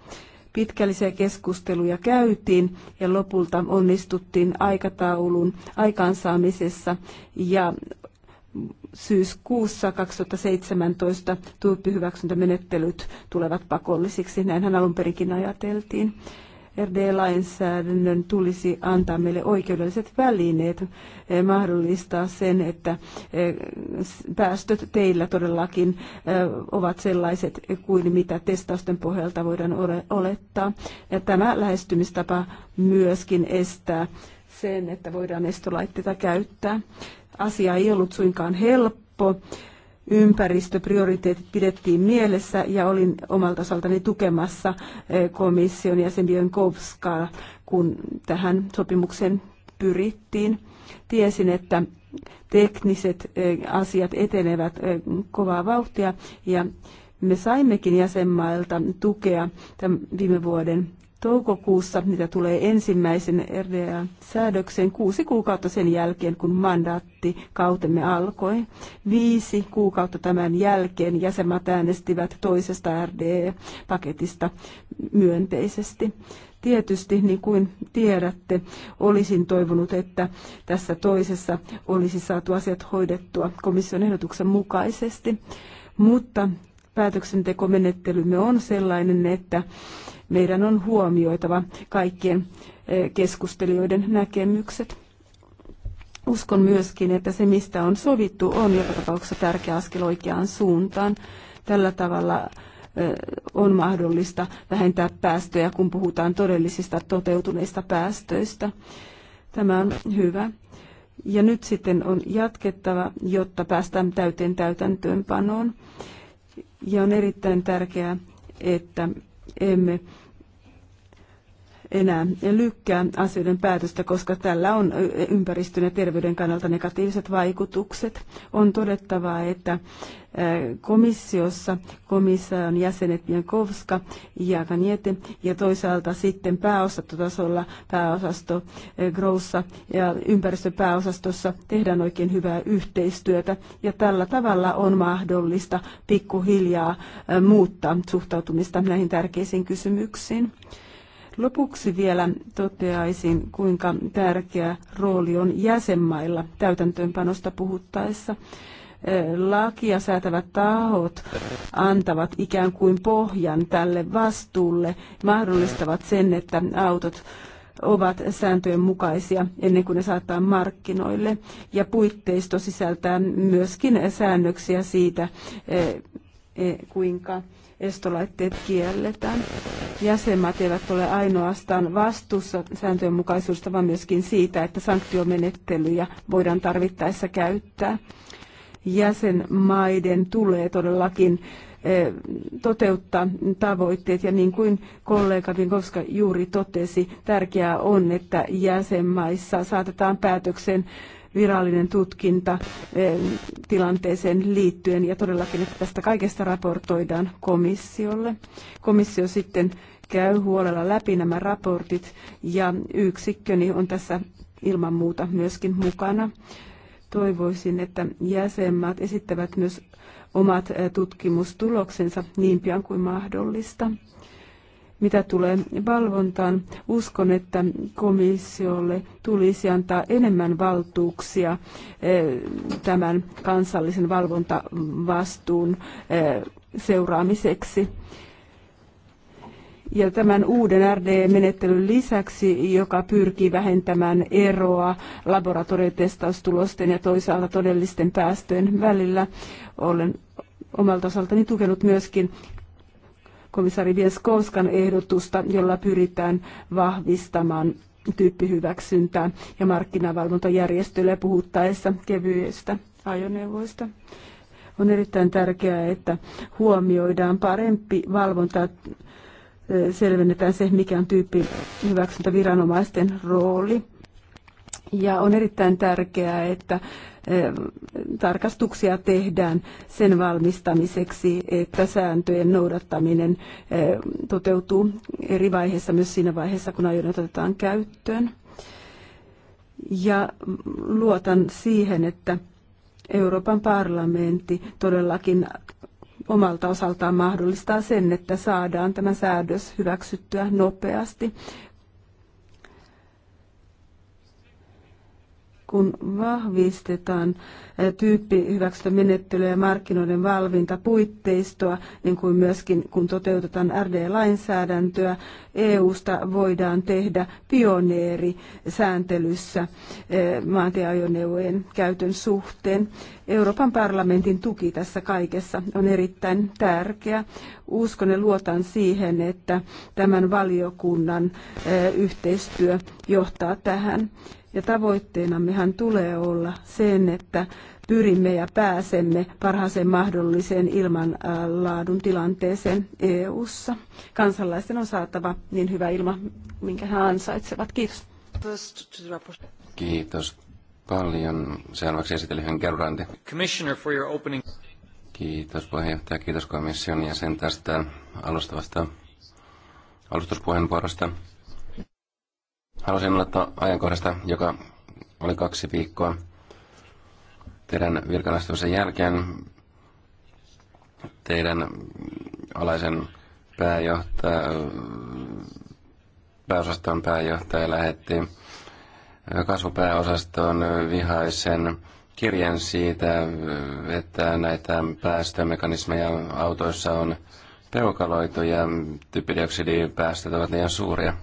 Speaker 1: pitkällisiä keskusteluja käytiin ja lopulta onnistuttiin aikataulun aikaansaamisessa ja syyskuussa 2017 tyyppihyväksyntämenettelyt tulevat pakollisiksi, näinhän alun perinkin ajateltiin. RD-lainsäädännön tulisi antaa meille oikeudelliset välineet eh, mahdollistaa sen, että eh, päästöt teillä todellakin eh, ovat sellaiset kuin mitä testausten pohjalta voidaan olettaa. Ja tämä lähestymistapa myöskin estää sen, että voidaan estolaitteita käyttää. Asia ei ollut suinkaan helppo helppo ympäristöprioriteetit pidettiin mielessä ja olin omalta osaltani tukemassa eh, komission jäsen Bienkovskaa, kun tähän sopimukseen pyrittiin. Tiesin, että tekniset eh, asiat etenevät eh, kovaa vauhtia ja me saimmekin jäsenmailta tukea tämän viime vuoden toukokuussa, mitä tulee ensimmäisen RDA-säädöksen kuusi kuukautta sen jälkeen, kun mandaatti kautemme alkoi. Viisi kuukautta tämän jälkeen jäsenmaat äänestivät toisesta rda paketista myönteisesti. Tietysti, niin kuin tiedätte, olisin toivonut, että tässä toisessa olisi saatu asiat hoidettua komission ehdotuksen mukaisesti, mutta päätöksentekomenettelymme on sellainen, että meidän on huomioitava kaikkien eh, keskustelijoiden näkemykset. Uskon myöskin, että se mistä on sovittu on joka tapauksessa tärkeä askel oikeaan suuntaan. Tällä tavalla eh, on mahdollista vähentää päästöjä, kun puhutaan todellisista toteutuneista päästöistä. Tämä on hyvä. Ja nyt sitten on jatkettava, jotta päästään täyteen täytäntöönpanoon. Ja on erittäin tärkeää, että emme enää lykkää asioiden päätöstä, koska tällä on ympäristön ja terveyden kannalta negatiiviset vaikutukset. On todettava, että komissiossa komission jäsenet Jankovska ja Kaniete ja toisaalta sitten pääosastotasolla pääosasto Groussa ja ympäristöpääosastossa tehdään oikein hyvää yhteistyötä ja tällä tavalla on mahdollista pikkuhiljaa muuttaa suhtautumista näihin tärkeisiin kysymyksiin. Lopuksi vielä toteaisin, kuinka tärkeä rooli on jäsenmailla täytäntöönpanosta puhuttaessa. Lakia säätävät tahot antavat ikään kuin pohjan tälle vastuulle, mahdollistavat sen, että autot ovat sääntöjen mukaisia ennen kuin ne saattaa markkinoille. Ja puitteisto sisältää myöskin säännöksiä siitä, e, kuinka estolaitteet kielletään. Jäsenmaat eivät ole ainoastaan vastuussa sääntöjen mukaisuudesta, vaan myöskin siitä, että sanktiomenettelyjä voidaan tarvittaessa käyttää. Jäsenmaiden tulee todellakin eh, toteuttaa tavoitteet. Ja niin kuin kollega Vinkovska juuri totesi, tärkeää on, että jäsenmaissa saatetaan päätöksen virallinen tutkinta eh, tilanteeseen liittyen ja todellakin, että tästä kaikesta raportoidaan komissiolle. Komissio sitten käy huolella läpi nämä raportit ja yksikköni on tässä ilman muuta myöskin mukana. Toivoisin, että jäsenmaat esittävät myös omat eh, tutkimustuloksensa niin pian kuin mahdollista. Mitä tulee valvontaan, uskon, että komissiolle tulisi antaa enemmän valtuuksia eh, tämän kansallisen valvontavastuun eh, seuraamiseksi. Ja tämän uuden RDE-menettelyn lisäksi, joka pyrkii vähentämään eroa laboratoriotestaustulosten ja toisaalta todellisten päästöjen välillä, olen omalta osaltani tukenut myöskin komissaari Vieskovskan ehdotusta, jolla pyritään vahvistamaan tyyppihyväksyntää ja markkinavalvontajärjestöille puhuttaessa kevyistä ajoneuvoista. On erittäin tärkeää, että huomioidaan parempi valvonta selvennetään se, mikä on tyyppi hyväksyntäviranomaisten rooli. Ja on erittäin tärkeää, että tarkastuksia tehdään sen valmistamiseksi, että sääntöjen noudattaminen toteutuu eri vaiheissa, myös siinä vaiheessa, kun ajoneuvot otetaan käyttöön. Ja luotan siihen, että Euroopan parlamentti todellakin omalta osaltaan mahdollistaa sen, että saadaan tämä säädös hyväksyttyä nopeasti, kun vahvistetaan eh, tyyppihyväksyntämenettelyä ja markkinoiden valvintapuitteistoa, niin kuin myöskin kun toteutetaan RD-lainsäädäntöä, EUsta voidaan tehdä pioneeri sääntelyssä eh, maantieajoneuvojen käytön suhteen. Euroopan parlamentin tuki tässä kaikessa on erittäin tärkeä. Uskon ja luotan siihen, että tämän valiokunnan eh, yhteistyö johtaa tähän. Ja tavoitteenammehan tulee olla sen, että pyrimme ja pääsemme parhaaseen mahdolliseen ilmanlaadun äh, tilanteeseen EU:ssa. Kansalaisten on saatava niin hyvä ilma, minkä he ansaitsevat. Kiitos.
Speaker 2: Kiitos paljon. Seuraavaksi esiteli hän Gerbrandi.
Speaker 6: Commissioner for your opening.
Speaker 2: Kiitos puheenjohtaja, kiitos komission jäsen tästä alustavasta alustuspuheenvuorosta. Haluaisin olla ajankohdasta, joka oli kaksi viikkoa teidän virkanastumisen jälkeen teidän alaisen pääjohtaja, pääosaston pääjohtaja lähetti kasvupääosaston vihaisen kirjan siitä, että näitä päästömekanismeja autoissa on peukaloitu ja typidioksidipäästöt ovat liian suuria.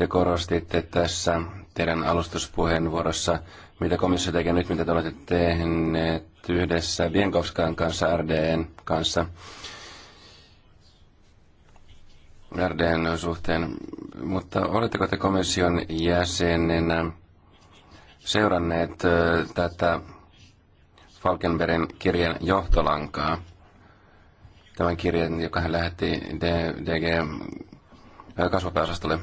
Speaker 2: Te korostitte tässä teidän alustuspuheenvuorossa, mitä komissio tekee nyt, mitä te olette tehneet yhdessä Vienkovskan kanssa, RDN kanssa. RDN suhteen, mutta oletteko te komission jäsenenä seuranneet tätä Falkenbergin kirjeen johtolankaa? Tämän kirjeen, joka hän lähetti DG kasvupääosastolle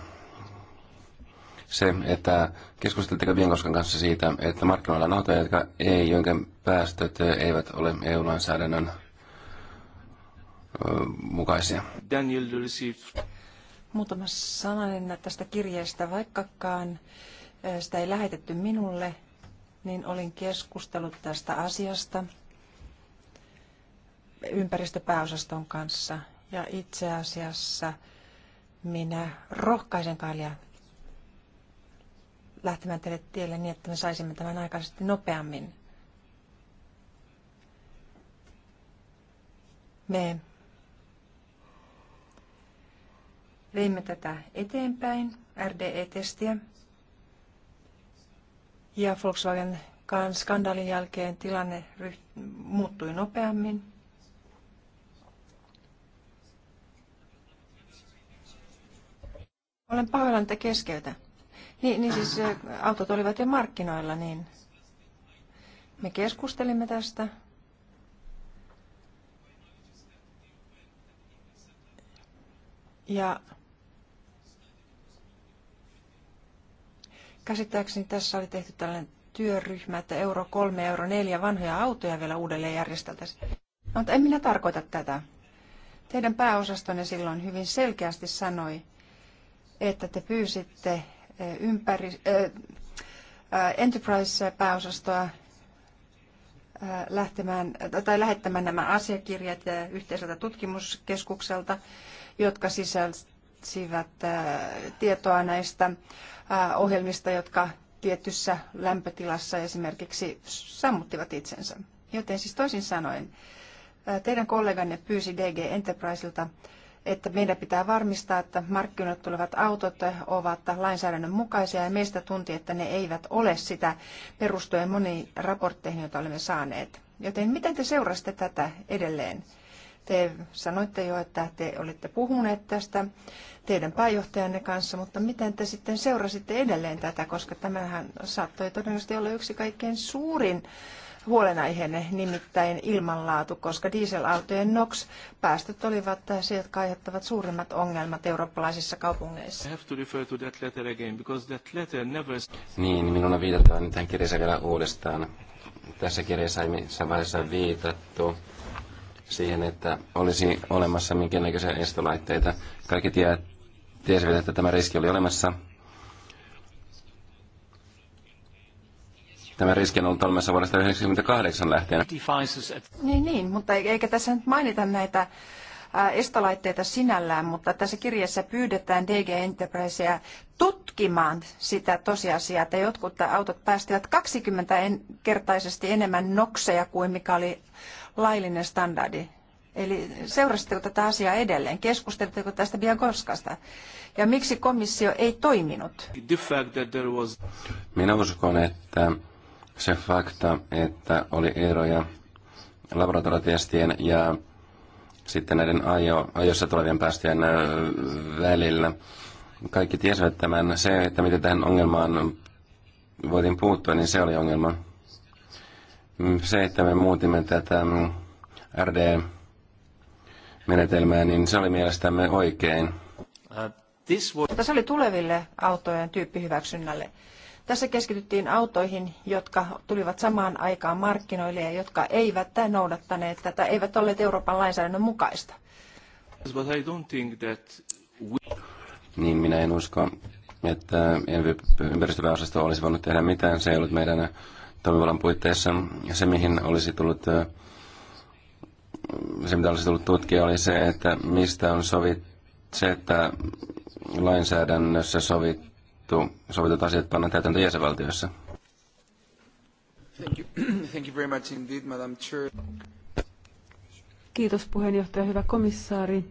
Speaker 2: se, että keskustelteko vienkoskan kanssa siitä, että markkinoilla on autoja, jotka ei, jonka päästöt eivät ole EU-lainsäädännön mukaisia.
Speaker 4: Daniel
Speaker 3: Muutama sananen tästä kirjeestä, vaikkakaan sitä ei lähetetty minulle, niin olin keskustellut tästä asiasta ympäristöpääosaston kanssa. Ja itse asiassa minä rohkaisen Kaalia lähtemään teille, tielle niin, että me saisimme tämän aikaisesti nopeammin. Me veimme tätä eteenpäin, RDE-testiä, ja Volkswagen skandaalin jälkeen tilanne muuttui nopeammin. Olen pahoillani, että keskeytän. Niin, niin siis autot olivat jo markkinoilla, niin me keskustelimme tästä. Ja käsittääkseni tässä oli tehty tällainen työryhmä, että euro 3 euro 4 vanhoja autoja vielä uudelleen järjesteltäisiin. No, mutta en minä tarkoita tätä. Teidän pääosastonne silloin hyvin selkeästi sanoi, että te pyysitte Eh, ympäri, äh, Enterprise-pääosastoa lähtemään, tai lähettämään nämä asiakirjat yhteiseltä tutkimuskeskukselta, jotka sisälsivät tietoa näistä ohjelmista, jotka tietyssä lämpötilassa esimerkiksi sammuttivat itsensä. Joten siis toisin sanoen, teidän kolleganne pyysi DG Enterpriselta että meidän pitää varmistaa, että markkinoille tulevat autot ovat lainsäädännön mukaisia ja meistä tunti, että ne eivät ole sitä perustuen moniin raportteihin, joita olemme saaneet. Joten miten te seurasitte tätä edelleen? Te sanoitte jo, että te olitte puhuneet tästä teidän pääjohtajanne kanssa, mutta miten te sitten seurasitte edelleen tätä, koska tämähän saattoi todennäköisesti olla yksi kaikkein suurin huolenaiheenne, nimittäin ilmanlaatu, koska dieselautojen NOx-päästöt olivat se, jotka aiheuttavat suurimmat ongelmat eurooppalaisissa kaupungeissa.
Speaker 2: Niin, minun on viitattava nyt tähän kirjassa vielä uudestaan. Tässä kirjassa ei missään vaiheessa viitattu siihen, että olisi olemassa minkäännäköisiä estolaitteita. Kaikki tie, tiesivät, että tämä riski oli olemassa, Tämä riski on ollut olemassa vuodesta 1998 lähtien.
Speaker 3: Niin, niin, mutta e- eikä tässä nyt mainita näitä estolaitteita sinällään, mutta tässä kirjassa pyydetään DG Enterprisea tutkimaan sitä tosiasiaa, että jotkut autot päästivät 20-kertaisesti enemmän nokseja kuin mikä oli laillinen standardi. Eli seurasitteko tätä asiaa edelleen? Keskustelitteko tästä Biagoskasta? Ja miksi komissio ei toiminut?
Speaker 2: Minä uskon, että se fakta, että oli eroja laboratoriotestien ja sitten näiden ajo, ajossa tulevien päästöjen välillä. Kaikki tiesivät tämän. Se, että miten tähän ongelmaan voitiin puuttua, niin se oli ongelma. Se, että me muutimme tätä mm, RD-menetelmää, niin se oli mielestämme oikein.
Speaker 4: Äh,
Speaker 3: Tässä oli tuleville autojen tyyppihyväksynnälle. Tässä keskityttiin autoihin, jotka tulivat samaan aikaan markkinoille ja jotka eivät noudattaneet tätä, eivät olleet Euroopan lainsäädännön mukaista.
Speaker 2: Niin, minä en usko, että ympäristöpääosasto olisi voinut tehdä mitään. Se ei ollut meidän toimivallan puitteissa. Se, mihin olisi tullut se, mitä olisi tullut tutkia, oli se, että mistä on sovittu se, että lainsäädännössä sovittu sovittu, sovitut asiat pannaan täytäntö jäsenvaltioissa?
Speaker 4: Thank you. Thank you very much indeed, Madam Chair.
Speaker 1: Kiitos puheenjohtaja, hyvä komissaari.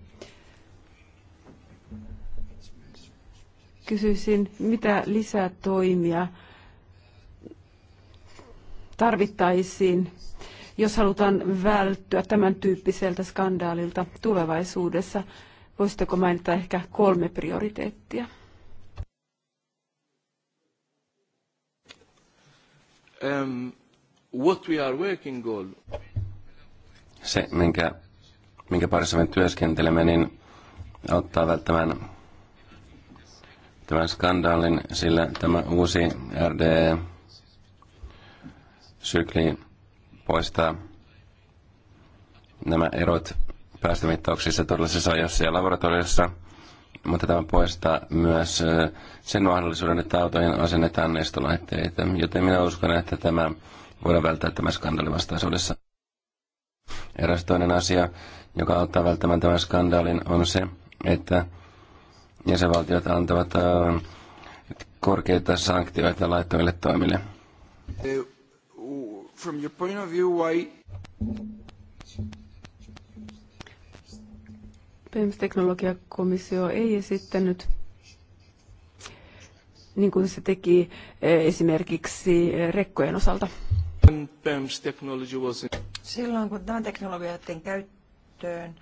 Speaker 1: Kysyisin, mitä lisätoimia tarvittaisiin, jos halutaan välttyä tämän tyyppiseltä skandaalilta tulevaisuudessa? Voisitteko mainita ehkä kolme prioriteettia?
Speaker 4: Um,
Speaker 2: Se, minkä, minkä parissa me työskentelemme, niin auttaa välttämään tämän skandaalin, sillä tämä uusi RDE-sykli poistaa nämä erot päästömittauksissa todellisessa ajassa ja laboratoriossa – mutta tämä poistaa myös sen mahdollisuuden, että autoihin asennetaan nestolaitteita, joten minä uskon, että tämä voidaan välttää tämä skandaali vastaisuudessa. Eräs toinen asia, joka auttaa välttämään tämän skandaalin, on se, että jäsenvaltiot antavat korkeita sanktioita laittomille toimille.
Speaker 4: Eh, from your point of view, why...
Speaker 1: PEMS-teknologiakomissio ei esittänyt, niin kuin se teki eh, esimerkiksi eh, rekkojen osalta.
Speaker 3: Silloin kun tämä teknologia otettiin käyttöön,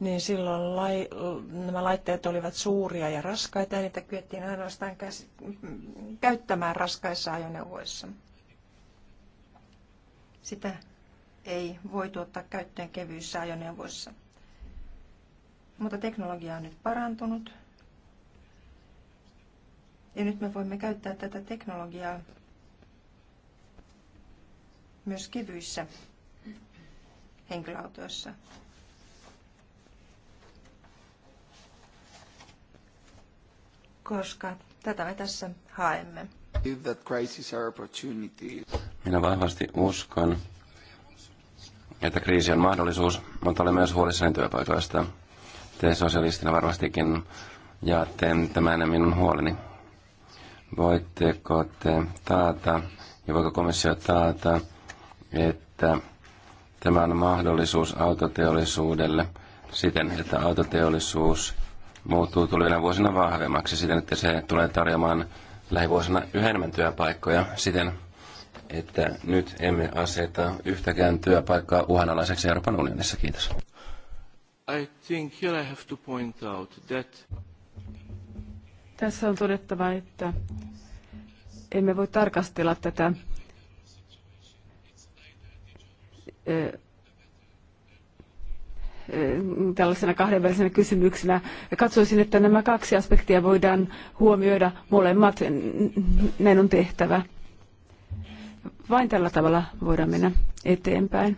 Speaker 3: niin silloin lai, nämä laitteet olivat suuria ja raskaita ja niitä kyettiin ainoastaan käs, käyttämään raskaissa ajoneuvoissa. Sitä ei voitu ottaa käyttöön kevyissä ajoneuvoissa. Mutta teknologia on nyt parantunut. Ja nyt me voimme käyttää tätä teknologiaa myös kevyissä henkilöautoissa. Koska tätä me tässä haemme.
Speaker 2: Minä vahvasti uskon, että kriisi on mahdollisuus, mutta olen myös huolissani työpaikoista. Te sosialistina varmastikin jaatte tämän minun huoleni. Voitteko te taata ja voiko komissio taata, että tämä on mahdollisuus autoteollisuudelle siten, että autoteollisuus muuttuu tulevina vuosina vahvemmaksi siten, että se tulee tarjoamaan lähivuosina yhä enemmän työpaikkoja siten, että nyt emme aseta yhtäkään työpaikkaa uhanalaiseksi Euroopan unionissa. Kiitos.
Speaker 4: I think here I have to point out that
Speaker 1: tässä on todettava, että emme voi tarkastella tätä tällaisena kahdenvälisenä kysymyksenä. Katsoisin, että nämä kaksi aspektia voidaan huomioida molemmat. Näin on tehtävä. Vain tällä tavalla voidaan mennä eteenpäin.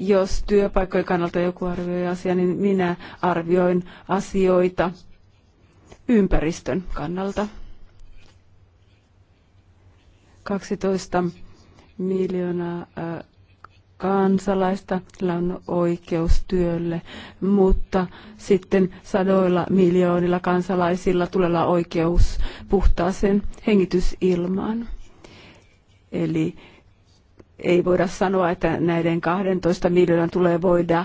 Speaker 1: Jos työpaikkojen kannalta joku arvioi asiaa, niin minä arvioin asioita ympäristön kannalta. 12 miljoonaa äh, kansalaista, sillä on oikeus työlle, mutta sitten sadoilla miljoonilla kansalaisilla tulee oikeus puhtaaseen hengitysilmaan. Eli ei voida sanoa, että näiden 12 miljoonan tulee voida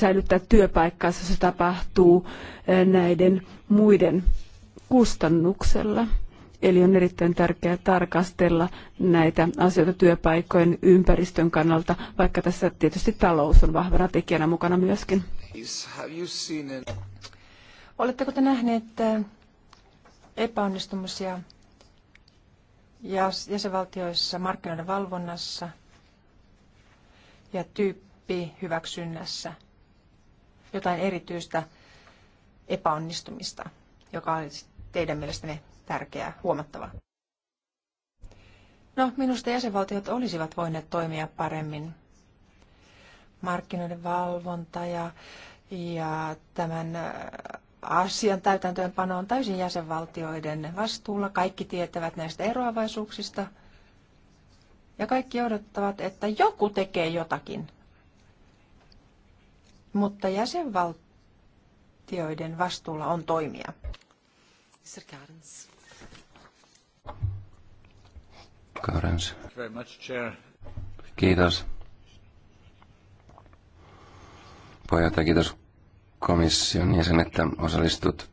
Speaker 1: säilyttää työpaikkaansa, se tapahtuu eh, näiden muiden kustannuksella. Eli on erittäin tärkeää tarkastella näitä asioita työpaikkojen ympäristön kannalta, vaikka tässä tietysti talous on vahvana tekijänä mukana myöskin.
Speaker 3: Oletteko te nähneet eh, epäonnistumisia ja jäsenvaltioissa markkinoiden valvonnassa ja tyyppi hyväksynnässä jotain erityistä epäonnistumista, joka olisi teidän mielestänne tärkeää huomattava? No, minusta jäsenvaltiot olisivat voineet toimia paremmin. Markkinoiden valvonta ja, ja tämän äh, asian täytäntöönpano on täysin jäsenvaltioiden vastuulla. Kaikki tietävät näistä eroavaisuuksista ja kaikki odottavat, että joku tekee jotakin. Mutta jäsenvaltioiden vastuulla on toimia.
Speaker 2: Karens. Karens. Kiitos. Puheenjohtaja, kiitos komission jäsen, että osallistut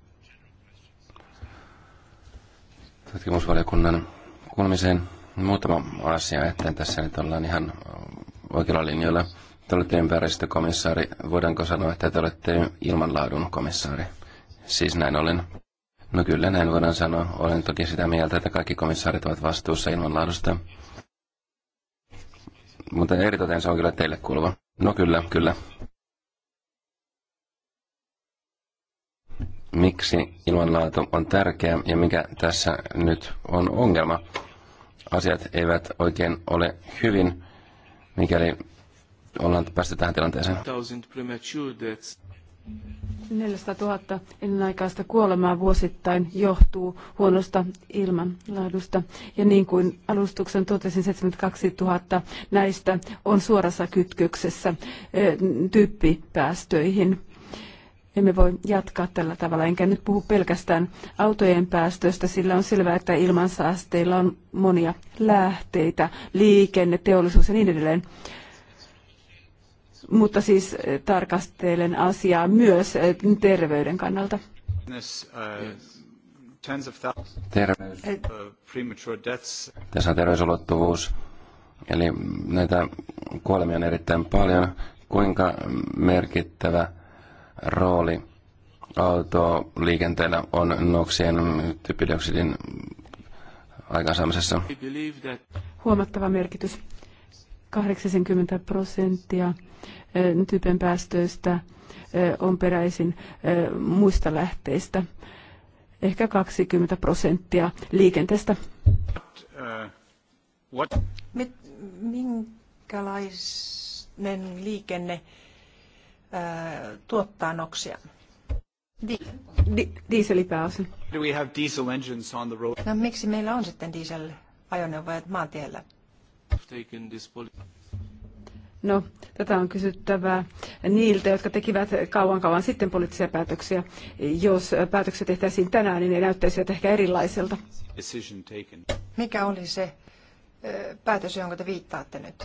Speaker 2: tutkimusvaliokunnan kuulemiseen. Muutama asia, että tässä nyt ollaan ihan oikealla linjoilla. Te olette ympäristökomissaari. Voidaanko sanoa, että te olette ilmanlaadun komissaari? Siis näin olen. No kyllä, näin voidaan sanoa. Olen toki sitä mieltä, että kaikki komissaarit ovat vastuussa ilmanlaadusta. Mutta eritoten se on kyllä teille kuuluva. No kyllä, kyllä. miksi ilmanlaatu on tärkeä ja mikä tässä nyt on ongelma. Asiat eivät oikein ole hyvin, mikäli ollaan päästy tähän tilanteeseen.
Speaker 1: 400 000 ennenaikaista kuolemaa vuosittain johtuu huonosta ilmanlaadusta. Ja niin kuin alustuksen totesin, 72 000 näistä on suorassa kytköksessä eh, typpipäästöihin emme voi jatkaa tällä tavalla, enkä nyt puhu pelkästään autojen päästöistä, sillä on selvää, että ilmansaasteilla on monia lähteitä, liikenne, teollisuus ja niin edelleen. Mutta siis eh, tarkastelen asiaa myös eh, terveyden kannalta.
Speaker 5: Uh, Terveys. Uh,
Speaker 2: Tässä on terveysulottuvuus. Eli näitä kuolemia on erittäin paljon. Kuinka merkittävä rooli autoliikenteellä on noksien typidioksidin aikaansaamisessa?
Speaker 1: Huomattava merkitys. 80 prosenttia typen päästöistä on peräisin muista lähteistä. Ehkä 20 prosenttia liikenteestä.
Speaker 3: Minkälainen liikenne tuottaa noksia. Di- di-
Speaker 4: Do we have diesel engines on the road? No,
Speaker 3: miksi meillä on sitten diesel-ajoneuvoja maantiellä?
Speaker 1: No, tätä on kysyttävää niiltä, jotka tekivät kauan kauan sitten poliittisia päätöksiä. Jos päätöksiä tehtäisiin tänään, niin ne näyttäisivät ehkä erilaiselta. Mikä oli se päätös, jonka te viittaatte nyt?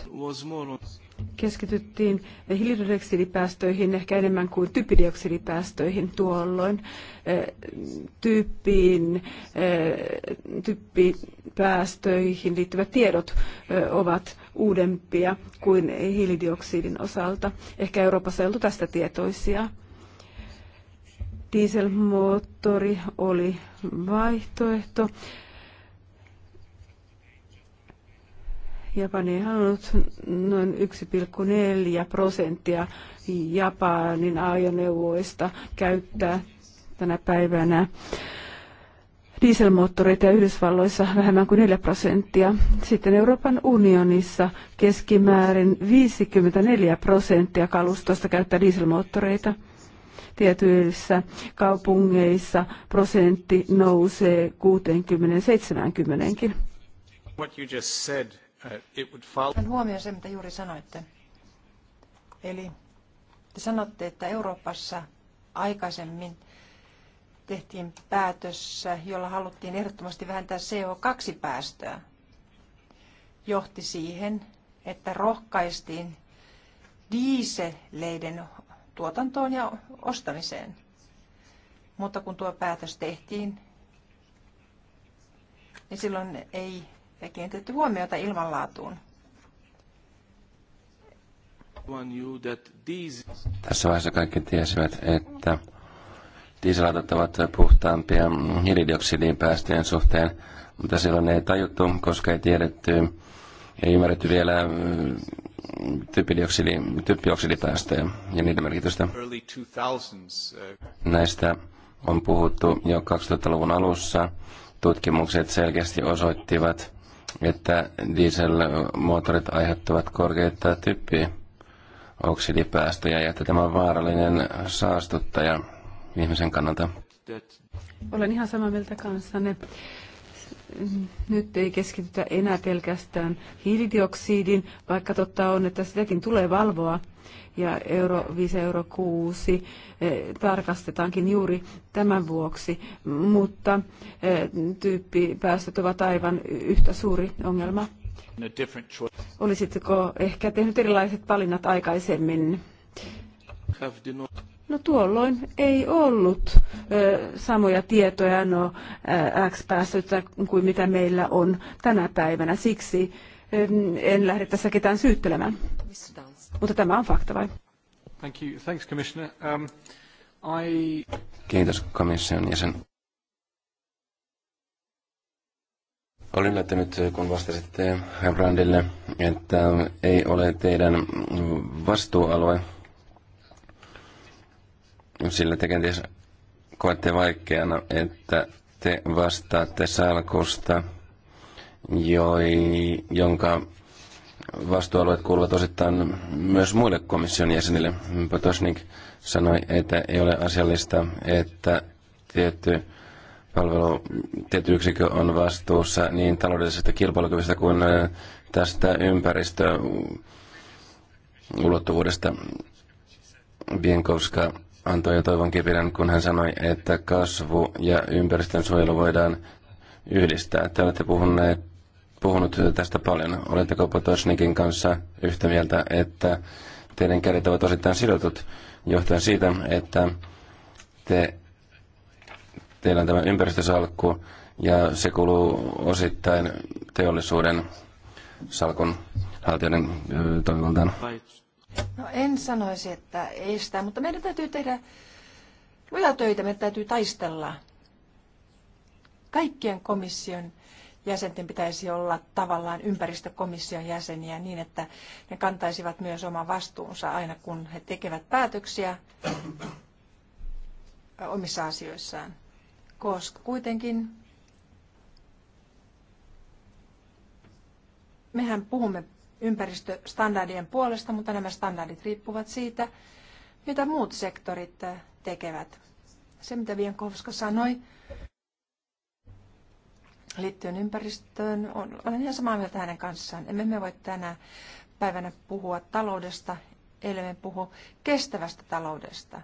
Speaker 1: keskityttiin hiilidioksidipäästöihin ehkä enemmän kuin typidioksidipäästöihin tuolloin. Eh, tyyppiin, eh, tyyppipäästöihin liittyvät tiedot eh, ovat uudempia kuin hiilidioksidin osalta. Ehkä Euroopassa ei ollut tästä tietoisia. Dieselmoottori oli vaihtoehto Japani ei halunnut noin 1,4 prosenttia Japanin ajoneuvoista käyttää tänä päivänä dieselmoottoreita ja Yhdysvalloissa vähemmän kuin 4 prosenttia. Sitten Euroopan unionissa keskimäärin 54 prosenttia kalustosta käyttää dieselmoottoreita. Tietyissä kaupungeissa prosentti nousee 60 70
Speaker 5: What you just said Uh,
Speaker 3: Otan huomioon se, mitä juuri sanoitte. Eli te sanotte, että Euroopassa aikaisemmin tehtiin päätös, jolla haluttiin ehdottomasti vähentää CO2-päästöä. Johti siihen, että rohkaistiin diiseleiden tuotantoon ja ostamiseen. Mutta kun tuo päätös tehtiin, niin silloin ei ja kiinnitetty huomiota ilmanlaatuun.
Speaker 2: Tässä vaiheessa kaikki tiesivät, että dieselautot ovat puhtaampia hiilidioksidin päästöjen suhteen, mutta silloin ei tajuttu, koska ei tiedetty, ei ymmärretty vielä äh, typpioksidipäästöjä ja niiden merkitystä.
Speaker 4: Äh,
Speaker 2: Näistä on puhuttu jo 2000-luvun alussa. Tutkimukset selkeästi osoittivat, että dieselmoottorit aiheuttavat korkeita typpiä oksidipäästöjä ja että tämä on vaarallinen saastuttaja ihmisen kannalta.
Speaker 1: Olen ihan samaa mieltä kanssanne. Nyt ei keskitytä enää pelkästään hiilidioksidin, vaikka totta on, että sitäkin tulee valvoa ja euro 5, euro 6 eh, tarkastetaankin juuri tämän vuoksi, mutta eh, tyyppipäästöt ovat aivan yhtä suuri ongelma. No, Olisitko ehkä tehnyt erilaiset valinnat aikaisemmin? No-, no tuolloin ei ollut ö, eh, samoja tietoja no, X-päästöistä kuin mitä meillä on tänä päivänä. Siksi ö, en lähde tässä ketään syyttelemään. Mutta tämä on fakta vai?
Speaker 4: Thank you. Thanks, Commissioner. Um, I...
Speaker 2: Kiitos komission jäsen. Olin yllättynyt, kun vastasitte Brandille, että ei ole teidän vastuualue, sillä te kenties koette vaikeana, että te vastaatte salkusta, joi, jonka vastuualueet kuuluvat osittain myös muille komission jäsenille. Potosnik sanoi, että ei ole asiallista, että tietty palvelu, tietty yksikö on vastuussa niin taloudellisesta kilpailukyvystä kuin tästä ympäristöulottuvuudesta. Bienkowska antoi jo toivon kipinän, kun hän sanoi, että kasvu ja ympäristön suojelu voidaan yhdistää. Te olette puhuneet puhunut tästä paljon. Oletteko Potosnikin kanssa yhtä mieltä, että teidän kädet ovat osittain sidotut johtuen siitä, että te, teillä on tämä ympäristösalkku ja se kuuluu osittain teollisuuden salkun haltijoiden toimintaan?
Speaker 3: No en sanoisi, että ei sitä, mutta meidän täytyy tehdä lujaa töitä, meidän täytyy taistella kaikkien komission jäsenten pitäisi olla tavallaan ympäristökomission jäseniä niin, että ne kantaisivat myös oman vastuunsa aina kun he tekevät päätöksiä omissa asioissaan. Koska kuitenkin mehän puhumme ympäristöstandardien puolesta, mutta nämä standardit riippuvat siitä, mitä muut sektorit tekevät. Se, mitä Vienkovska sanoi, liittyen ympäristöön, olen ihan samaa mieltä hänen kanssaan. Emme me voi tänä päivänä puhua taloudesta, ellei me puhu kestävästä taloudesta.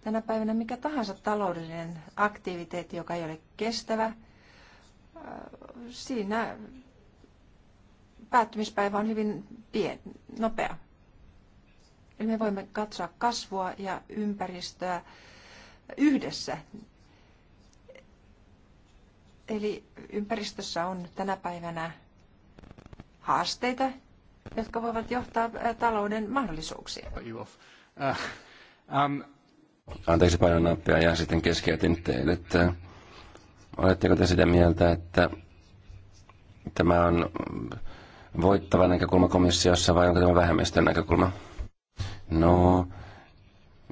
Speaker 3: Tänä päivänä mikä tahansa taloudellinen aktiviteetti, joka ei ole kestävä, äh, siinä päättymispäivä on hyvin pien, nopea. Eli me voimme katsoa kasvua ja ympäristöä yhdessä Eli ympäristössä on tänä päivänä haasteita, jotka voivat johtaa talouden mahdollisuuksiin. Uh, um,
Speaker 2: Anteeksi paljon nappia ja sitten keskeytin teille, että oletteko te sitä mieltä, että tämä on voittava näkökulma komissiossa vai onko tämä vähemmistön näkökulma? No,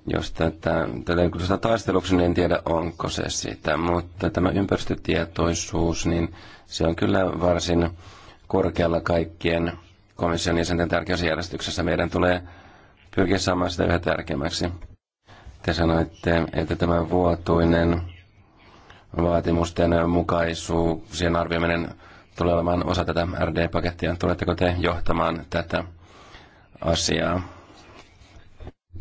Speaker 2: jos tätä, tätä ei taisteluksi, niin en tiedä onko se sitä, mutta tämä ympäristötietoisuus, niin se on kyllä varsin korkealla kaikkien komission jäsenten tärkeässä järjestyksessä. Meidän tulee pyrkiä saamaan sitä yhä tärkeämmäksi. Te sanoitte, että tämä vuotuinen vaatimusten mukaisuuksien arvioiminen tulee olemaan osa tätä RD-pakettia. Tuletteko te johtamaan tätä asiaa?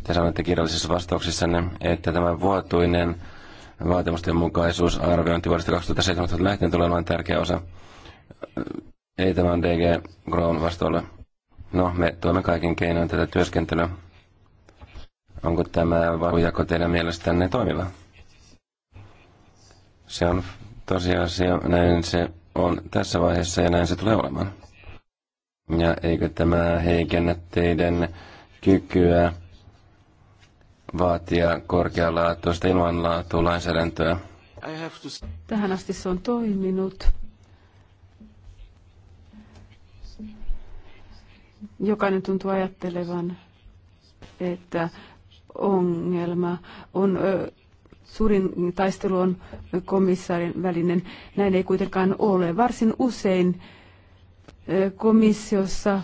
Speaker 2: Te sanoitte kirjallisissa vastauksissanne, että tämä vuotuinen vaatimusten mukaisuusarviointi vuodesta 2017 lähtien tulee olemaan tärkeä osa. Ei tämä on DG Grown vastuulla. No, me tuomme kaiken keinoin tätä työskentelyä. Onko tämä valuujako teidän mielestänne toimiva? Se on tosiasia, näin se on tässä vaiheessa ja näin se tulee olemaan. Ja eikö tämä heikennä teidän kykyä vaatia korkealaatuista ilmanlaatulainsäädäntöä.
Speaker 1: Tähän asti se on toiminut. Jokainen tuntuu ajattelevan, että ongelma on suurin taistelu on komissaarin välinen. Näin ei kuitenkaan ole. Varsin usein komissiossa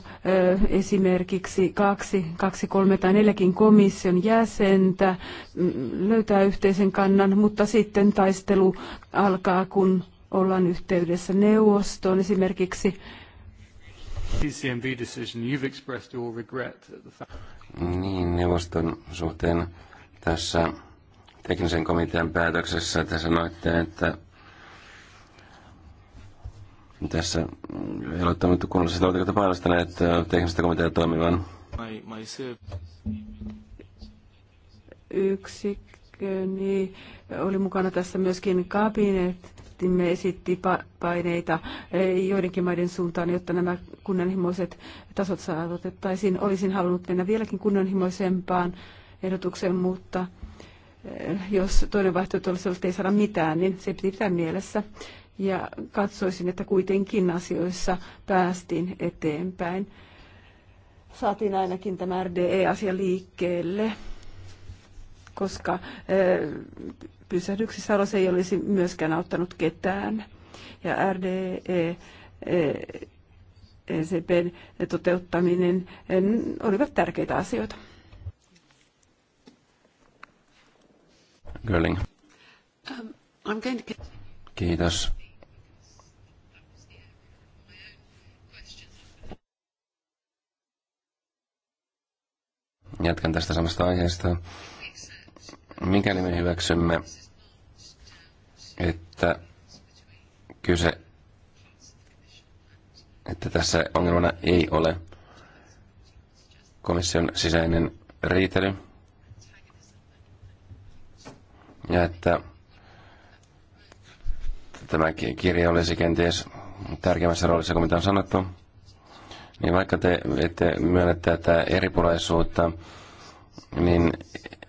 Speaker 1: esimerkiksi kaksi, kaksi, kolme tai neljäkin komission jäsentä mm, löytää yhteisen kannan, mutta sitten taistelu alkaa, kun ollaan yhteydessä neuvostoon esimerkiksi.
Speaker 2: Niin, neuvoston suhteen tässä teknisen komitean päätöksessä te sanoitte, että tässä ei ole toimittu kunnollisesta valtioita painostaneet äh, teknistä komitea toimivan.
Speaker 1: Yksikkö, oli mukana tässä myöskin kabinettimme esitti paineita eh, joidenkin maiden suuntaan, jotta nämä kunnanhimoiset tasot saavutettaisiin. Olisin halunnut mennä vieläkin kunnanhimoisempaan ehdotukseen, mutta eh, jos toinen vaihtoehto olisi ollut, että ei saada mitään, niin se piti pitää mielessä ja katsoisin, että kuitenkin asioissa päästiin eteenpäin. Saatiin ainakin tämä RDE-asia liikkeelle, koska eh, pysähdyksissä alas ei olisi myöskään auttanut ketään. Ja RDE ECPn eh, e toteuttaminen eh, olivat tärkeitä asioita. Görling. Um,
Speaker 2: Kiitos. Jatkan tästä samasta aiheesta. Mikäli me hyväksymme, että kyse, että tässä ongelmana ei ole komission sisäinen riitely, ja että tämä kirja olisi kenties tärkeimmässä roolissa kuin mitä on sanottu, niin vaikka te ette myönnä tätä eripuraisuutta, niin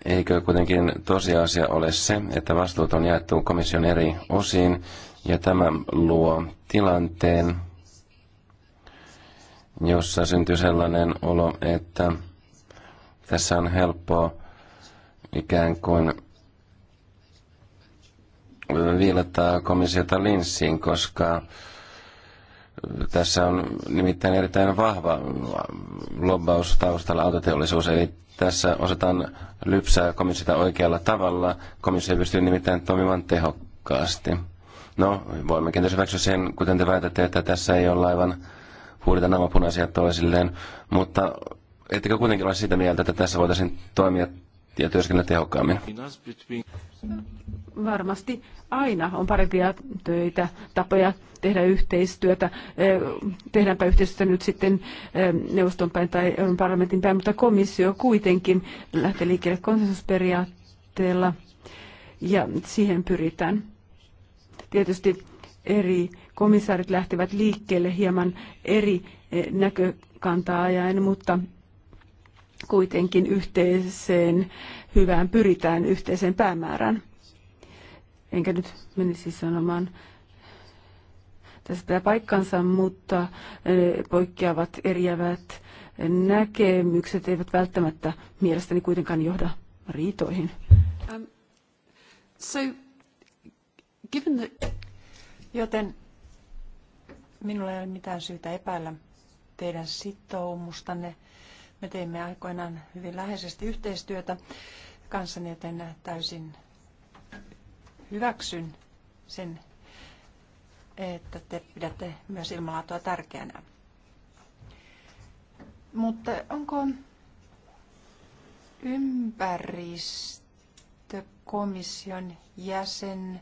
Speaker 2: eikö kuitenkin tosiasia ole se, että vastuut on jaettu komission eri osiin, ja tämä luo tilanteen, jossa syntyy sellainen olo, että tässä on helppoa ikään kuin viilata komissiota linssiin, koska tässä on nimittäin erittäin vahva lobbaus taustalla autoteollisuus, eli tässä osataan lypsää komissiota oikealla tavalla. Komissio pystyy nimittäin toimimaan tehokkaasti. No, voimme kenties hyväksyä sen, kuten te väitätte, että tässä ei ole aivan huudeta naamapunaisia toisilleen, mutta ettekö kuitenkin ole sitä mieltä, että tässä voitaisiin toimia ja työskennellä tehokkaammin?
Speaker 1: Varmasti aina on parempia töitä, tapoja tehdä yhteistyötä. Tehdäänpä yhteistyötä nyt sitten neuvoston päin tai parlamentin päin, mutta komissio kuitenkin lähtee liikkeelle konsensusperiaatteella ja siihen pyritään. Tietysti eri komissaarit lähtevät liikkeelle hieman eri näkökantaa ajaen, mutta kuitenkin yhteiseen hyvään pyritään, yhteiseen päämäärään. Enkä nyt menisi sanomaan tästä paikkansa, mutta eh, poikkeavat eriävät näkemykset eivät välttämättä mielestäni kuitenkaan johda riitoihin.
Speaker 3: Um, so, given that... Joten minulla ei ole mitään syytä epäillä teidän sitoumustanne me teimme aikoinaan hyvin läheisesti yhteistyötä kanssani, joten täysin hyväksyn sen, että te pidätte myös ilmalaatua tärkeänä. Mutta onko ympäristökomission jäsen,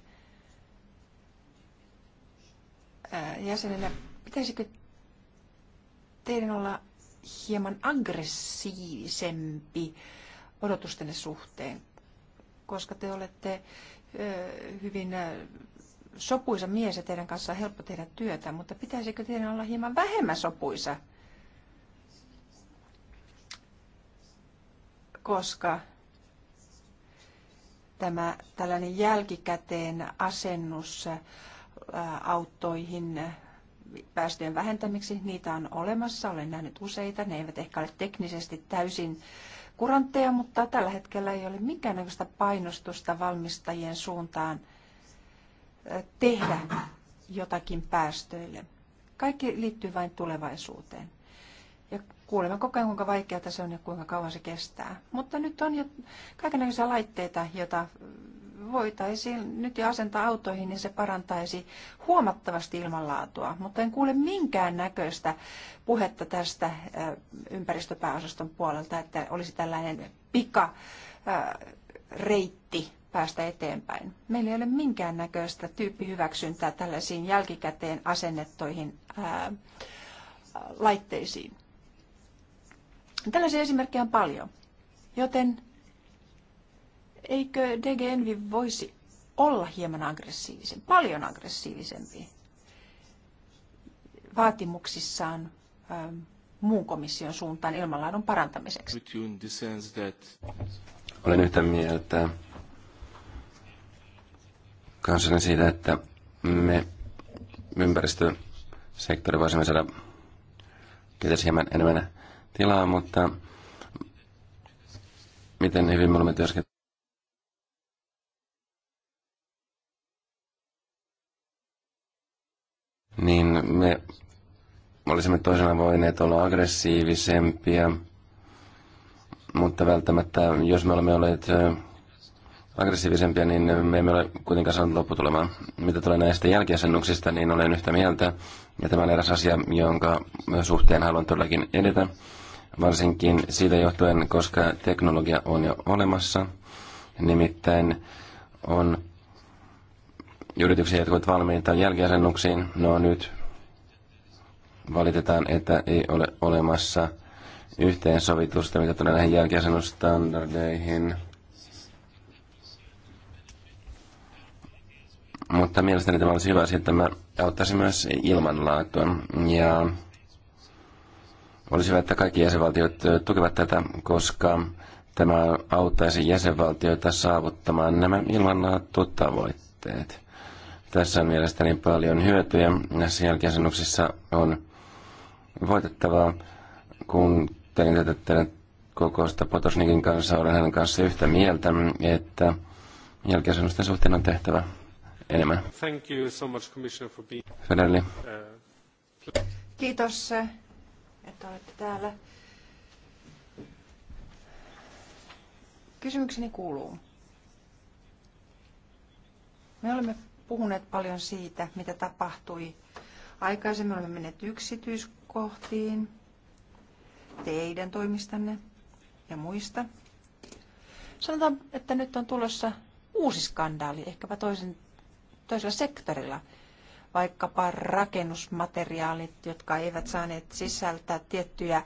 Speaker 3: ää, jäsenenä, pitäisikö teidän olla hieman aggressiivisempi odotustenne suhteen, koska te olette hyvin sopuisa mies ja teidän kanssa on helppo tehdä työtä, mutta pitäisikö teidän olla hieman vähemmän sopuisa? Koska tämä tällainen jälkikäteen asennus autoihin päästöjen vähentämiksi. Niitä on olemassa, olen nähnyt useita. Ne eivät ehkä ole teknisesti täysin kurantteja, mutta tällä hetkellä ei ole minkäännäköistä painostusta valmistajien suuntaan tehdä jotakin päästöille. Kaikki liittyy vain tulevaisuuteen. Ja kuulemme koko ajan, kuinka vaikeaa se on ja kuinka kauan se kestää. Mutta nyt on jo kaikenlaisia laitteita, joita voitaisiin nyt jo asentaa autoihin, niin se parantaisi huomattavasti ilmanlaatua. Mutta en kuule minkään näköistä puhetta tästä äh, ympäristöpääosaston puolelta, että olisi tällainen pika äh, reitti päästä eteenpäin. Meillä ei ole minkään näköistä tyyppihyväksyntää tällaisiin jälkikäteen asennettoihin äh, laitteisiin. Tällaisia esimerkkejä on paljon, joten Eikö DG Envy voisi olla hieman aggressiivisempi, paljon aggressiivisempi vaatimuksissaan ähm, muun komission suuntaan ilmanlaadun parantamiseksi?
Speaker 2: Olen yhtä mieltä kanssanne siitä, että me ympäristösektori voisimme saada pitäisi hieman enemmän tilaa, mutta miten hyvin me olemme työskentelyä niin me olisimme toisena voineet olla aggressiivisempia, mutta välttämättä, jos me olemme olleet aggressiivisempia, niin me emme ole kuitenkaan saaneet lopputulemaan. Mitä tulee näistä jälkiasennuksista, niin olen yhtä mieltä. Ja tämä on eräs asia, jonka suhteen haluan todellakin edetä. Varsinkin siitä johtuen, koska teknologia on jo olemassa. Nimittäin on jotka ovat valmiita jälkiasennuksiin. No nyt valitetaan, että ei ole olemassa yhteensovitusta, mitä tulee näihin jälkiasennustandardeihin. Mutta mielestäni tämä olisi hyvä, että tämä auttaisi myös ilmanlaatua. Ja olisi hyvä, että kaikki jäsenvaltiot tukevat tätä, koska tämä auttaisi jäsenvaltioita saavuttamaan nämä ilmanlaatutavoitteet. Tässä on mielestäni paljon hyötyjä. Näissä jälkiasennuksissa on voitettavaa, kun tein tätä teidän kokousta Potosnikin kanssa, olen hänen kanssa yhtä mieltä, että jälkiasennusten suhteen on tehtävä enemmän.
Speaker 4: Thank you so much, Commissioner, for being...
Speaker 2: Federli. Uh,
Speaker 3: Kiitos, että olette täällä. Kysymykseni kuuluu. Me olemme puhuneet paljon siitä, mitä tapahtui aikaisemmin. Olemme menneet yksityiskohtiin teidän toimistanne ja muista. Sanotaan, että nyt on tulossa uusi skandaali, ehkäpä toisen, toisella sektorilla. Vaikkapa rakennusmateriaalit, jotka eivät saaneet sisältää tiettyjä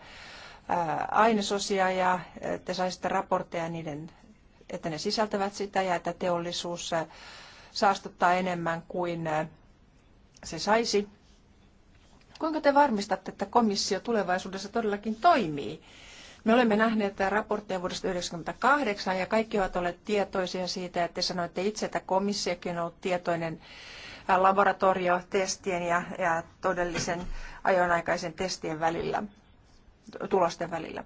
Speaker 3: ää, ainesosia ja te saisitte raportteja niiden, että ne sisältävät sitä ja että teollisuus ää, saastuttaa enemmän kuin se saisi. Kuinka te varmistatte, että komissio tulevaisuudessa todellakin toimii? Me olemme nähneet raportteja vuodesta 1998 ja kaikki ovat olleet tietoisia siitä, että te sanoitte itse, että komissiokin on ollut tietoinen laboratoriotestien ja, ja todellisen ajonaikaisen testien välillä, tulosten välillä.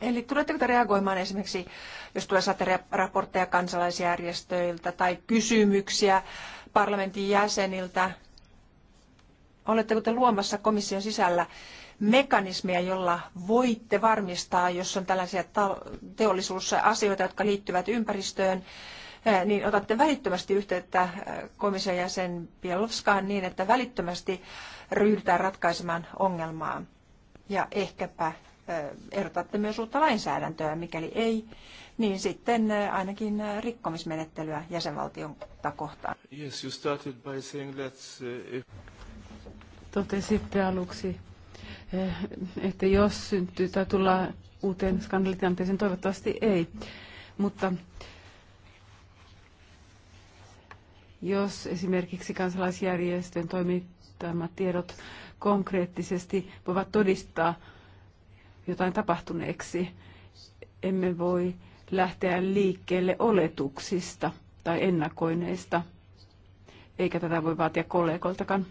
Speaker 3: Eli tuletteko te reagoimaan esimerkiksi, jos tulee saatte raportteja kansalaisjärjestöiltä tai kysymyksiä parlamentin jäseniltä? Oletteko te luomassa komission sisällä mekanismia, jolla voitte varmistaa, jos on tällaisia teollisuusasioita, jotka liittyvät ympäristöön, eh, niin otatte välittömästi yhteyttä eh, komission jäsen Bielovskaan niin, että välittömästi ryhdytään ratkaisemaan ongelmaa. Ja ehkäpä ehdotatte myös uutta lainsäädäntöä, mikäli ei, niin sitten ainakin rikkomismenettelyä jäsenvaltion kohtaan.
Speaker 4: Yes, you started by saying uh,
Speaker 3: Totesitte aluksi, eh, että
Speaker 1: jos syntyy tai tullaan uuteen skandalitilanteeseen, toivottavasti ei. Mutta jos esimerkiksi kansalaisjärjestön toimittamat tiedot konkreettisesti voivat todistaa jotain tapahtuneeksi. Emme voi lähteä liikkeelle oletuksista tai ennakoineista, eikä tätä voi vaatia kollegoiltakaan.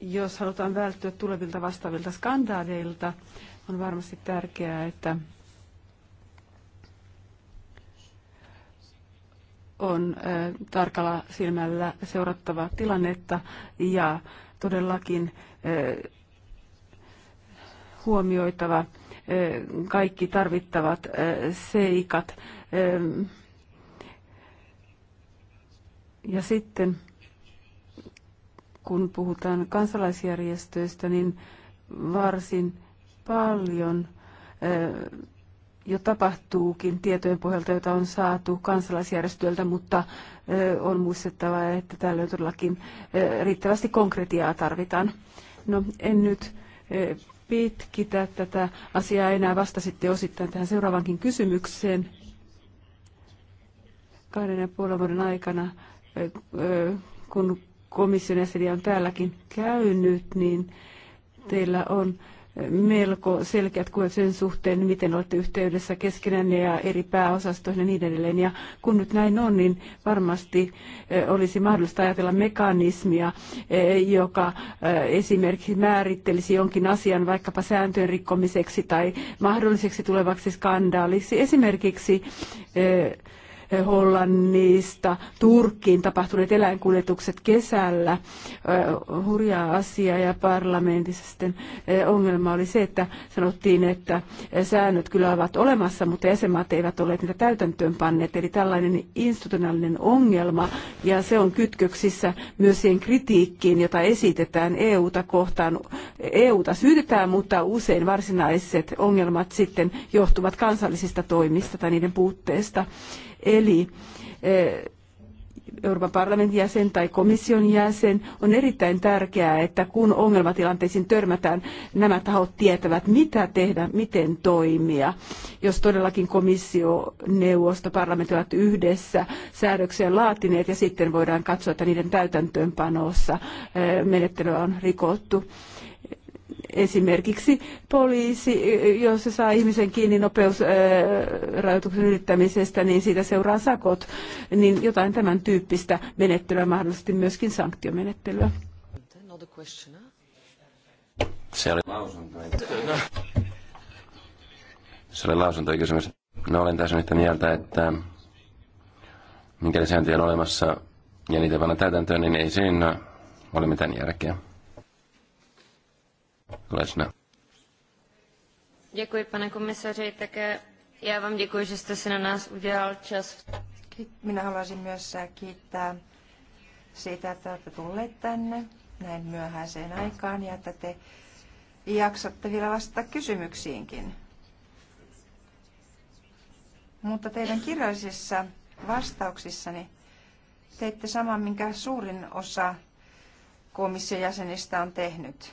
Speaker 1: Jos halutaan välttyä tulevilta vastaavilta skandaaleilta, on varmasti tärkeää, että on äh, tarkalla silmällä seurattava tilannetta ja todellakin huomioitava kaikki tarvittavat seikat. Ja sitten kun puhutaan kansalaisjärjestöistä, niin varsin paljon jo tapahtuukin tietojen pohjalta, joita on saatu kansalaisjärjestöiltä, mutta on muistettava, että tällöin todellakin riittävästi konkretiaa tarvitaan. No en nyt pitkitä tätä asiaa enää vasta sitten osittain tähän seuraavankin kysymykseen. Kahden ja puolen vuoden aikana, kun komission jäseniä on täälläkin käynyt, niin teillä on melko selkeät kuvat sen suhteen, miten olette yhteydessä keskenään ja eri pääosastoihin ja niin edelleen. Ja kun nyt näin on, niin varmasti eh, olisi mahdollista ajatella mekanismia, eh, joka eh, esimerkiksi määrittelisi jonkin asian vaikkapa sääntöjen rikkomiseksi tai mahdolliseksi tulevaksi skandaaliksi. Esimerkiksi Hollannista Turkkiin tapahtuneet eläinkuljetukset kesällä. Hurja asia ja parlamentissa sitten ongelma oli se, että sanottiin, että säännöt kyllä ovat olemassa, mutta jäsenmaat eivät olleet niitä täytäntöön panneet. Eli tällainen institutionaalinen ongelma ja se on kytköksissä myös siihen kritiikkiin, jota esitetään EUta kohtaan. EUta syytetään, mutta usein varsinaiset ongelmat sitten johtuvat kansallisista toimista tai niiden puutteesta. Eli eh, Euroopan parlamentin jäsen tai komission jäsen, on erittäin tärkeää, että kun ongelmatilanteisiin törmätään, nämä tahot tietävät, mitä tehdä, miten toimia. Jos todellakin komissio, neuvosto, parlamentti ovat yhdessä säädöksiä laatineet ja sitten voidaan katsoa, että niiden täytäntöönpanossa eh, menettelyä on rikottu. Esimerkiksi poliisi, jos se saa ihmisen kiinni nopeusrajoituksen yrittämisestä, niin siitä seuraa sakot, niin jotain tämän tyyppistä menettelyä, mahdollisesti myöskin sanktiomenettelyä.
Speaker 2: Se oli lausunto. Se oli kysymys. No olen tässä yhtä mieltä, että mikäli sääntöjä on olemassa ja niitä panna täytäntöön, niin ei siinä ole mitään järkeä läsnä.
Speaker 5: Děkuji,
Speaker 3: pane komisaři, také já vám děkuji, že jste si na nás udělal čas. Minä haluaisin myös äh, kiittää siitä, että olette tulleet tänne näin myöhäiseen aikaan ja että te jaksatte vielä vastata kysymyksiinkin. Mutta teidän kirjallisissa vastauksissani teitte saman, minkä suurin osa komission jäsenistä on tehnyt.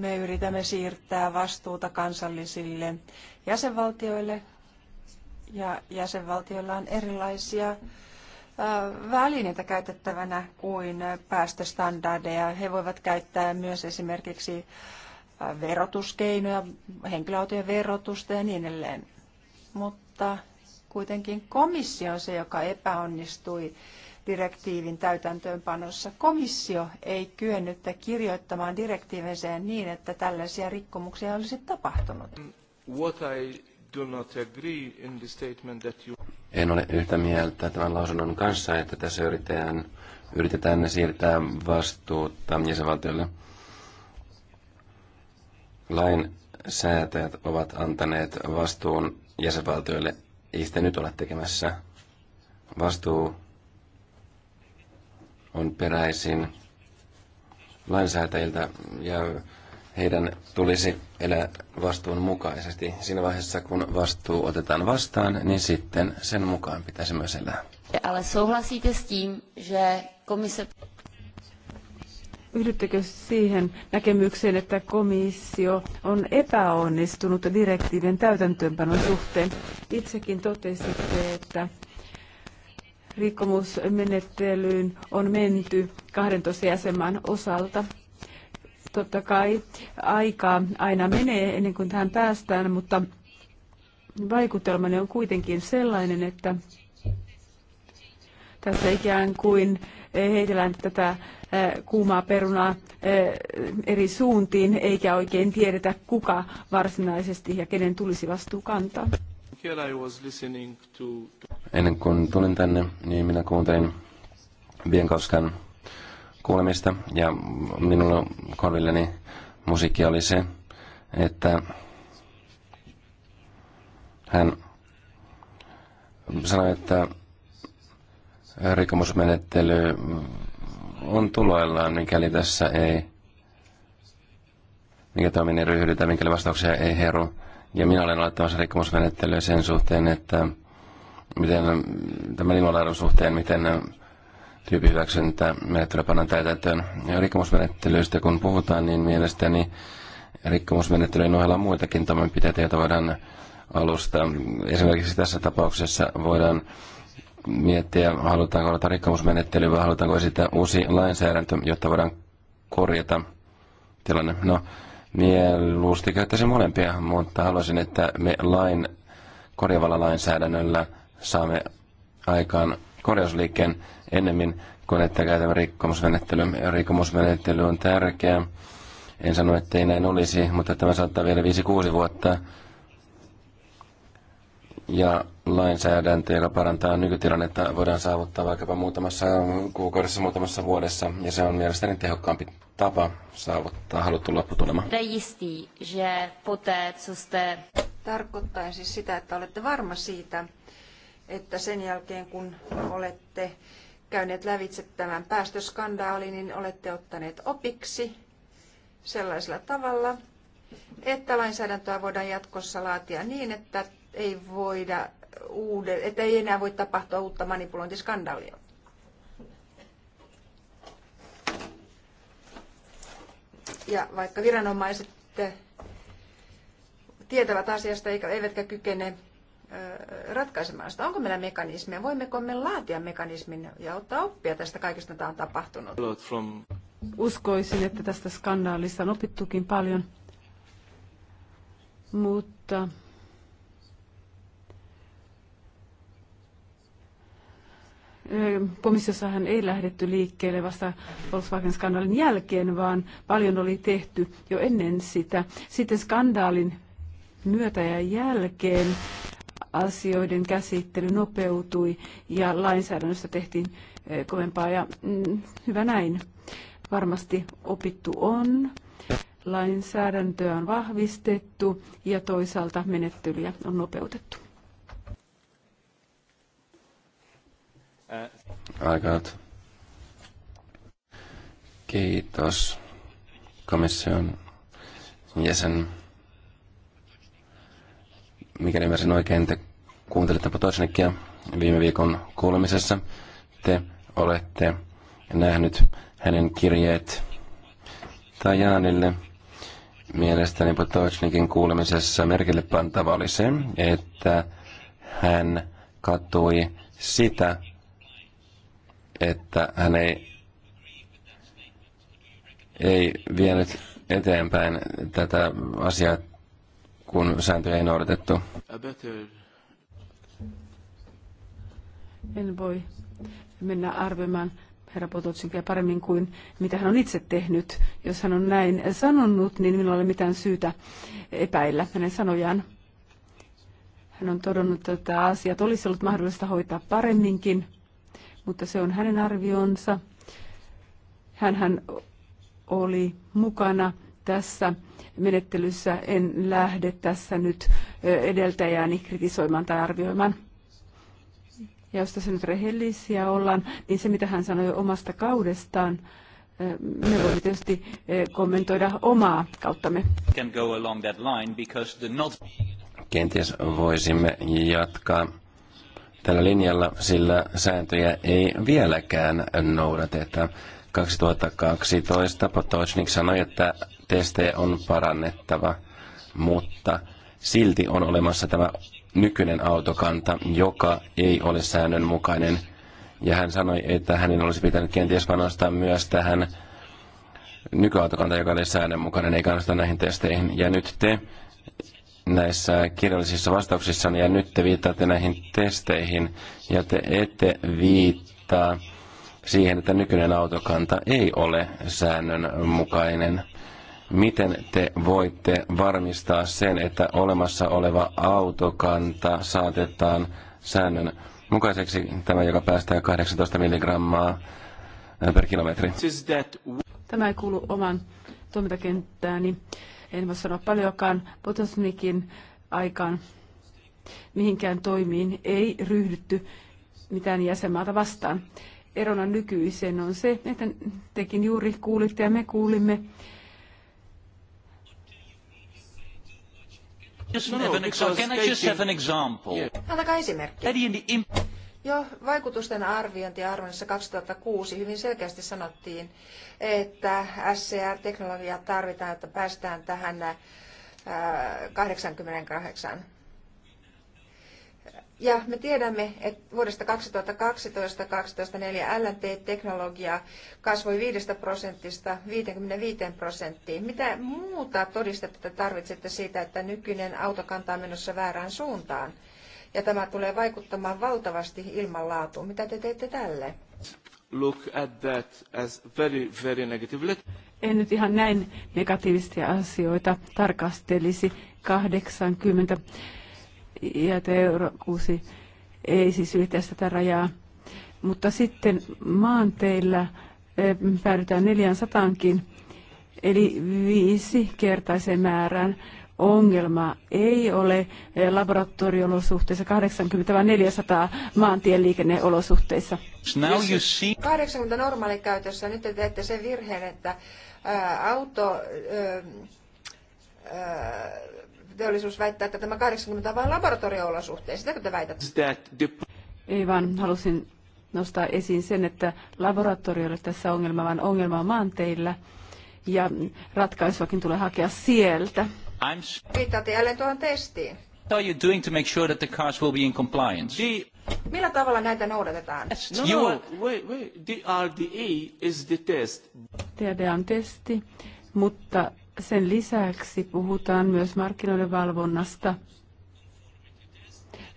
Speaker 3: me yritämme siirtää vastuuta kansallisille jäsenvaltioille ja jäsenvaltioilla on erilaisia äh, välineitä käytettävänä kuin päästöstandardeja. He voivat käyttää myös esimerkiksi äh, verotuskeinoja, henkilöautojen verotusta ja niin edelleen. Mutta kuitenkin komissio on se, joka epäonnistui direktiivin täytäntöönpanossa. Komissio ei kyennyt kirjoittamaan direktiivinseen niin, että tällaisia rikkomuksia olisi tapahtunut.
Speaker 4: You...
Speaker 2: En ole yhtä mieltä tämän lausunnon kanssa, että tässä yritetään, yritetään siirtää vastuuta jäsenvaltiolle. Lain ovat antaneet vastuun jäsenvaltioille. Ei sitä nyt ole tekemässä. Vastuu on peräisin lainsäätäjiltä ja heidän tulisi elää vastuun mukaisesti. Siinä vaiheessa, kun vastuu otetaan vastaan, niin sitten sen mukaan pitäisi myös elää.
Speaker 5: Ale souhlasíte s tím, že komise...
Speaker 1: Yhdyttekö siihen näkemykseen, että komissio on epäonnistunut direktiivien täytäntöönpanon suhteen? Itsekin totesitte, että rikkomusmenettelyyn on menty 12 jäsenmaan osalta. Totta kai aikaa aina menee ennen kuin tähän päästään, mutta vaikutelmani on kuitenkin sellainen, että tässä ikään kuin heitellään tätä kuumaa perunaa eri suuntiin, eikä oikein tiedetä kuka varsinaisesti ja kenen tulisi vastuu kantaa.
Speaker 2: Ennen kuin tulin tänne, niin minä kuuntelin Bienkowskan kuulemista ja minulla korvilleni musiikki oli se, että hän sanoi, että rikkomusmenettely on tuloillaan, mikäli tässä ei, mikä toiminen ryhdytä, mikäli vastauksia ei heru. Ja minä olen aloittamassa rikkomusmenettelyä sen suhteen, että miten tämän ilmalaidun suhteen, miten tyyppihyväksyntä menettelyä pannaan täytäntöön. Ja rikkomusmenettelyistä kun puhutaan, niin mielestäni rikkomusmenettelyyn ohella muitakin toimenpiteitä, joita voidaan alusta. Esimerkiksi tässä tapauksessa voidaan miettiä, halutaanko olla rikkomusmenettely vai halutaanko esittää uusi lainsäädäntö, jotta voidaan korjata tilanne. No, mieluusti käyttäisin molempia, mutta haluaisin, että me lain korjavalla lainsäädännöllä saamme aikaan korjausliikkeen ennemmin kuin että käytämme rikkomusmenettelyä. Rikkomusmenettely on tärkeä. En sano, että ei näin olisi, mutta tämä saattaa vielä 5-6 vuotta. Ja lainsäädäntö, joka parantaa nykytilannetta, voidaan saavuttaa vaikkapa muutamassa kuukaudessa, muutamassa vuodessa, ja se on mielestäni tehokkaampi tapa saavuttaa haluttu lopputulema.
Speaker 3: Tarkoittaa siis sitä, että olette varma siitä, että sen jälkeen kun olette käyneet lävitse tämän päästöskandaalin, niin olette ottaneet opiksi sellaisella tavalla, että lainsäädäntöä voidaan jatkossa laatia niin, että ei voida uude, että ei enää voi tapahtua uutta manipulointiskandaalia. Ja vaikka viranomaiset eh, tietävät asiasta eivätkä kykene eh, ratkaisemaan sitä. Onko meillä mekanismia? Voimmeko me laatia mekanismin ja ottaa oppia tästä kaikesta, mitä on tapahtunut?
Speaker 1: Uskoisin, että tästä skandaalista on opittukin paljon, mutta komissiossahan ei lähdetty liikkeelle vasta Volkswagen-skandaalin jälkeen, vaan paljon oli tehty jo ennen sitä. Sitten skandaalin myötä ja jälkeen asioiden käsittely nopeutui ja lainsäädännöstä tehtiin eh, kovempaa ja mm, hyvä näin. Varmasti opittu on, lainsäädäntöä on vahvistettu ja toisaalta menettelyjä on nopeutettu.
Speaker 2: Aikaat. Kiitos komission jäsen. Mikäli ymmärsin oikein, te kuuntelitte Potocnikia viime viikon kuulemisessa. Te olette nähnyt hänen kirjeet Tajanille. Mielestäni Potocnikin kuulemisessa merkille pantava oli se, että hän katui sitä, että hän ei, ei vienyt eteenpäin tätä asiaa, kun sääntöjä ei noudatettu.
Speaker 1: En voi mennä arvemaan herra Potocinkia paremmin kuin mitä hän on itse tehnyt. Jos hän on näin sanonut, niin minulla ei ole mitään syytä epäillä hänen sanojaan. Hän on todennut, että asiat olisi ollut mahdollista hoitaa paremminkin mutta se on hänen arvionsa. hän oli mukana tässä menettelyssä. En lähde tässä nyt edeltäjääni kritisoimaan tai arvioimaan. Ja jos tässä nyt rehellisiä ollaan, niin se mitä hän sanoi omasta kaudestaan, me voimme tietysti kommentoida omaa kauttamme.
Speaker 2: Kenties voisimme jatkaa tällä linjalla, sillä sääntöjä ei vieläkään noudateta. 2012 Potocnik sanoi, että testejä on parannettava, mutta silti on olemassa tämä nykyinen autokanta, joka ei ole säännönmukainen. Ja hän sanoi, että hänen olisi pitänyt kenties panostaa myös tähän nykyautokanta, joka oli säännönmukainen, ei kannusta näihin testeihin. Ja nyt te näissä kirjallisissa vastauksissa, ja nyt te viittaatte näihin testeihin, ja te ette viittaa siihen, että nykyinen autokanta ei ole säännönmukainen. Miten te voitte varmistaa sen, että olemassa oleva autokanta saatetaan säännön mukaiseksi tämä, joka päästää 18 milligrammaa per kilometri?
Speaker 1: Tämä ei kuulu oman toimintakenttääni. Niin en voi sanoa paljonkaan, Potosnikin aikaan mihinkään toimiin ei ryhdytty mitään jäsenmaata vastaan. Erona nykyiseen on se, että tekin juuri kuulitte ja me
Speaker 3: kuulimme, Just no, no, an Can I just have an example? Antakaa esimerkki. Jo vaikutusten arviointi Arvonissa 2006 hyvin selkeästi sanottiin, että SCR-teknologiaa tarvitaan, että päästään tähän 88. Äh, ja me tiedämme, että vuodesta 2012 2004 LNT-teknologia kasvoi 5 prosentista 55 prosenttiin. Mitä muuta todistetta tarvitsette siitä, että nykyinen autokanta on menossa väärään suuntaan? ja tämä tulee vaikuttamaan valtavasti ilmanlaatuun. Mitä te teette tälle?
Speaker 4: Look at that as very, very negatively.
Speaker 1: En nyt ihan näin negatiivisia asioita tarkastelisi. 80 ja euro 6 ei siis ylitä tätä rajaa. Mutta sitten maanteillä eh, päädytään 400kin, eli viisi kertaisen määrän ongelma ei ole eh, laboratoriolosuhteissa 80 vai 400 maantien liikenneolosuhteissa.
Speaker 3: 80 normaalikäytössä, nyt te teette sen virheen, että auto teollisuus väittää, että tämä 80 on vain laboratorio-olosuhteissa. Sitäkö te väitätte?
Speaker 1: Ei vaan, halusin nostaa esiin sen, että laboratorioilla tässä ongelma, vaan ongelma on maanteillä ja ratkaisuakin tulee hakea sieltä.
Speaker 2: I'm...
Speaker 3: Viittaatte jälleen tuohon testiin.
Speaker 2: What are you doing to make sure that the cars will be in compliance? The...
Speaker 3: Millä tavalla näitä noudatetaan? No, no,
Speaker 4: wait, wait. The RDE is the test.
Speaker 3: TRDA on
Speaker 1: testi, mutta sen lisäksi puhutaan myös markkinoiden valvonnasta,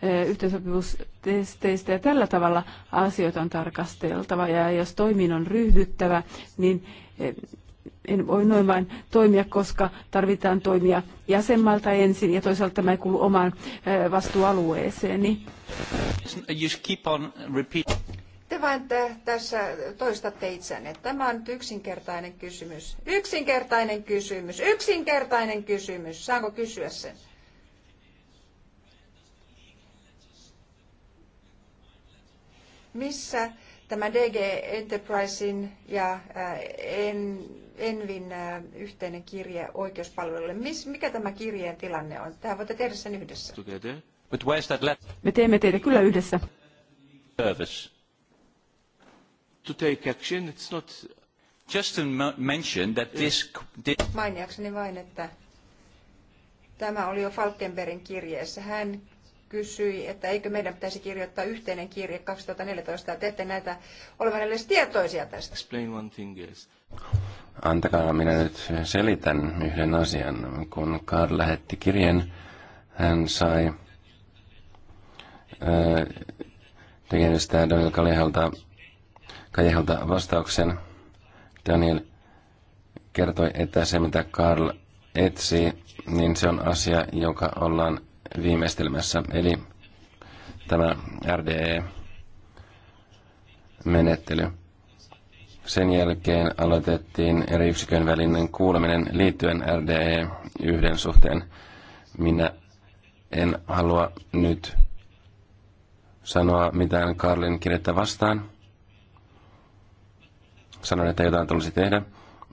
Speaker 1: eh, yhteensopivuustesteistä ja tällä tavalla asioita on tarkasteltava ja jos toimiin on ryhdyttävä, niin eh, en voi noin vain toimia, koska tarvitaan toimia jäsenmaalta ensin ja toisaalta tämä ei kuulu omaan eh, vastuualueeseeni.
Speaker 3: Te vain tässä toistatte itseänne. Tämä on nyt yksinkertainen kysymys. Yksinkertainen kysymys. Yksinkertainen kysymys. Saanko kysyä sen? Missä tämä DG Enterprisein ja en Envin äh, yhteinen kirje oikeuspalvelulle. mikä tämä kirjeen tilanne on? Tähän voitte tehdä sen yhdessä.
Speaker 1: Me teemme teitä kyllä yhdessä.
Speaker 4: To take action, it's not... that this...
Speaker 3: Mainiakseni vain, että tämä oli jo Falkenbergin kirjeessä. Hän kysyi, että eikö meidän pitäisi kirjoittaa yhteinen kirje 2014, ja te ette näitä olevan edes tietoisia tästä. Explain
Speaker 4: one thing
Speaker 2: Antakaa minä nyt selitän yhden asian. Kun Karl lähetti kirjeen, hän sai tekemistä Daniel Kalehalta, Kalehalta vastauksen. Daniel kertoi, että se mitä Karl etsii, niin se on asia, joka ollaan viimeistelmässä. Eli tämä RDE-menettely. Sen jälkeen aloitettiin eri yksikön välinen kuuleminen liittyen RDE yhden suhteen. Minä en halua nyt sanoa mitään Karlin kirjettä vastaan. Sanoin, että jotain tulisi tehdä,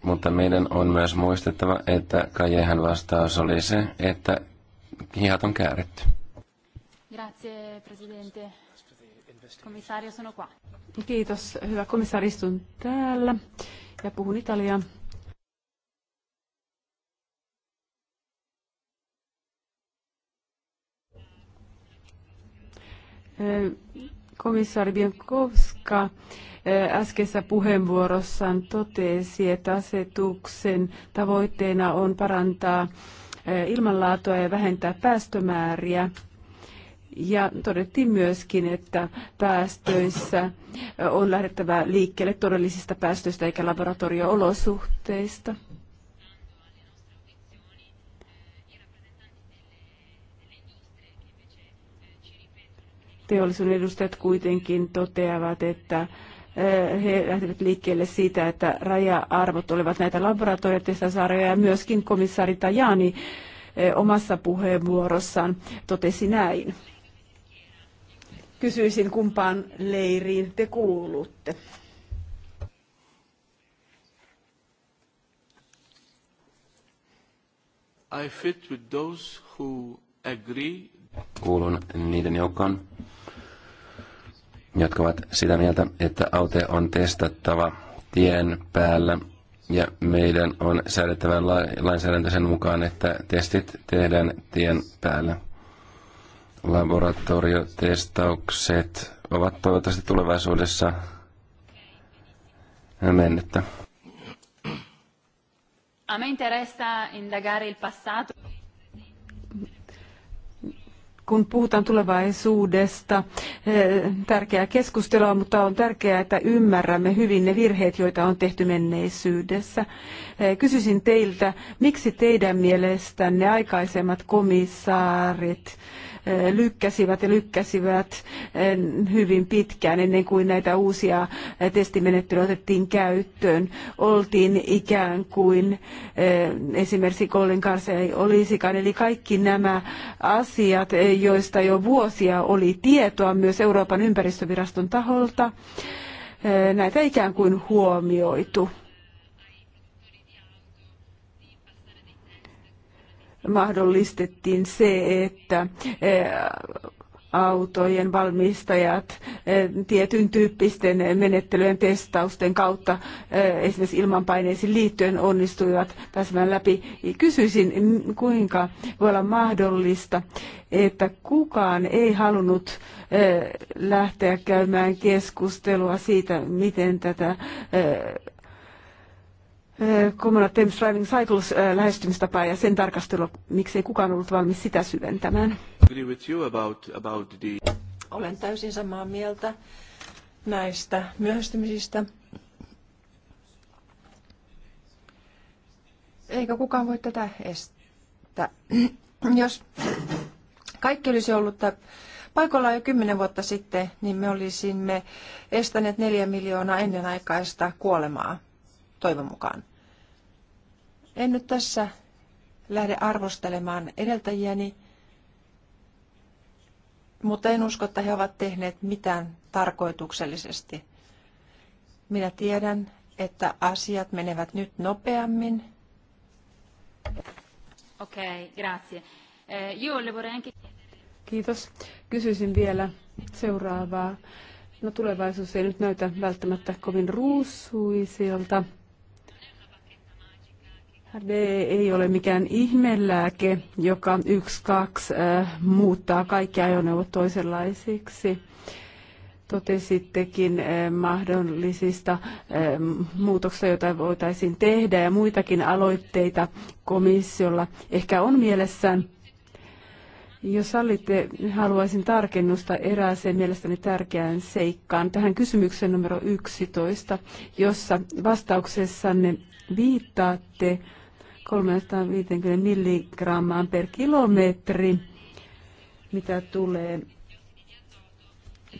Speaker 2: mutta meidän on myös muistettava, että Kajehan vastaus oli se, että hihat on kääritty.
Speaker 5: Grazie, presidente. Komissaario, sano qua.
Speaker 1: Kiitos, hyvä komissaari, istun täällä ja puhun italiaa. Komissaari Biankowska äskeisessä puheenvuorossaan totesi, että asetuksen tavoitteena on parantaa ilmanlaatua ja vähentää päästömääriä. Ja todettiin myöskin, että päästöissä on lähdettävä liikkeelle todellisista päästöistä eikä laboratorioolosuhteista. Teollisuuden edustajat kuitenkin toteavat, että he lähtivät liikkeelle siitä, että raja-arvot olivat näitä laboratoriotestasarjoja ja myöskin komissaari Tajani omassa puheenvuorossaan totesi näin. Kysyisin, kumpaan leiriin te kuulutte?
Speaker 4: I fit with those who
Speaker 2: agree. Kuulun niiden joukkoon, jotka ovat sitä mieltä, että aute on testattava tien päällä ja meidän on säädettävä lainsäädäntö sen mukaan, että testit tehdään tien päällä laboratoriotestaukset ovat toivottavasti tulevaisuudessa mennettä.
Speaker 5: A me interessa indagare il passato.
Speaker 1: Kun puhutaan tulevaisuudesta, eh, tärkeää keskustelua, mutta on tärkeää, että ymmärrämme hyvin ne virheet, joita on tehty menneisyydessä. Eh, kysyisin teiltä, miksi teidän mielestänne aikaisemmat komissaarit Eh, lykkäsivät ja lykkäsivät eh, hyvin pitkään ennen kuin näitä uusia eh, testimenettelyjä otettiin käyttöön. Oltiin ikään kuin esimerkiksi Colin kanssa ei olisikaan. Eli kaikki nämä asiat, joista jo vuosia oli tietoa myös Euroopan ympäristöviraston taholta, näitä ikään kuin huomioitu mahdollistettiin se, että eh, autojen valmistajat eh, tietyn tyyppisten menettelyjen testausten kautta eh, esimerkiksi ilmanpaineisiin liittyen onnistuivat pääsemään läpi. Kysyisin, kuinka voi olla mahdollista, että kukaan ei halunnut lähteä käymään keskustelua siitä, miten tätä Eh, Cumulative Driving Cycles eh, lähestymistapaa ja sen tarkastelua, miksei kukaan ollut valmis sitä syventämään.
Speaker 3: Olen täysin samaa mieltä näistä myöhästymisistä. Eikä kukaan voi tätä estää. Jos kaikki olisi ollut paikoillaan jo kymmenen vuotta sitten, niin me olisimme estäneet neljä miljoonaa ennenaikaista kuolemaa, toivon mukaan. En nyt tässä lähde arvostelemaan edeltäjiäni, mutta en usko, että he ovat tehneet mitään tarkoituksellisesti. Minä tiedän, että asiat menevät nyt nopeammin.
Speaker 5: Okei, okay, grazie. Eh,
Speaker 1: Kiitos. Kysyisin vielä seuraavaa. No tulevaisuus ei nyt näytä välttämättä kovin ruusuisilta. HRD ei ole mikään ihmelääke, joka yksi kaksi äh, muuttaa kaikki ajoneuvot toisenlaisiksi totesittekin äh, mahdollisista äh, muutoksista, joita voitaisiin tehdä ja muitakin aloitteita komissiolla ehkä on mielessään. Jos sallitte, haluaisin tarkennusta erääseen mielestäni tärkeään seikkaan tähän kysymykseen numero 11, jossa vastauksessanne viittaatte 350 milligrammaan per kilometri, mitä tulee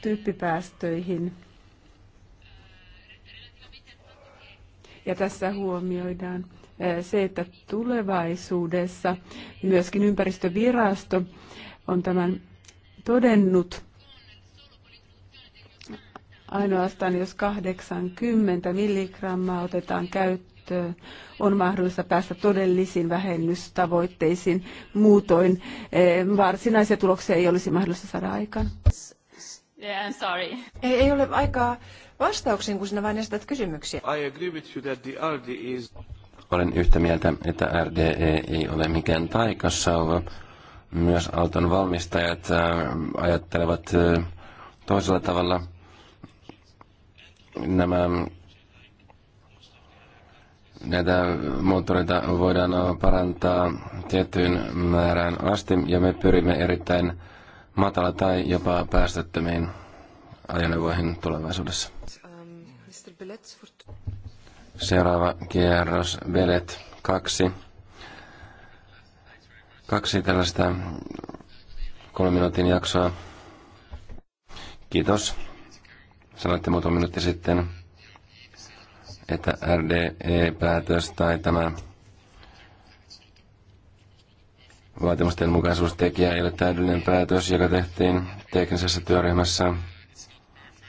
Speaker 1: tyyppipäästöihin. Ja tässä huomioidaan eh, se, että tulevaisuudessa myöskin ympäristövirasto on tämän todennut ainoastaan, jos 80 milligrammaa otetaan käyttöön on mahdollista päästä todellisiin vähennystavoitteisiin. Muutoin varsinaisia tuloksia ei olisi mahdollista saada aikaan.
Speaker 3: Yeah, I'm sorry. Ei, ei ole aikaa vastauksiin, kun sinä vain esität kysymyksiä. I agree with you that the RD is...
Speaker 2: Olen yhtä mieltä, että RDE ei ole mikään taikasauva. Myös auton valmistajat ajattelevat toisella tavalla nämä näitä moottoreita voidaan parantaa tiettyyn määrään asti ja me pyrimme erittäin matala tai jopa päästöttömiin ajoneuvoihin tulevaisuudessa. Seuraava kierros, velet kaksi. Kaksi tällaista kolmen minuutin jaksoa. Kiitos. Sanoitte muutama minuutti sitten että RDE-päätös tai tämä vaatimusten mukaisuustekijä ei ole täydellinen päätös, joka tehtiin teknisessä työryhmässä,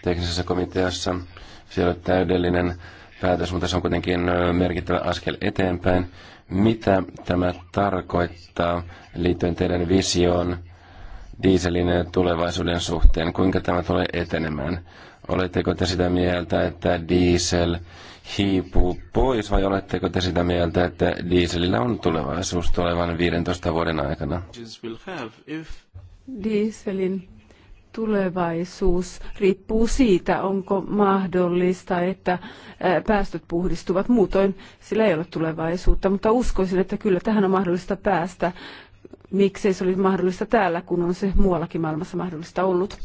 Speaker 2: teknisessä komiteassa. Se ei ole täydellinen päätös, mutta se on kuitenkin merkittävä askel eteenpäin. Mitä tämä tarkoittaa liittyen teidän visioon dieselin tulevaisuuden suhteen? Kuinka tämä tulee etenemään? Oletteko te sitä mieltä, että diesel hiipuu pois vai oletteko te sitä mieltä, että dieselillä on tulevaisuus tulevan 15 vuoden aikana?
Speaker 1: Dieselin tulevaisuus riippuu siitä, onko mahdollista, että päästöt puhdistuvat. Muutoin sillä ei ole tulevaisuutta, mutta uskoisin, että kyllä tähän on mahdollista päästä. Miksei se olisi mahdollista täällä, kun on se muuallakin maailmassa mahdollista ollut?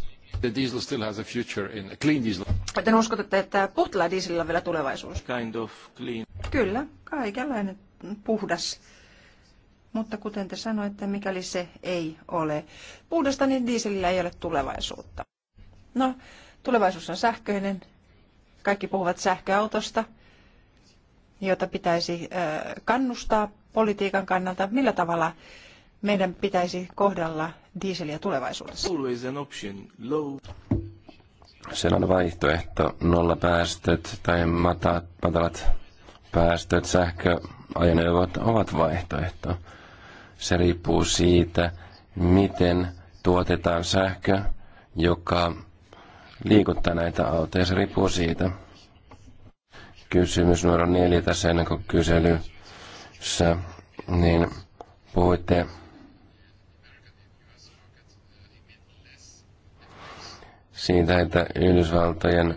Speaker 3: The diesel still has a future in a clean diesel. Joten uskotte, että puhtalla dieselillä on vielä tulevaisuus? Kind of clean. Kyllä, kaikenlainen puhdas. Mutta kuten te sanoitte, mikäli se ei ole puhdasta, niin dieselillä ei ole tulevaisuutta. No, tulevaisuus on sähköinen. Kaikki puhuvat sähköautosta, jota pitäisi kannustaa politiikan kannalta. Millä tavalla meidän pitäisi kohdella dieseliä tulevaisuudessa?
Speaker 2: Se on vaihtoehto päästöt tai matat, matalat päästöt. Sähköajoneuvot ovat vaihtoehto. Se riippuu siitä, miten tuotetaan sähkö, joka liikuttaa näitä autoja. Se riippuu siitä. Kysymys numero neljä tässä ennen kuin kyselyssä, niin puhuitte siitä, että Yhdysvaltojen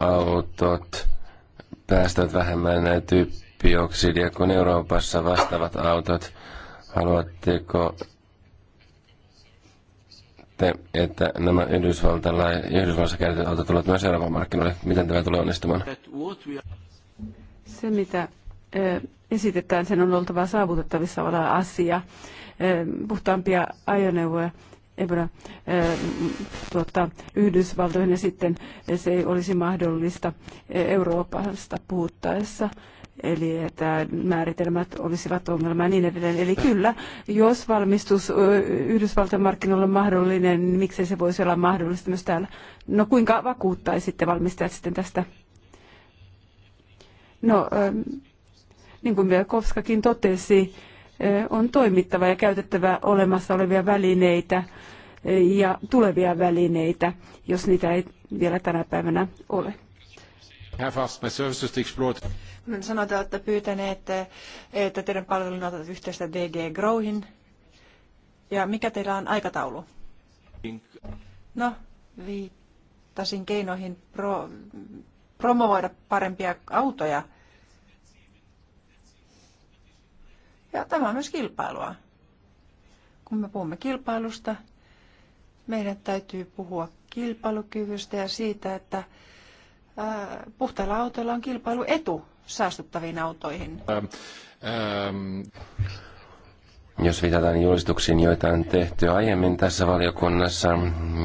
Speaker 2: autot päästävät vähemmän typpioksidia kuin Euroopassa vastaavat autot. Haluatteko te, että nämä Yhdysvalloissa käytetyt autot tulevat myös Euroopan markkinoille? Miten tämä tulee onnistumaan?
Speaker 1: Se, mitä esitetään, sen on oltava saavutettavissa oleva asia. Puhtaampia ajoneuvoja äh, tuota, Yhdysvaltoihin ja sitten se ei olisi mahdollista eh, Euroopasta puhuttaessa. Eli että määritelmät olisivat ongelma ja niin edelleen. Eli kyllä, jos valmistus eh, Yhdysvaltain markkinoilla on mahdollinen, niin miksei se voisi olla mahdollista myös täällä? No kuinka vakuuttaisitte valmistajat sitten tästä? No, niin kuin Velkovskakin totesi, on toimittava ja käytettävä olemassa olevia välineitä ja tulevia välineitä, jos niitä ei vielä tänä päivänä
Speaker 3: ole. Sanoit, että pyytäneet, että teidän palvelun otat yhteistä DG Growhin. Ja mikä teillä on aikataulu? No, viittasin keinoihin pro, promovoida parempia autoja – Ja tämä on myös kilpailua. Kun me puhumme kilpailusta, meidän täytyy puhua kilpailukyvystä ja siitä, että puhtailla autoilla on kilpailuetu saastuttaviin autoihin. Ähm,
Speaker 4: ähm.
Speaker 2: Jos viitataan julistuksiin, joita on tehty aiemmin tässä valiokunnassa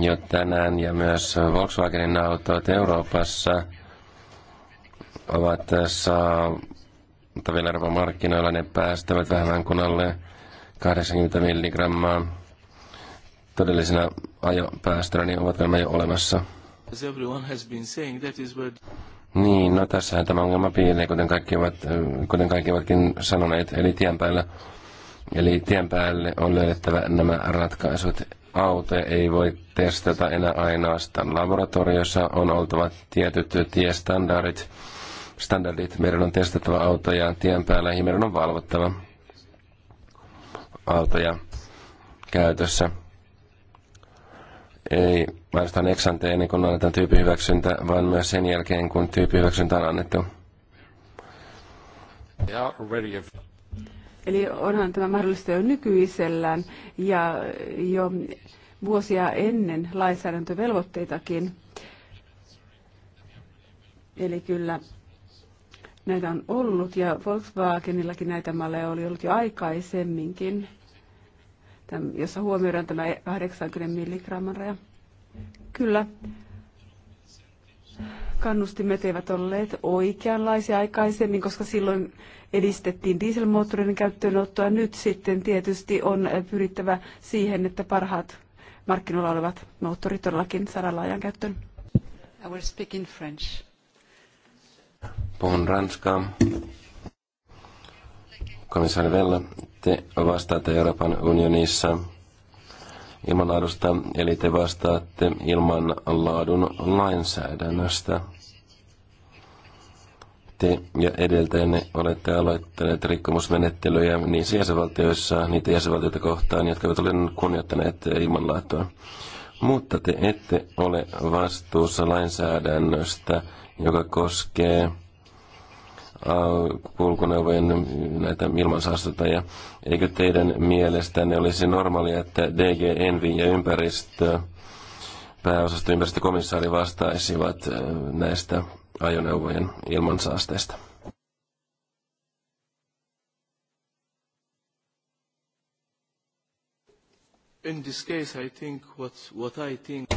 Speaker 2: jo tänään ja myös Volkswagenin autot Euroopassa ovat tässä. Äh, markkinoilla ne päästävät vähemmän kuin alle 80 milligrammaa todellisena ajopäästönä, niin ovat nämä jo olemassa. Niin, no tässähän tämä ongelma piilee, kuten kaikki, ovat, kuten kaikki ovatkin sanoneet, eli tien päällä. Eli tien päälle on löydettävä nämä ratkaisut. Autoja ei voi testata enää ainoastaan laboratoriossa, on oltava tietyt tiestandardit, standardit. Meidän on testattava autoja tien päällä ja meidän on valvottava autoja käytössä. Ei ainoastaan eksante ennen kuin annetaan tyyppihyväksyntä, vaan myös sen jälkeen, kun tyyppihyväksyntä on annettu.
Speaker 1: Eli onhan tämä mahdollista jo nykyisellään ja jo vuosia ennen lainsäädäntövelvoitteitakin. Eli kyllä näitä on ollut ja Volkswagenillakin näitä malleja oli ollut jo aikaisemminkin, jossa huomioidaan tämä 80 milligramman raja. Kyllä, kannustimet eivät olleet oikeanlaisia aikaisemmin, koska silloin edistettiin dieselmoottorien käyttöönottoa. Nyt sitten tietysti on pyrittävä siihen, että parhaat markkinoilla olevat moottorit todellakin saadaan laajan käyttöön. I will speak in
Speaker 6: French.
Speaker 2: Puhun ranskaa. Komissaari Vella, te vastaatte Euroopan unionissa ilmanlaadusta, eli te vastaatte ilmanlaadun lainsäädännöstä. Te ja edeltäjänne olette aloittaneet rikkomusmenettelyjä niissä jäsenvaltioissa, niitä jäsenvaltioita kohtaan, jotka ovat olleet kunnioittaneet ilmanlaatua. Mutta te ette ole vastuussa lainsäädännöstä, joka koskee äh, kulkuneuvojen näitä ilmansaastuttajia. Eikö teidän mielestänne olisi normaalia, että DG Envi ja ympäristö, pääosasto ympäristökomissaari vastaisivat äh, näistä ajoneuvojen ilmansaasteista?
Speaker 4: In this case, I think what, what I think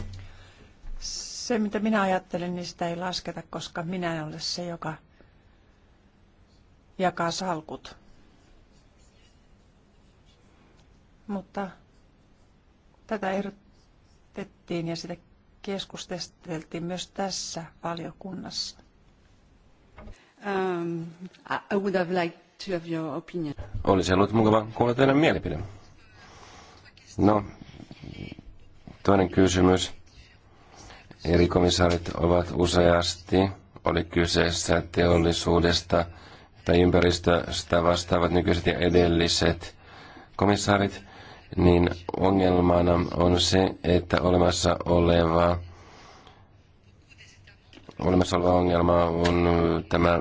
Speaker 3: se, mitä minä ajattelen, niin sitä ei lasketa, koska minä en ole se, joka jakaa salkut. Mutta tätä ehdotettiin ja sitä keskusteltiin myös tässä valiokunnassa. Um, I would have liked to have your
Speaker 2: opinion. Olisi ollut mukava kuulla teidän mielipide. No, toinen kysymys. Eri komissaarit ovat useasti, oli kyseessä teollisuudesta tai ympäristöstä vastaavat nykyiset ja edelliset komissaarit, niin ongelmana on se, että olemassa oleva olemassa oleva ongelma on tämä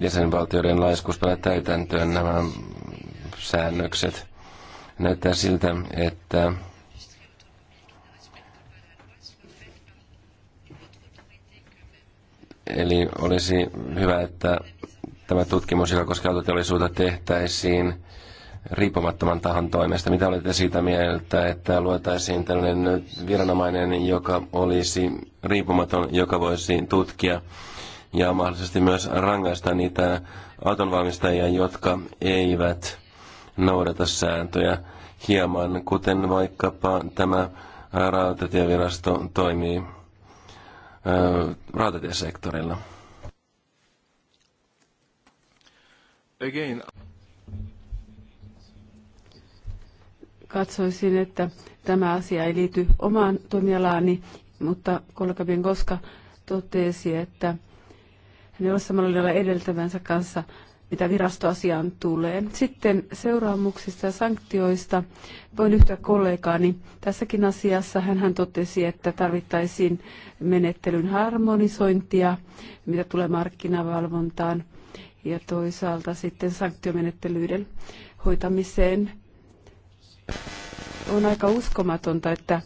Speaker 2: jäsenvaltioiden laiskuus täytäntöön nämä säännökset. Näyttää siltä, että Eli olisi hyvä, että tämä tutkimus, joka koskee autoteollisuutta, tehtäisiin riippumattoman tahon toimesta. Mitä olette siitä mieltä, että luotaisiin tällainen viranomainen, joka olisi riippumaton, joka voisi tutkia ja mahdollisesti myös rangaista niitä autonvalmistajia, jotka eivät noudata sääntöjä hieman, kuten vaikkapa tämä rautatievirasto toimii rautatiesektorilla?
Speaker 4: Again.
Speaker 1: Katsoisin, että tämä asia ei liity omaan toimialaani, mutta kollega Bengoska totesi, että hänellä samalla edeltävänsä kanssa mitä virastoasiaan tulee. Sitten seuraamuksista ja sanktioista voin yhtä kollegaani. Tässäkin asiassa hän totesi, että tarvittaisiin menettelyn harmonisointia, mitä tulee markkinavalvontaan ja toisaalta sitten sanktiomenettelyiden hoitamiseen. On aika uskomatonta, että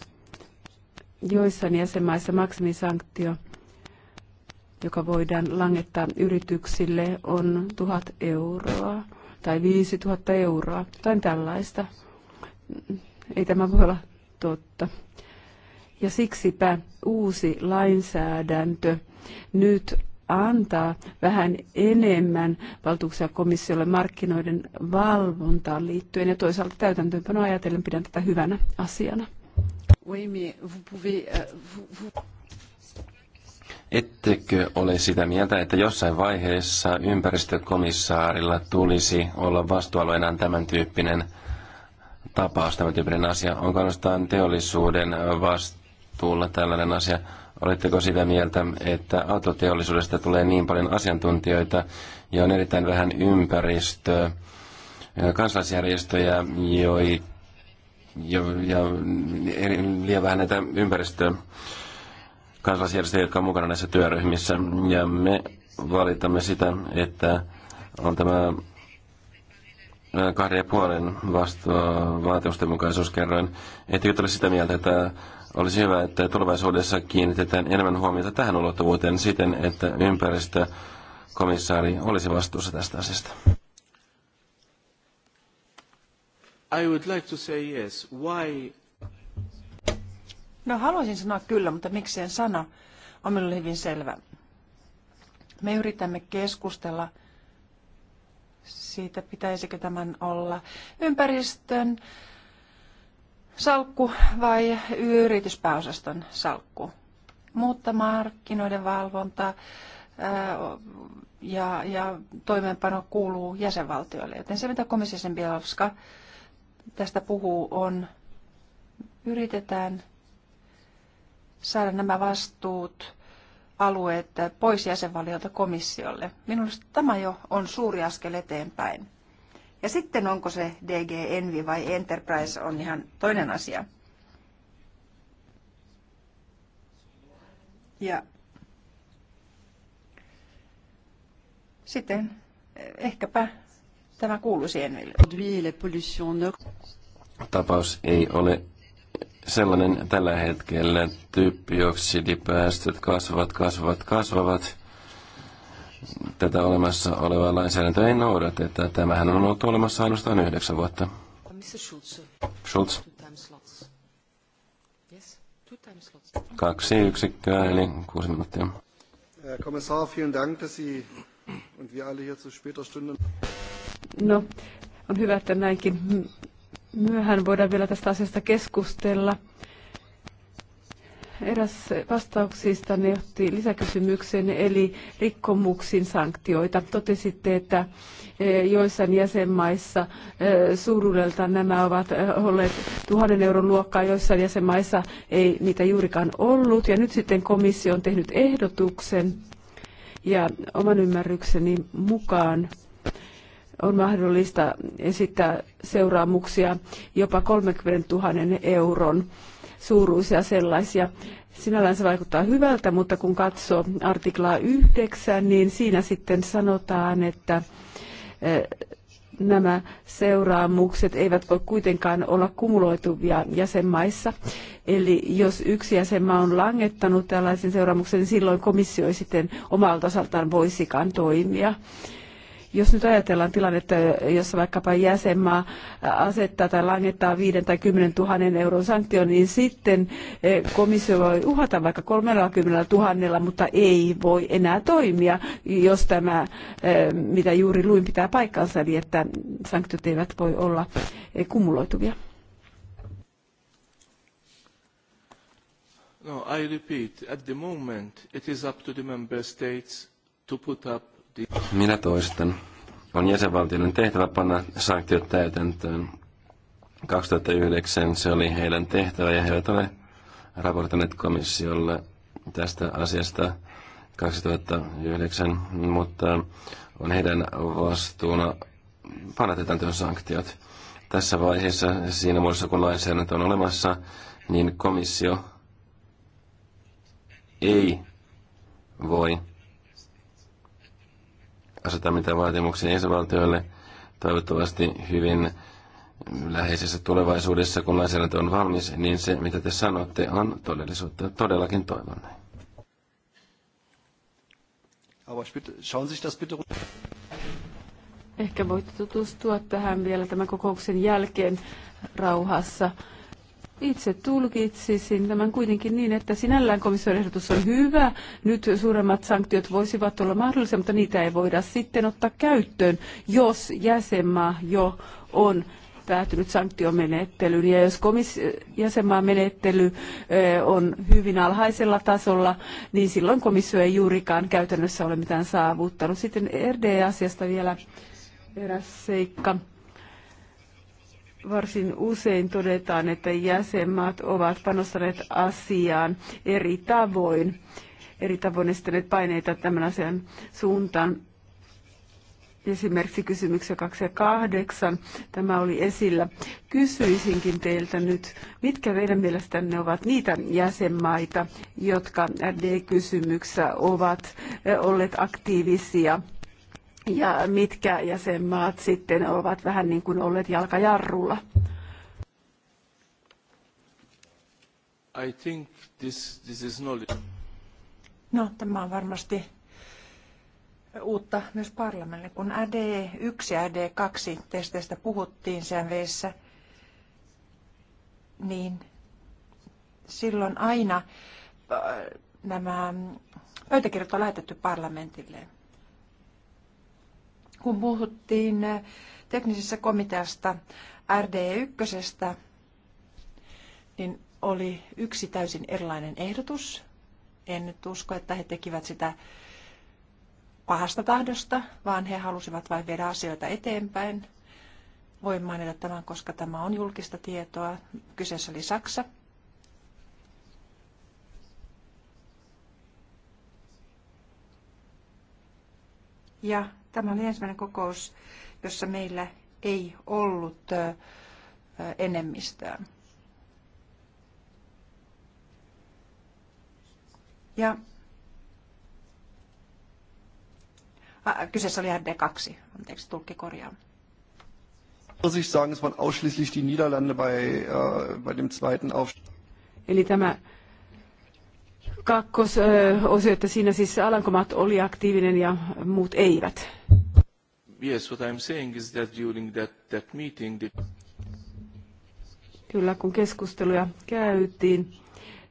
Speaker 1: joissain jäsenmaissa maksimisanktio – joka voidaan langettaa yrityksille, on 1000 euroa tai 5000 euroa, tai tällaista. Ei tämä voi olla totta. Ja siksipä uusi lainsäädäntö nyt antaa vähän enemmän valtuuksia komissiolle markkinoiden valvontaan liittyen ja toisaalta täytäntöönpanoa ajatellen pidän tätä hyvänä asiana. Oui, mais vous pouvez, euh, vous, vous...
Speaker 2: Ettekö ole sitä mieltä, että jossain vaiheessa ympäristökomissaarilla tulisi olla vastuualueenaan tämän tyyppinen tapaus, tämän tyyppinen asia? Onko ainoastaan teollisuuden vastuulla tällainen asia? Oletteko sitä mieltä, että autoteollisuudesta tulee niin paljon asiantuntijoita ja on erittäin vähän ympäristö, kansalaisjärjestöjä, joita ja, ja liian vähän näitä ympäristö- kansalaisjärjestöjä, jotka on mukana näissä työryhmissä. Ja me valitamme sitä, että on tämä kahden ja puolen vaatimusten mukaisuus kerroin. Ettekö ole sitä mieltä, että olisi hyvä, että tulevaisuudessa kiinnitetään enemmän huomiota tähän ulottuvuuteen siten, että ympäristökomissaari olisi vastuussa tästä asiasta?
Speaker 4: I would like to say yes. Why
Speaker 3: No haluaisin sanoa kyllä, mutta miksi en sano, on minulle hyvin selvä. Me yritämme keskustella siitä, pitäisikö tämän olla ympäristön salkku vai yrityspääosaston salkku. Mutta markkinoiden valvonta ja, ja toimeenpano kuuluu jäsenvaltioille. Joten se, mitä komissio Bielowska tästä puhuu, on yritetään saada nämä vastuut alueet pois jäsenvaliolta komissiolle. Minusta tämä jo on suuri askel eteenpäin. Ja sitten onko se DG Envy vai Enterprise on ihan toinen asia. Ja sitten ehkäpä tämä kuuluisi Envylle.
Speaker 2: Tapaus ei ole sellainen tällä hetkellä. Typpioksidipäästöt kasvavat, kasvavat, kasvavat. Tätä olemassa olevaa lainsäädäntöä ei noudateta. Tämähän on ollut olemassa ainoastaan yhdeksän vuotta. Schulz. Kaksi yksikköä, eli kuusi minuuttia.
Speaker 4: Kommissar, vielen Dank, dass Sie und wir alle hier zu später Stunde.
Speaker 6: No,
Speaker 1: on hyvä, että näinkin myöhään voidaan vielä tästä asiasta keskustella. Eräs vastauksista ne otti lisäkysymyksen, eli rikkomuksiin sanktioita. Totesitte, että e, joissain jäsenmaissa e, suuruudelta nämä ovat e, olleet tuhannen euron luokkaa, joissain jäsenmaissa ei niitä juurikaan ollut. Ja nyt sitten komissio on tehnyt ehdotuksen, ja oman ymmärrykseni mukaan on mahdollista esittää seuraamuksia jopa 30 000 euron suuruisia sellaisia. Sinällään se vaikuttaa hyvältä, mutta kun katsoo artiklaa 9, niin siinä sitten sanotaan, että eh, nämä seuraamukset eivät voi kuitenkaan olla kumuloituvia jäsenmaissa. Eli jos yksi jäsenmaa on langettanut tällaisen seuraamuksen, niin silloin komissio ei sitten omalta osaltaan voisikaan toimia. Jos nyt ajatellaan tilannetta, jossa vaikkapa jäsenmaa asettaa tai langettaa 5 tai 10 000 euron sanktion, niin sitten eh, komissio voi uhata vaikka 30 000, mutta ei voi enää toimia, jos tämä, eh, mitä juuri luin, pitää paikkansa, eli että sanktiot eivät voi olla eh, kumuloituvia.
Speaker 4: No, I repeat, at the moment, it is up to the member states to put up
Speaker 2: minä toistan. On jäsenvaltioiden tehtävä panna sanktiot täytäntöön. 2009 se oli heidän tehtävä ja he eivät ole raportoineet komissiolle tästä asiasta 2009, mutta on heidän vastuuna panna täytäntöön sanktiot. Tässä vaiheessa, siinä muodossa kun lainsäädäntö on olemassa, niin komissio ei voi aseta mitään vaatimuksia jäsenvaltioille. Toivottavasti hyvin läheisessä tulevaisuudessa, kun lainsäädäntö on valmis, niin se, mitä te sanotte, on todellisuutta. Todellakin toivon
Speaker 5: Ehkä voitte tutustua
Speaker 1: tähän vielä tämän kokouksen jälkeen rauhassa. Itse tulkitsisin tämän kuitenkin niin, että sinällään komission ehdotus on hyvä. Nyt suuremmat sanktiot voisivat olla mahdollisia, mutta niitä ei voida sitten ottaa käyttöön, jos jäsenmaa jo on päätynyt sanktiomenettelyyn. Ja jos komis- jäsenmaan menettely eh, on hyvin alhaisella tasolla, niin silloin komissio ei juurikaan käytännössä ole mitään saavuttanut. Sitten RD-asiasta vielä eräs seikka varsin usein todetaan, että jäsenmaat ovat panostaneet asiaan eri tavoin, eri tavoin esittäneet paineita tämän asian suuntaan. Esimerkiksi kysymyksiä 2 ja 8, tämä oli esillä. Kysyisinkin teiltä nyt, mitkä teidän mielestänne ovat niitä jäsenmaita, jotka RD-kysymyksessä ovat eh, olleet aktiivisia – ja mitkä jäsenmaat sitten
Speaker 3: ovat vähän niin kuin olleet jalkajarrulla?
Speaker 4: I think this, this is knowledge.
Speaker 3: No, tämä on varmasti uutta myös parlamentille. Kun AD1 ja AD2 testeistä puhuttiin CMVssä, niin silloin aina äh, nämä pöytäkirjat on lähetetty parlamentille. Kun puhuttiin eh, teknisessä komiteasta RD1, niin oli yksi täysin erilainen ehdotus. En nyt usko, että he tekivät sitä pahasta tahdosta, vaan he halusivat vain viedä asioita eteenpäin. Voin mainita tämän, koska tämä on julkista tietoa. Kyseessä oli Saksa. Ja Tämä oli ensimmäinen kokous, jossa meillä ei ollut enemmistöä. Ja kyseessä oli RD2, anteeksi, tulkki korjaa.
Speaker 5: sagen, es waren ausschließlich die Niederlande bei, äh, bei dem zweiten Aufstieg.
Speaker 1: Eli tämä kakkososio, että siinä siis Alankomaat oli aktiivinen ja muut eivät.
Speaker 4: Yes, what I'm saying is that during that, that meeting the...
Speaker 1: Kyllä, kun keskusteluja käytiin,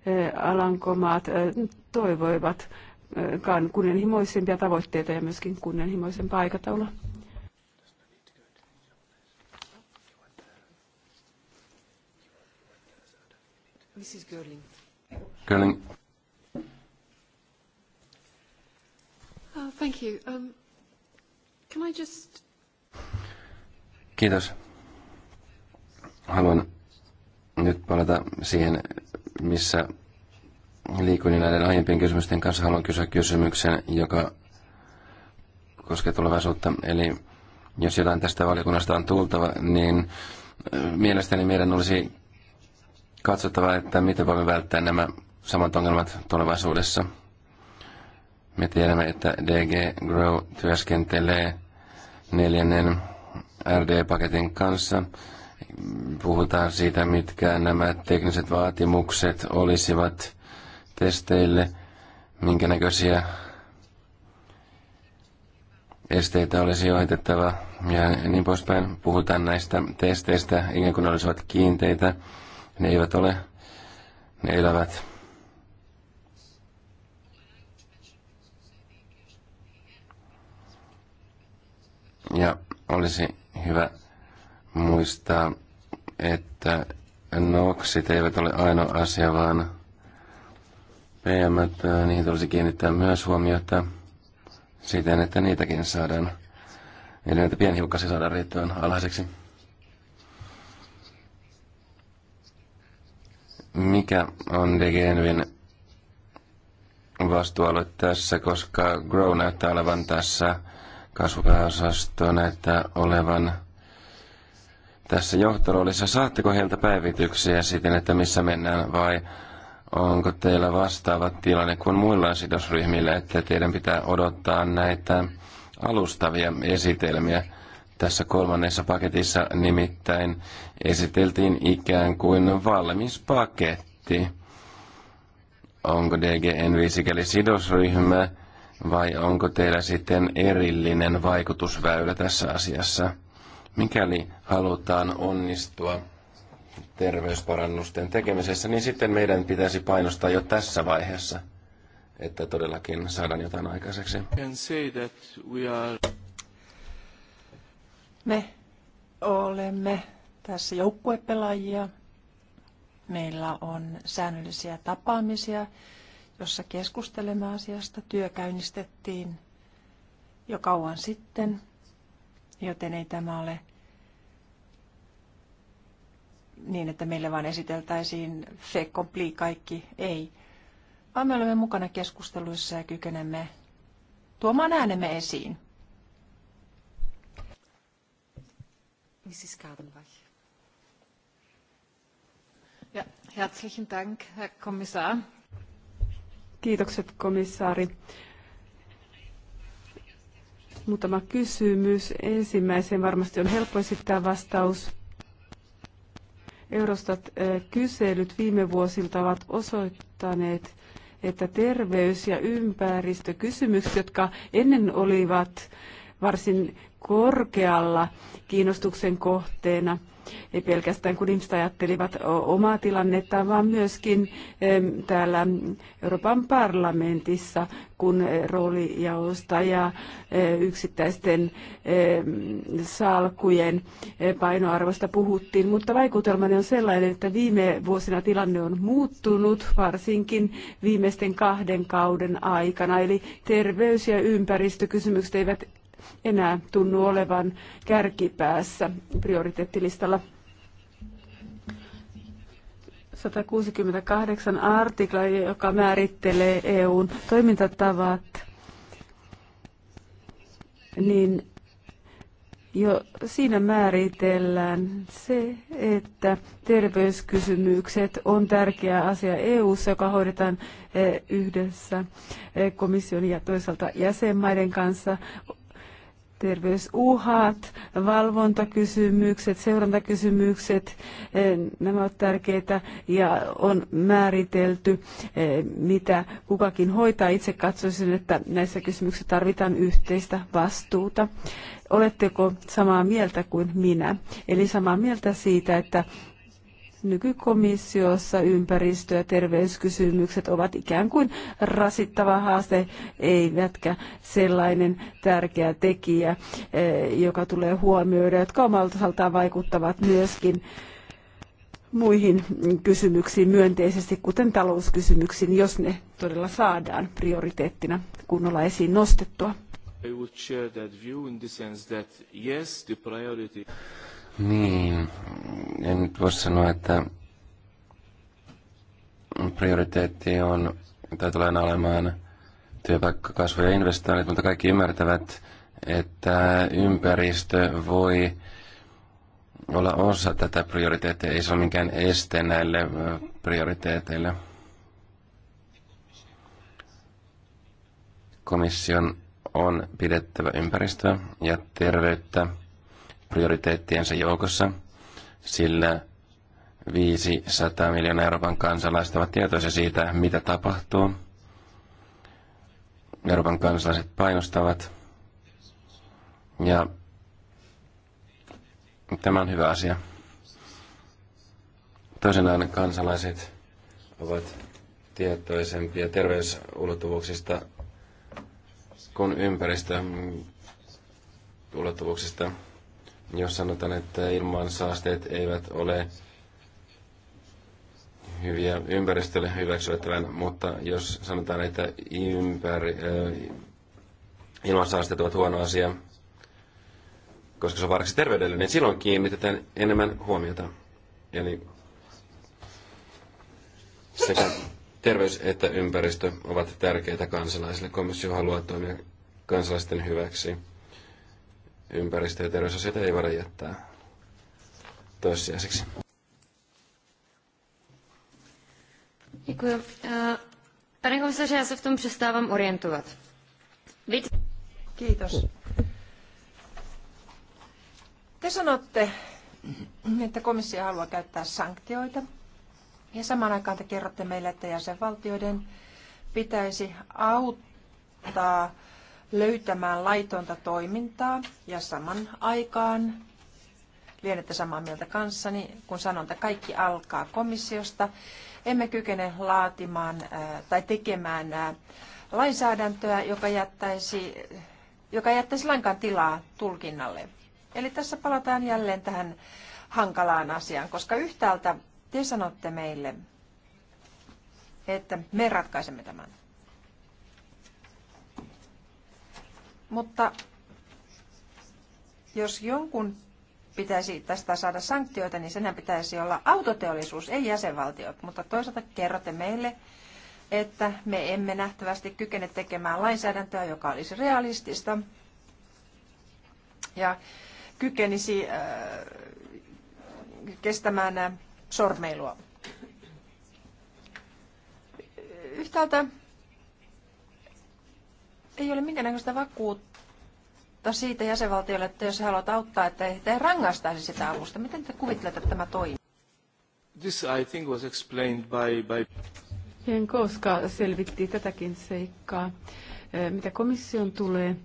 Speaker 1: eh, Alankomaat eh, toivoivat eh, kunnianhimoisempia tavoitteita ja myöskin kunnianhimoisempaa aikataulua.
Speaker 3: Mrs. Görling. Görling. Ah, thank you. Um, can I just...
Speaker 2: Kiitos. Haluan nyt palata siihen, missä liikuin näiden aiempien kysymysten kanssa. Haluan kysyä kysymyksen, joka koskee tulevaisuutta. Eli jos jotain tästä valiokunnasta on tultava, niin äh, mielestäni meidän olisi katsottava, että miten voimme välttää nämä samat ongelmat tulevaisuudessa. Me tiedämme, että DG Grow työskentelee neljännen RD-paketin kanssa. Puhutaan siitä, mitkä nämä tekniset vaatimukset olisivat testeille, minkä näköisiä esteitä olisi ohitettava ja niin poispäin. Puhutaan näistä testeistä, ikään kuin ne olisivat kiinteitä. Ne eivät ole, ne elävät Ja olisi hyvä muistaa, että noksit eivät ole ainoa asia, vaan PM, niihin tulisi kiinnittää myös huomiota siten, että niitäkin saadaan, eli näitä pienhiukkasia saadaan riittävän alhaiseksi. Mikä on DGNVin vastuualue tässä, koska Grow näyttää olevan tässä kasvupääosasto näyttää olevan tässä johtoroolissa. Saatteko heiltä päivityksiä siten, että missä mennään vai onko teillä vastaava tilanne kuin muilla sidosryhmillä, että teidän pitää odottaa näitä alustavia esitelmiä? Tässä kolmannessa paketissa nimittäin esiteltiin ikään kuin valmis paketti. Onko DGN sikäli sidosryhmä? vai onko teillä sitten erillinen vaikutusväylä tässä asiassa? Mikäli halutaan onnistua terveysparannusten tekemisessä, niin sitten meidän pitäisi painostaa jo tässä vaiheessa, että todellakin saadaan jotain aikaiseksi.
Speaker 3: Me olemme tässä joukkuepelaajia. Meillä on säännöllisiä tapaamisia jossa keskustelemme asiasta. Työ käynnistettiin jo kauan sitten, joten ei tämä ole niin, että meille vain esiteltäisiin fe complete kaikki. Ei, vaan me olemme mukana keskusteluissa ja kykenemme tuomaan äänemme esiin.
Speaker 5: Mrs. Kadenbach. Ja, herzlichen Dank, Herr Kommissar.
Speaker 1: Kiitokset komissaari. Muutama kysymys. Ensimmäiseen varmasti on helppo esittää vastaus. Eurostat-kyselyt viime vuosilta ovat osoittaneet, että terveys- ja ympäristökysymykset, jotka ennen olivat varsin korkealla kiinnostuksen kohteena. Ei pelkästään kun ihmiset ajattelivat omaa tilannettaan, vaan myöskin täällä Euroopan parlamentissa, kun roolijaosta ja e, yksittäisten salkujen e, painoarvosta puhuttiin. Mutta vaikutelmani on sellainen, että viime vuosina tilanne on muuttunut, varsinkin viimeisten kahden kauden aikana. Eli terveys- ja ympäristökysymykset eivät enää tunnu olevan kärkipäässä prioriteettilistalla. 168 artikla, joka määrittelee EUn toimintatavat, niin jo siinä määritellään se, että terveyskysymykset on tärkeä asia EU:ssa, joka hoidetaan eh, yhdessä eh, komission ja toisaalta jäsenmaiden kanssa terveysuhat, valvontakysymykset, seurantakysymykset, eh, nämä ovat tärkeitä ja on määritelty, eh, mitä kukakin hoitaa. Itse katsoisin, että näissä kysymyksissä tarvitaan yhteistä vastuuta. Oletteko samaa mieltä kuin minä? Eli samaa mieltä siitä, että Nykykomissiossa ympäristö- ja terveyskysymykset ovat ikään kuin rasittava haaste, eivätkä sellainen tärkeä tekijä, eh, joka tulee huomioida, jotka omalta osaltaan vaikuttavat myöskin muihin kysymyksiin myönteisesti, kuten talouskysymyksiin, jos ne todella saadaan prioriteettina kunnolla esiin
Speaker 6: nostettua.
Speaker 4: I would share that view in the sense that yes, the priority
Speaker 2: niin, en nyt voi sanoa, että prioriteetti on, tai tulee olemaan työpaikkakasvu ja investoinnit, mutta kaikki ymmärtävät, että ympäristö voi olla osa tätä prioriteettia. Ei se ole mikään este näille prioriteeteille. Komission on pidettävä ympäristöä ja terveyttä prioriteettiensa joukossa, sillä 500 miljoonaa Euroopan kansalaista ovat tietoisia siitä, mitä tapahtuu. Euroopan kansalaiset painostavat. Ja tämä on hyvä asia. Toisenaan kansalaiset ovat tietoisempia terveysulottuvuuksista kuin ympäristöulottuvuuksista. Jos sanotaan, että ilman saasteet eivät ole hyviä ympäristölle hyväksyttävän, mutta jos sanotaan, että ympäri, äh, ilmansaasteet ovat huono asia, koska se on varaksi terveydelle, niin silloin kiinnitetään enemmän huomiota. Eli sekä terveys että ympäristö ovat tärkeitä kansalaisille. Komissio haluaa toimia kansalaisten hyväksi ympäristö- ja terveysasioita ei voida jättää toissijaisiksi.
Speaker 3: Děkuji. Eh, pane komisaři, já se v tom přestávám orientovat. Kiitos. Te sanotte, että komissio haluaa käyttää sanktioita ja samaan aikaan te kerrotte meille, että jäsenvaltioiden pitäisi auttaa löytämään laitonta toimintaa ja saman aikaan lienette samaa mieltä kanssani, kun sanon, että kaikki alkaa komissiosta. Emme kykene laatimaan tai tekemään lainsäädäntöä, joka jättäisi, joka jättäisi lainkaan tilaa tulkinnalle. Eli tässä palataan jälleen tähän hankalaan asiaan, koska yhtäältä te sanotte meille, että me ratkaisemme tämän. Mutta jos jonkun pitäisi tästä saada sanktioita, niin senhän pitäisi olla autoteollisuus, ei jäsenvaltiot. Mutta toisaalta kerrotte meille, että me emme nähtävästi kykene tekemään lainsäädäntöä, joka olisi realistista ja kykenisi äh, kestämään äh, sormeilua. Yhtäältä ei ole minkäännäköistä vakuutta siitä jäsenvaltiolle, että jos he haluavat auttaa, että he, he rangaistaisi sitä avusta. Miten te kuvittelette, että tämä toimii?
Speaker 4: This, I think, was explained by, by...
Speaker 1: En koska selvitti tätäkin seikkaa. Eh, mitä komission tulee,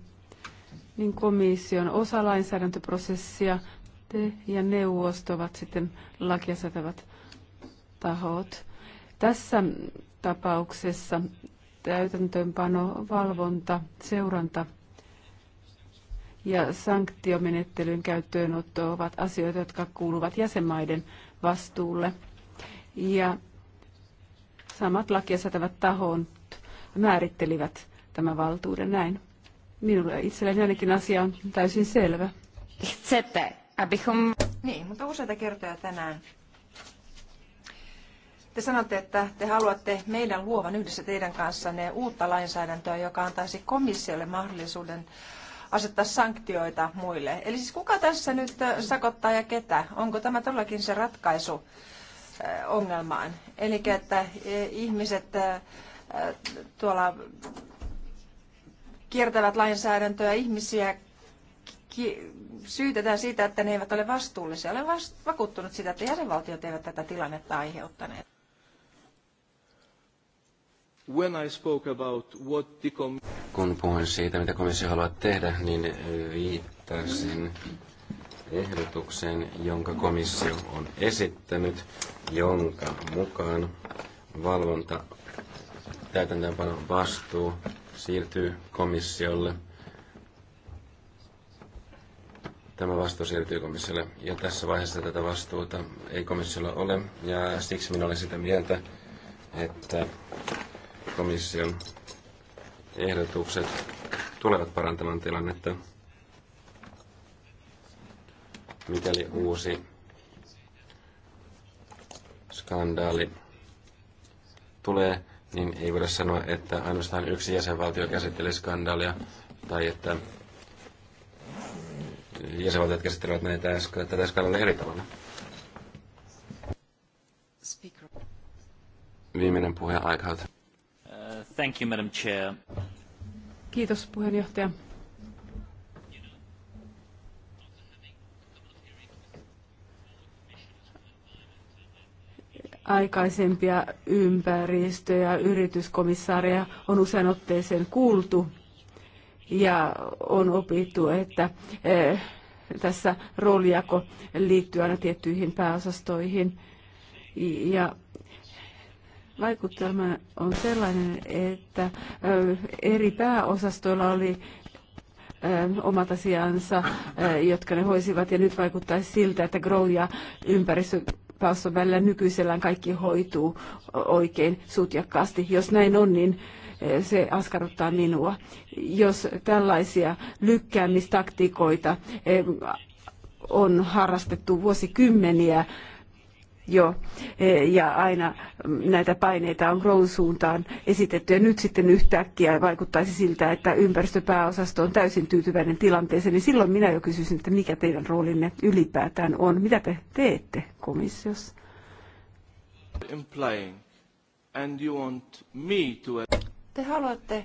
Speaker 1: niin komission osa lainsäädäntöprosessia te ja neuvosto ovat sitten lakia tahot. Tässä tapauksessa täytäntöönpano, valvonta, seuranta ja sanktiomenettelyn käyttöönotto ovat asioita, jotka kuuluvat jäsenmaiden vastuulle. Ja samat lakia säätävät tahon määrittelivät tämän valtuuden näin. Minulle itselleni ainakin asia on täysin selvä.
Speaker 3: Niin, mutta useita kertoja tänään te sanotte, että te haluatte meidän luovan yhdessä teidän kanssanne uutta lainsäädäntöä, joka antaisi komissiolle mahdollisuuden asettaa sanktioita muille. Eli siis kuka tässä nyt sakottaa ja ketä? Onko tämä todellakin se ratkaisu ongelmaan? Eli että e, ihmiset tuolla kiertävät lainsäädäntöä, ihmisiä syytetään siitä, että ne eivät ole vastuullisia. Olen vakuuttunut siitä, että jäsenvaltiot eivät tätä tilannetta aiheuttaneet.
Speaker 2: Kun puhuin siitä, mitä komissio haluaa tehdä, niin viittasin ehdotukseen, jonka komissio on esittänyt, jonka mukaan valvonta täytäntöönpanon vastuu siirtyy komissiolle. Tämä vastuu siirtyy komissiolle ja tässä vaiheessa tätä vastuuta ei komissiolla ole ja siksi minä olen sitä mieltä, että komission ehdotukset tulevat parantamaan tilannetta, mikäli uusi skandaali tulee, niin ei voida sanoa, että ainoastaan yksi jäsenvaltio käsittelee skandaalia tai että jäsenvaltiot käsittelevät näitä, tätä skandaalia eri tavalla. Viimeinen puhe aikaa. Thank you, Madam Chair.
Speaker 3: Kiitos
Speaker 1: puheenjohtaja. aikaisempia ympäristö- ja yrityskomissaareja on usein otteeseen kuultu ja on opittu, että eh, tässä roolijako liittyy aina tiettyihin pääosastoihin. Ja vaikutelma on sellainen, että eri pääosastoilla oli omat asiansa, jotka ne hoisivat, ja nyt vaikuttaisi siltä, että Grow ja ympäristö päässä välillä nykyisellään kaikki hoituu oikein sutjakkaasti. Jos näin on, niin se askarruttaa minua. Jos tällaisia lykkäämistaktikoita on harrastettu vuosikymmeniä, jo e, ja aina näitä paineita on Grown suuntaan esitetty ja nyt sitten yhtäkkiä vaikuttaisi siltä, että ympäristöpääosasto on täysin tyytyväinen tilanteeseen, niin silloin minä jo kysyisin, että mikä teidän roolinne ylipäätään on, mitä te teette komissiossa?
Speaker 4: And you want me to...
Speaker 3: Te haluatte,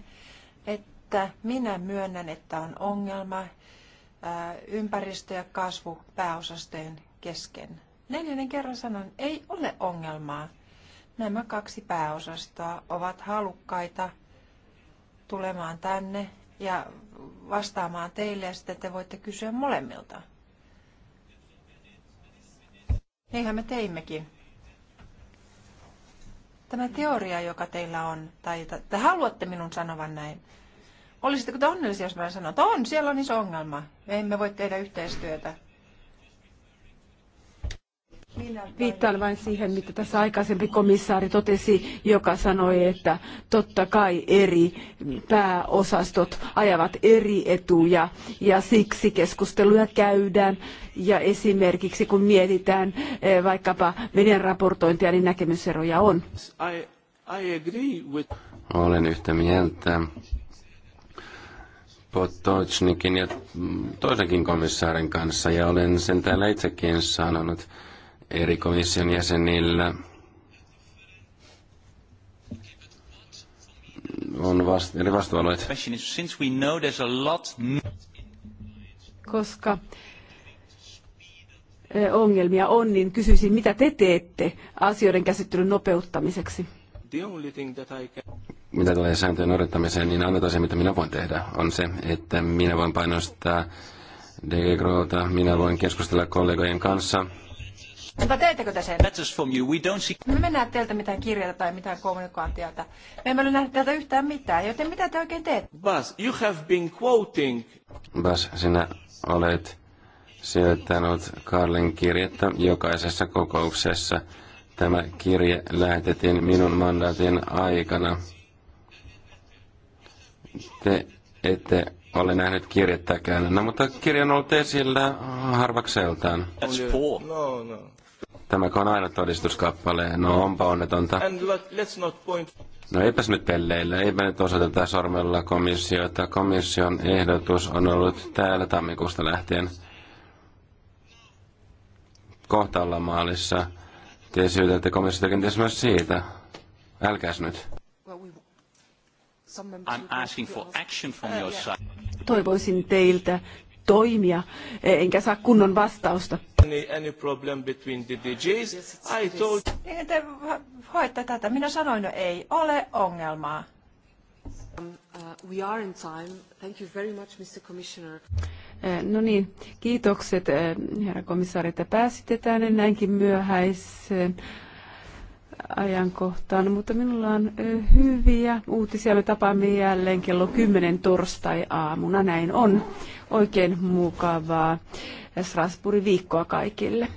Speaker 3: että minä myönnän, että on ongelma ympäristö- ja kasvupääosastojen kesken Neljännen kerran sanon, ei ole ongelmaa. Nämä kaksi pääosastoa ovat halukkaita tulemaan tänne ja vastaamaan teille ja sitten te voitte kysyä molemmilta. Niinhän me teimmekin. Tämä teoria, joka teillä on, tai te haluatte minun sanovan näin. Olisitteko te onnellisia, jos mä sanon, että on, siellä on iso ongelma. Emme voi tehdä yhteistyötä.
Speaker 1: Viittaan vain siihen, mitä tässä aikaisempi komissaari totesi, joka sanoi, että totta kai eri pääosastot ajavat eri etuja ja siksi keskusteluja käydään. Ja esimerkiksi kun mietitään eh, vaikkapa veden raportointia, niin näkemyseroja on.
Speaker 4: I, I with...
Speaker 2: Olen yhtä mieltä. Potocnikin ja toisenkin komissaarin kanssa, ja olen sen täällä itsekin sanonut eri komission jäsenillä on vast, eri vastuualueet.
Speaker 1: Koska e, ongelmia on, niin kysyisin, mitä te teette asioiden käsittelyn nopeuttamiseksi?
Speaker 2: Mitä tulee sääntöjen noudattamiseen, niin ainoa asia, mitä minä voin tehdä, on se, että minä voin painostaa DG Grota, minä voin keskustella kollegojen kanssa –
Speaker 3: mutta teettekö te sen? No me mennään teiltä mitään kirjata tai mitään kommunikaatiota. Me emme ole nähneet teiltä yhtään mitään, joten mitä te oikein teet?
Speaker 2: Bas, you have
Speaker 4: been quoting.
Speaker 2: Bas, sinä olet sijoittanut Karlin kirjettä jokaisessa kokouksessa. Tämä kirje lähetettiin minun mandaatin aikana. Te ette ole nähnyt kirjettäkään. No, mutta kirja on ollut esillä harvakseltaan.
Speaker 4: That's poor. No, no.
Speaker 2: Tämäkö on aina todistuskappale? No onpa onnetonta. No eipäs nyt pelleillä, eipä nyt osoiteta sormella komissiota. Komission ehdotus on ollut täällä tammikuusta lähtien kohtalla maalissa. Te syytätte komissiota kenties myös siitä. Älkääs nyt. Uh,
Speaker 1: Toivoisin teiltä toimia, enkä saa kunnon vastausta
Speaker 4: any, problem between the DJs. I told...
Speaker 3: Niin te hoitte tätä. Minä sanoin, että no ei ole ongelmaa. Um, uh, we are in time. Thank you very much, Mr. Commissioner.
Speaker 1: Eh, no niin, kiitokset eh, herra komissaari, että pääsitte tänne näinkin myöhäiseen ajankohtaan, mutta minulla on eh, hyviä uutisia. Me tapaamme jälleen kello 10 torstai-aamuna, näin on. Oikein mukavaa Strasbourgin viikkoa kaikille.